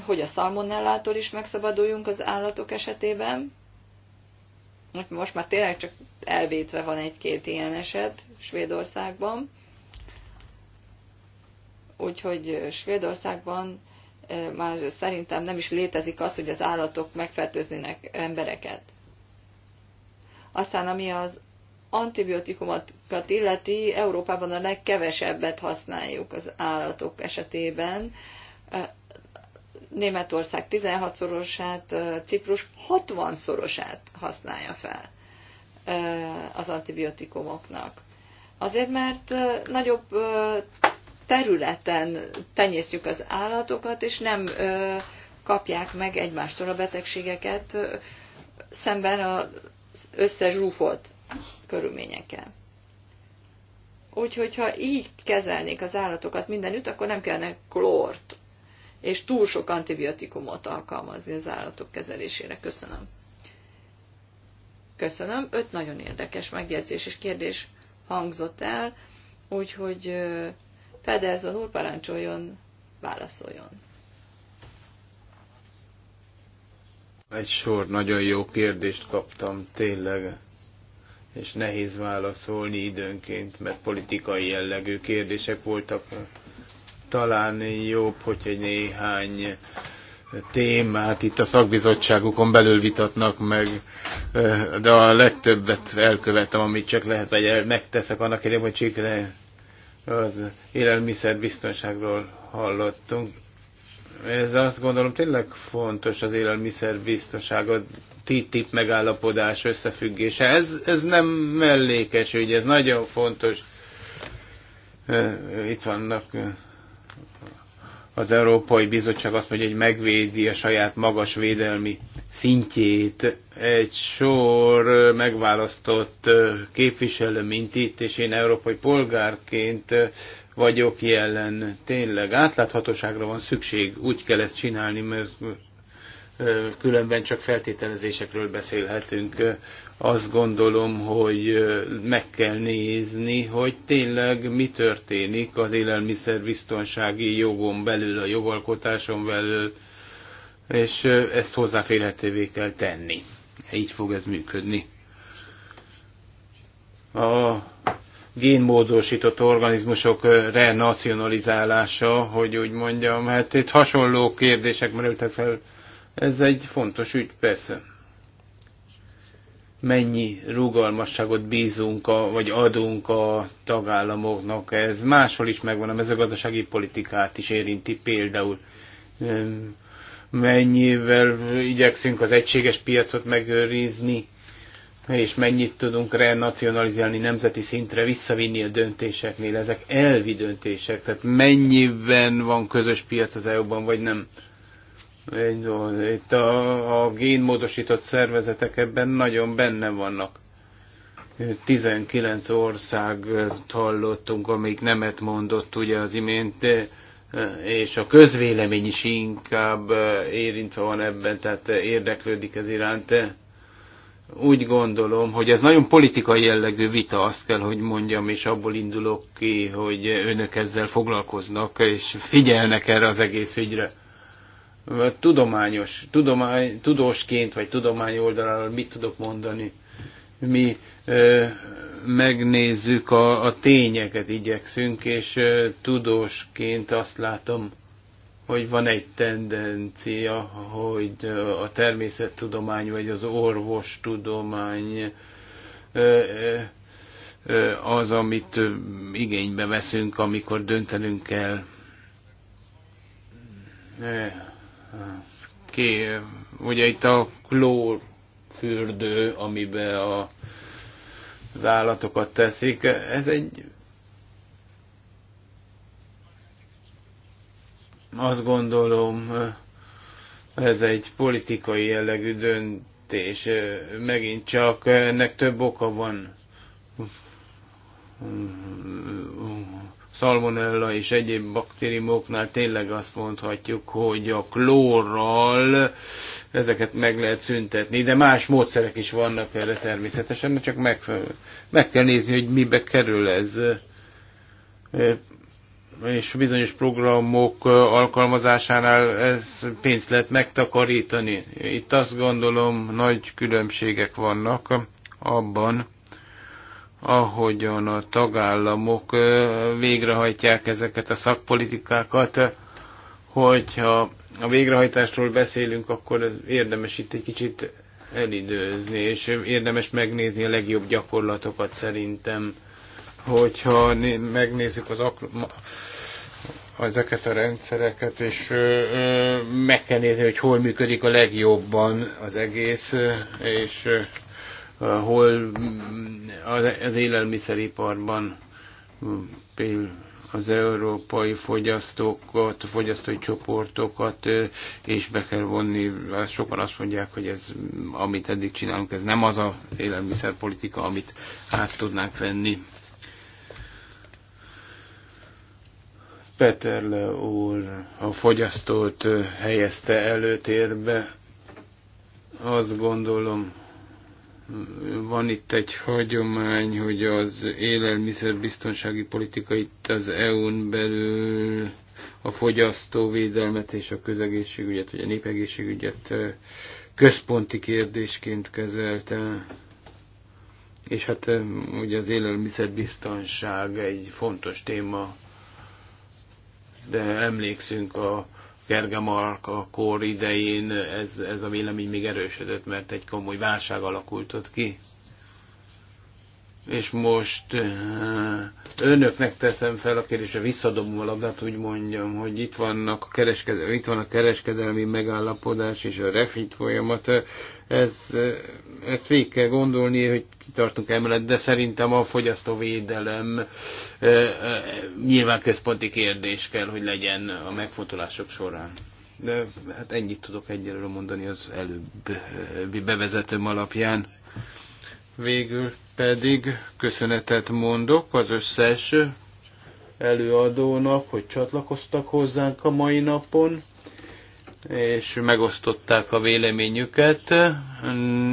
hogy a szalmonellától is megszabaduljunk az állatok esetében. Most már tényleg csak elvétve van egy-két ilyen eset Svédországban. Úgyhogy Svédországban már szerintem nem is létezik az, hogy az állatok megfertőznének embereket. Aztán ami az antibiotikumokat illeti, Európában a legkevesebbet használjuk az állatok esetében. Németország 16-szorosát, Ciprus 60-szorosát használja fel az antibiotikumoknak. Azért, mert nagyobb területen tenyésztjük az állatokat, és nem kapják meg egymástól a betegségeket szemben az összes zsúfolt körülményekkel. Úgyhogy ha így kezelnék az állatokat mindenütt, akkor nem kellene klort és túl sok antibiotikumot alkalmazni az állatok kezelésére. Köszönöm. Köszönöm. Öt nagyon érdekes megjegyzés és kérdés hangzott el, úgyhogy Pederson úr parancsoljon, válaszoljon. Egy sor nagyon jó kérdést kaptam, tényleg, és nehéz válaszolni időnként, mert politikai jellegű kérdések voltak. Talán jobb, hogy egy néhány témát itt a szakbizottságukon belül vitatnak meg, de a legtöbbet elkövetem, amit csak lehet, vagy megteszek annak érdekében, hogy az élelmiszerbiztonságról hallottunk. Ez azt gondolom tényleg fontos az élelmiszerbiztonság, a TTIP megállapodás összefüggése. Ez, ez nem mellékes ugye ez nagyon fontos. Itt vannak az Európai Bizottság azt mondja, hogy megvédi a saját magas védelmi szintjét. Egy sor megválasztott képviselő, mint itt, és én európai polgárként vagyok jelen. Tényleg átláthatóságra van szükség, úgy kell ezt csinálni, mert különben csak feltételezésekről beszélhetünk. Azt gondolom, hogy meg kell nézni, hogy tényleg mi történik az élelmiszerbiztonsági jogon belül, a jogalkotáson belül, és ezt hozzáférhetővé kell tenni. Így fog ez működni. A génmódosított organizmusok renacionalizálása, hogy úgy mondjam, hát itt hasonló kérdések merültek fel, ez egy fontos ügy, persze. Mennyi rugalmasságot bízunk, a, vagy adunk a tagállamoknak, ez máshol is megvan, a mezőgazdasági politikát is érinti például. Mennyivel igyekszünk az egységes piacot megőrizni, és mennyit tudunk renacionalizálni nemzeti szintre, visszavinni a döntéseknél, ezek elvi döntések, tehát mennyiben van közös piac az EU-ban, vagy nem. Itt a, a génmódosított szervezetek ebben nagyon benne vannak. 19 ország hallottunk, amik nemet mondott ugye az imént, és a közvélemény is inkább érintve van ebben, tehát érdeklődik ez iránt. Úgy gondolom, hogy ez nagyon politikai jellegű vita, azt kell, hogy mondjam, és abból indulok ki, hogy önök ezzel foglalkoznak, és figyelnek erre az egész ügyre Tudományos, tudomány, tudósként vagy tudomány oldaláról mit tudok mondani? Mi ö, megnézzük a, a tényeket, igyekszünk, és ö, tudósként azt látom, hogy van egy tendencia, hogy a természettudomány vagy az orvostudomány az, amit igénybe veszünk, amikor döntenünk kell. Ki, ugye itt a klórfürdő, amiben a az állatokat teszik. Ez egy azt gondolom, ez egy politikai jellegű döntés. Megint csak ennek több oka van szalmonella és egyéb baktériumoknál tényleg azt mondhatjuk, hogy a klórral ezeket meg lehet szüntetni, de más módszerek is vannak erre természetesen, csak meg, meg kell nézni, hogy mibe kerül ez. És bizonyos programok alkalmazásánál ez pénzt lehet megtakarítani. Itt azt gondolom, nagy különbségek vannak abban, ahogyan a tagállamok végrehajtják ezeket a szakpolitikákat, hogyha a végrehajtásról beszélünk, akkor érdemes itt egy kicsit elidőzni, és érdemes megnézni a legjobb gyakorlatokat szerintem, hogyha megnézzük az ezeket a rendszereket, és ö, ö, meg kell nézni, hogy hol működik a legjobban az egész, és ö, hol az élelmiszeriparban az európai fogyasztókat, fogyasztói csoportokat, és be kell vonni. Hát sokan azt mondják, hogy ez, amit eddig csinálunk, ez nem az az élelmiszerpolitika, amit át tudnánk venni. Le úr a fogyasztót helyezte előtérbe. Azt gondolom, van itt egy hagyomány, hogy az élelmiszerbiztonsági politika itt az EU-n belül a fogyasztóvédelmet és a közegészségügyet, vagy a népegészségügyet központi kérdésként kezelte. És hát ugye az élelmiszerbiztonság egy fontos téma, de emlékszünk a Gerge a kor idején ez, ez a vélemény még erősödött, mert egy komoly válság alakult ott ki és most eh, önöknek teszem fel a kérdésre, visszadobom a labdát, úgy mondjam, hogy itt, vannak a kereskedelmi, itt van a kereskedelmi megállapodás és a refit folyamat. Ez, eh, ezt végig kell gondolni, hogy kitartunk emellett, de szerintem a fogyasztóvédelem eh, nyilván központi kérdés kell, hogy legyen a megfontolások során. De hát ennyit tudok egyelőre mondani az előbbi bevezetőm alapján. Végül pedig köszönetet mondok az összes előadónak, hogy csatlakoztak hozzánk a mai napon, és megosztották a véleményüket.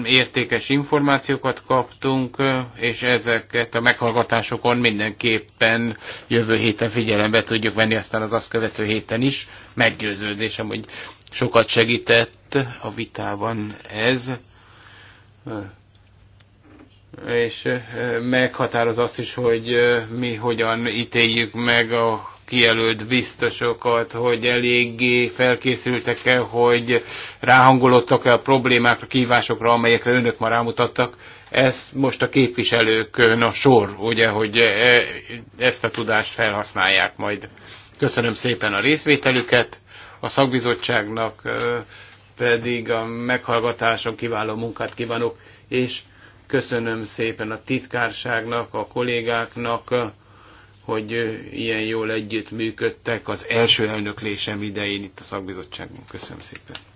Értékes információkat kaptunk, és ezeket a meghallgatásokon mindenképpen jövő héten figyelembe tudjuk venni, aztán az azt követő héten is. Meggyőződésem, hogy sokat segített a vitában ez és meghatároz azt is, hogy mi hogyan ítéljük meg a kijelölt biztosokat, hogy eléggé felkészültek-e, hogy ráhangolódtak-e a problémákra, kívásokra, amelyekre önök már rámutattak. Ez most a képviselőkön a sor, ugye, hogy ezt a tudást felhasználják majd. Köszönöm szépen a részvételüket, a szakbizottságnak pedig a meghallgatáson kiváló munkát kívánok, és Köszönöm szépen a titkárságnak, a kollégáknak, hogy ilyen jól együtt működtek az első elnöklésem idején itt a szakbizottságban. Köszönöm szépen.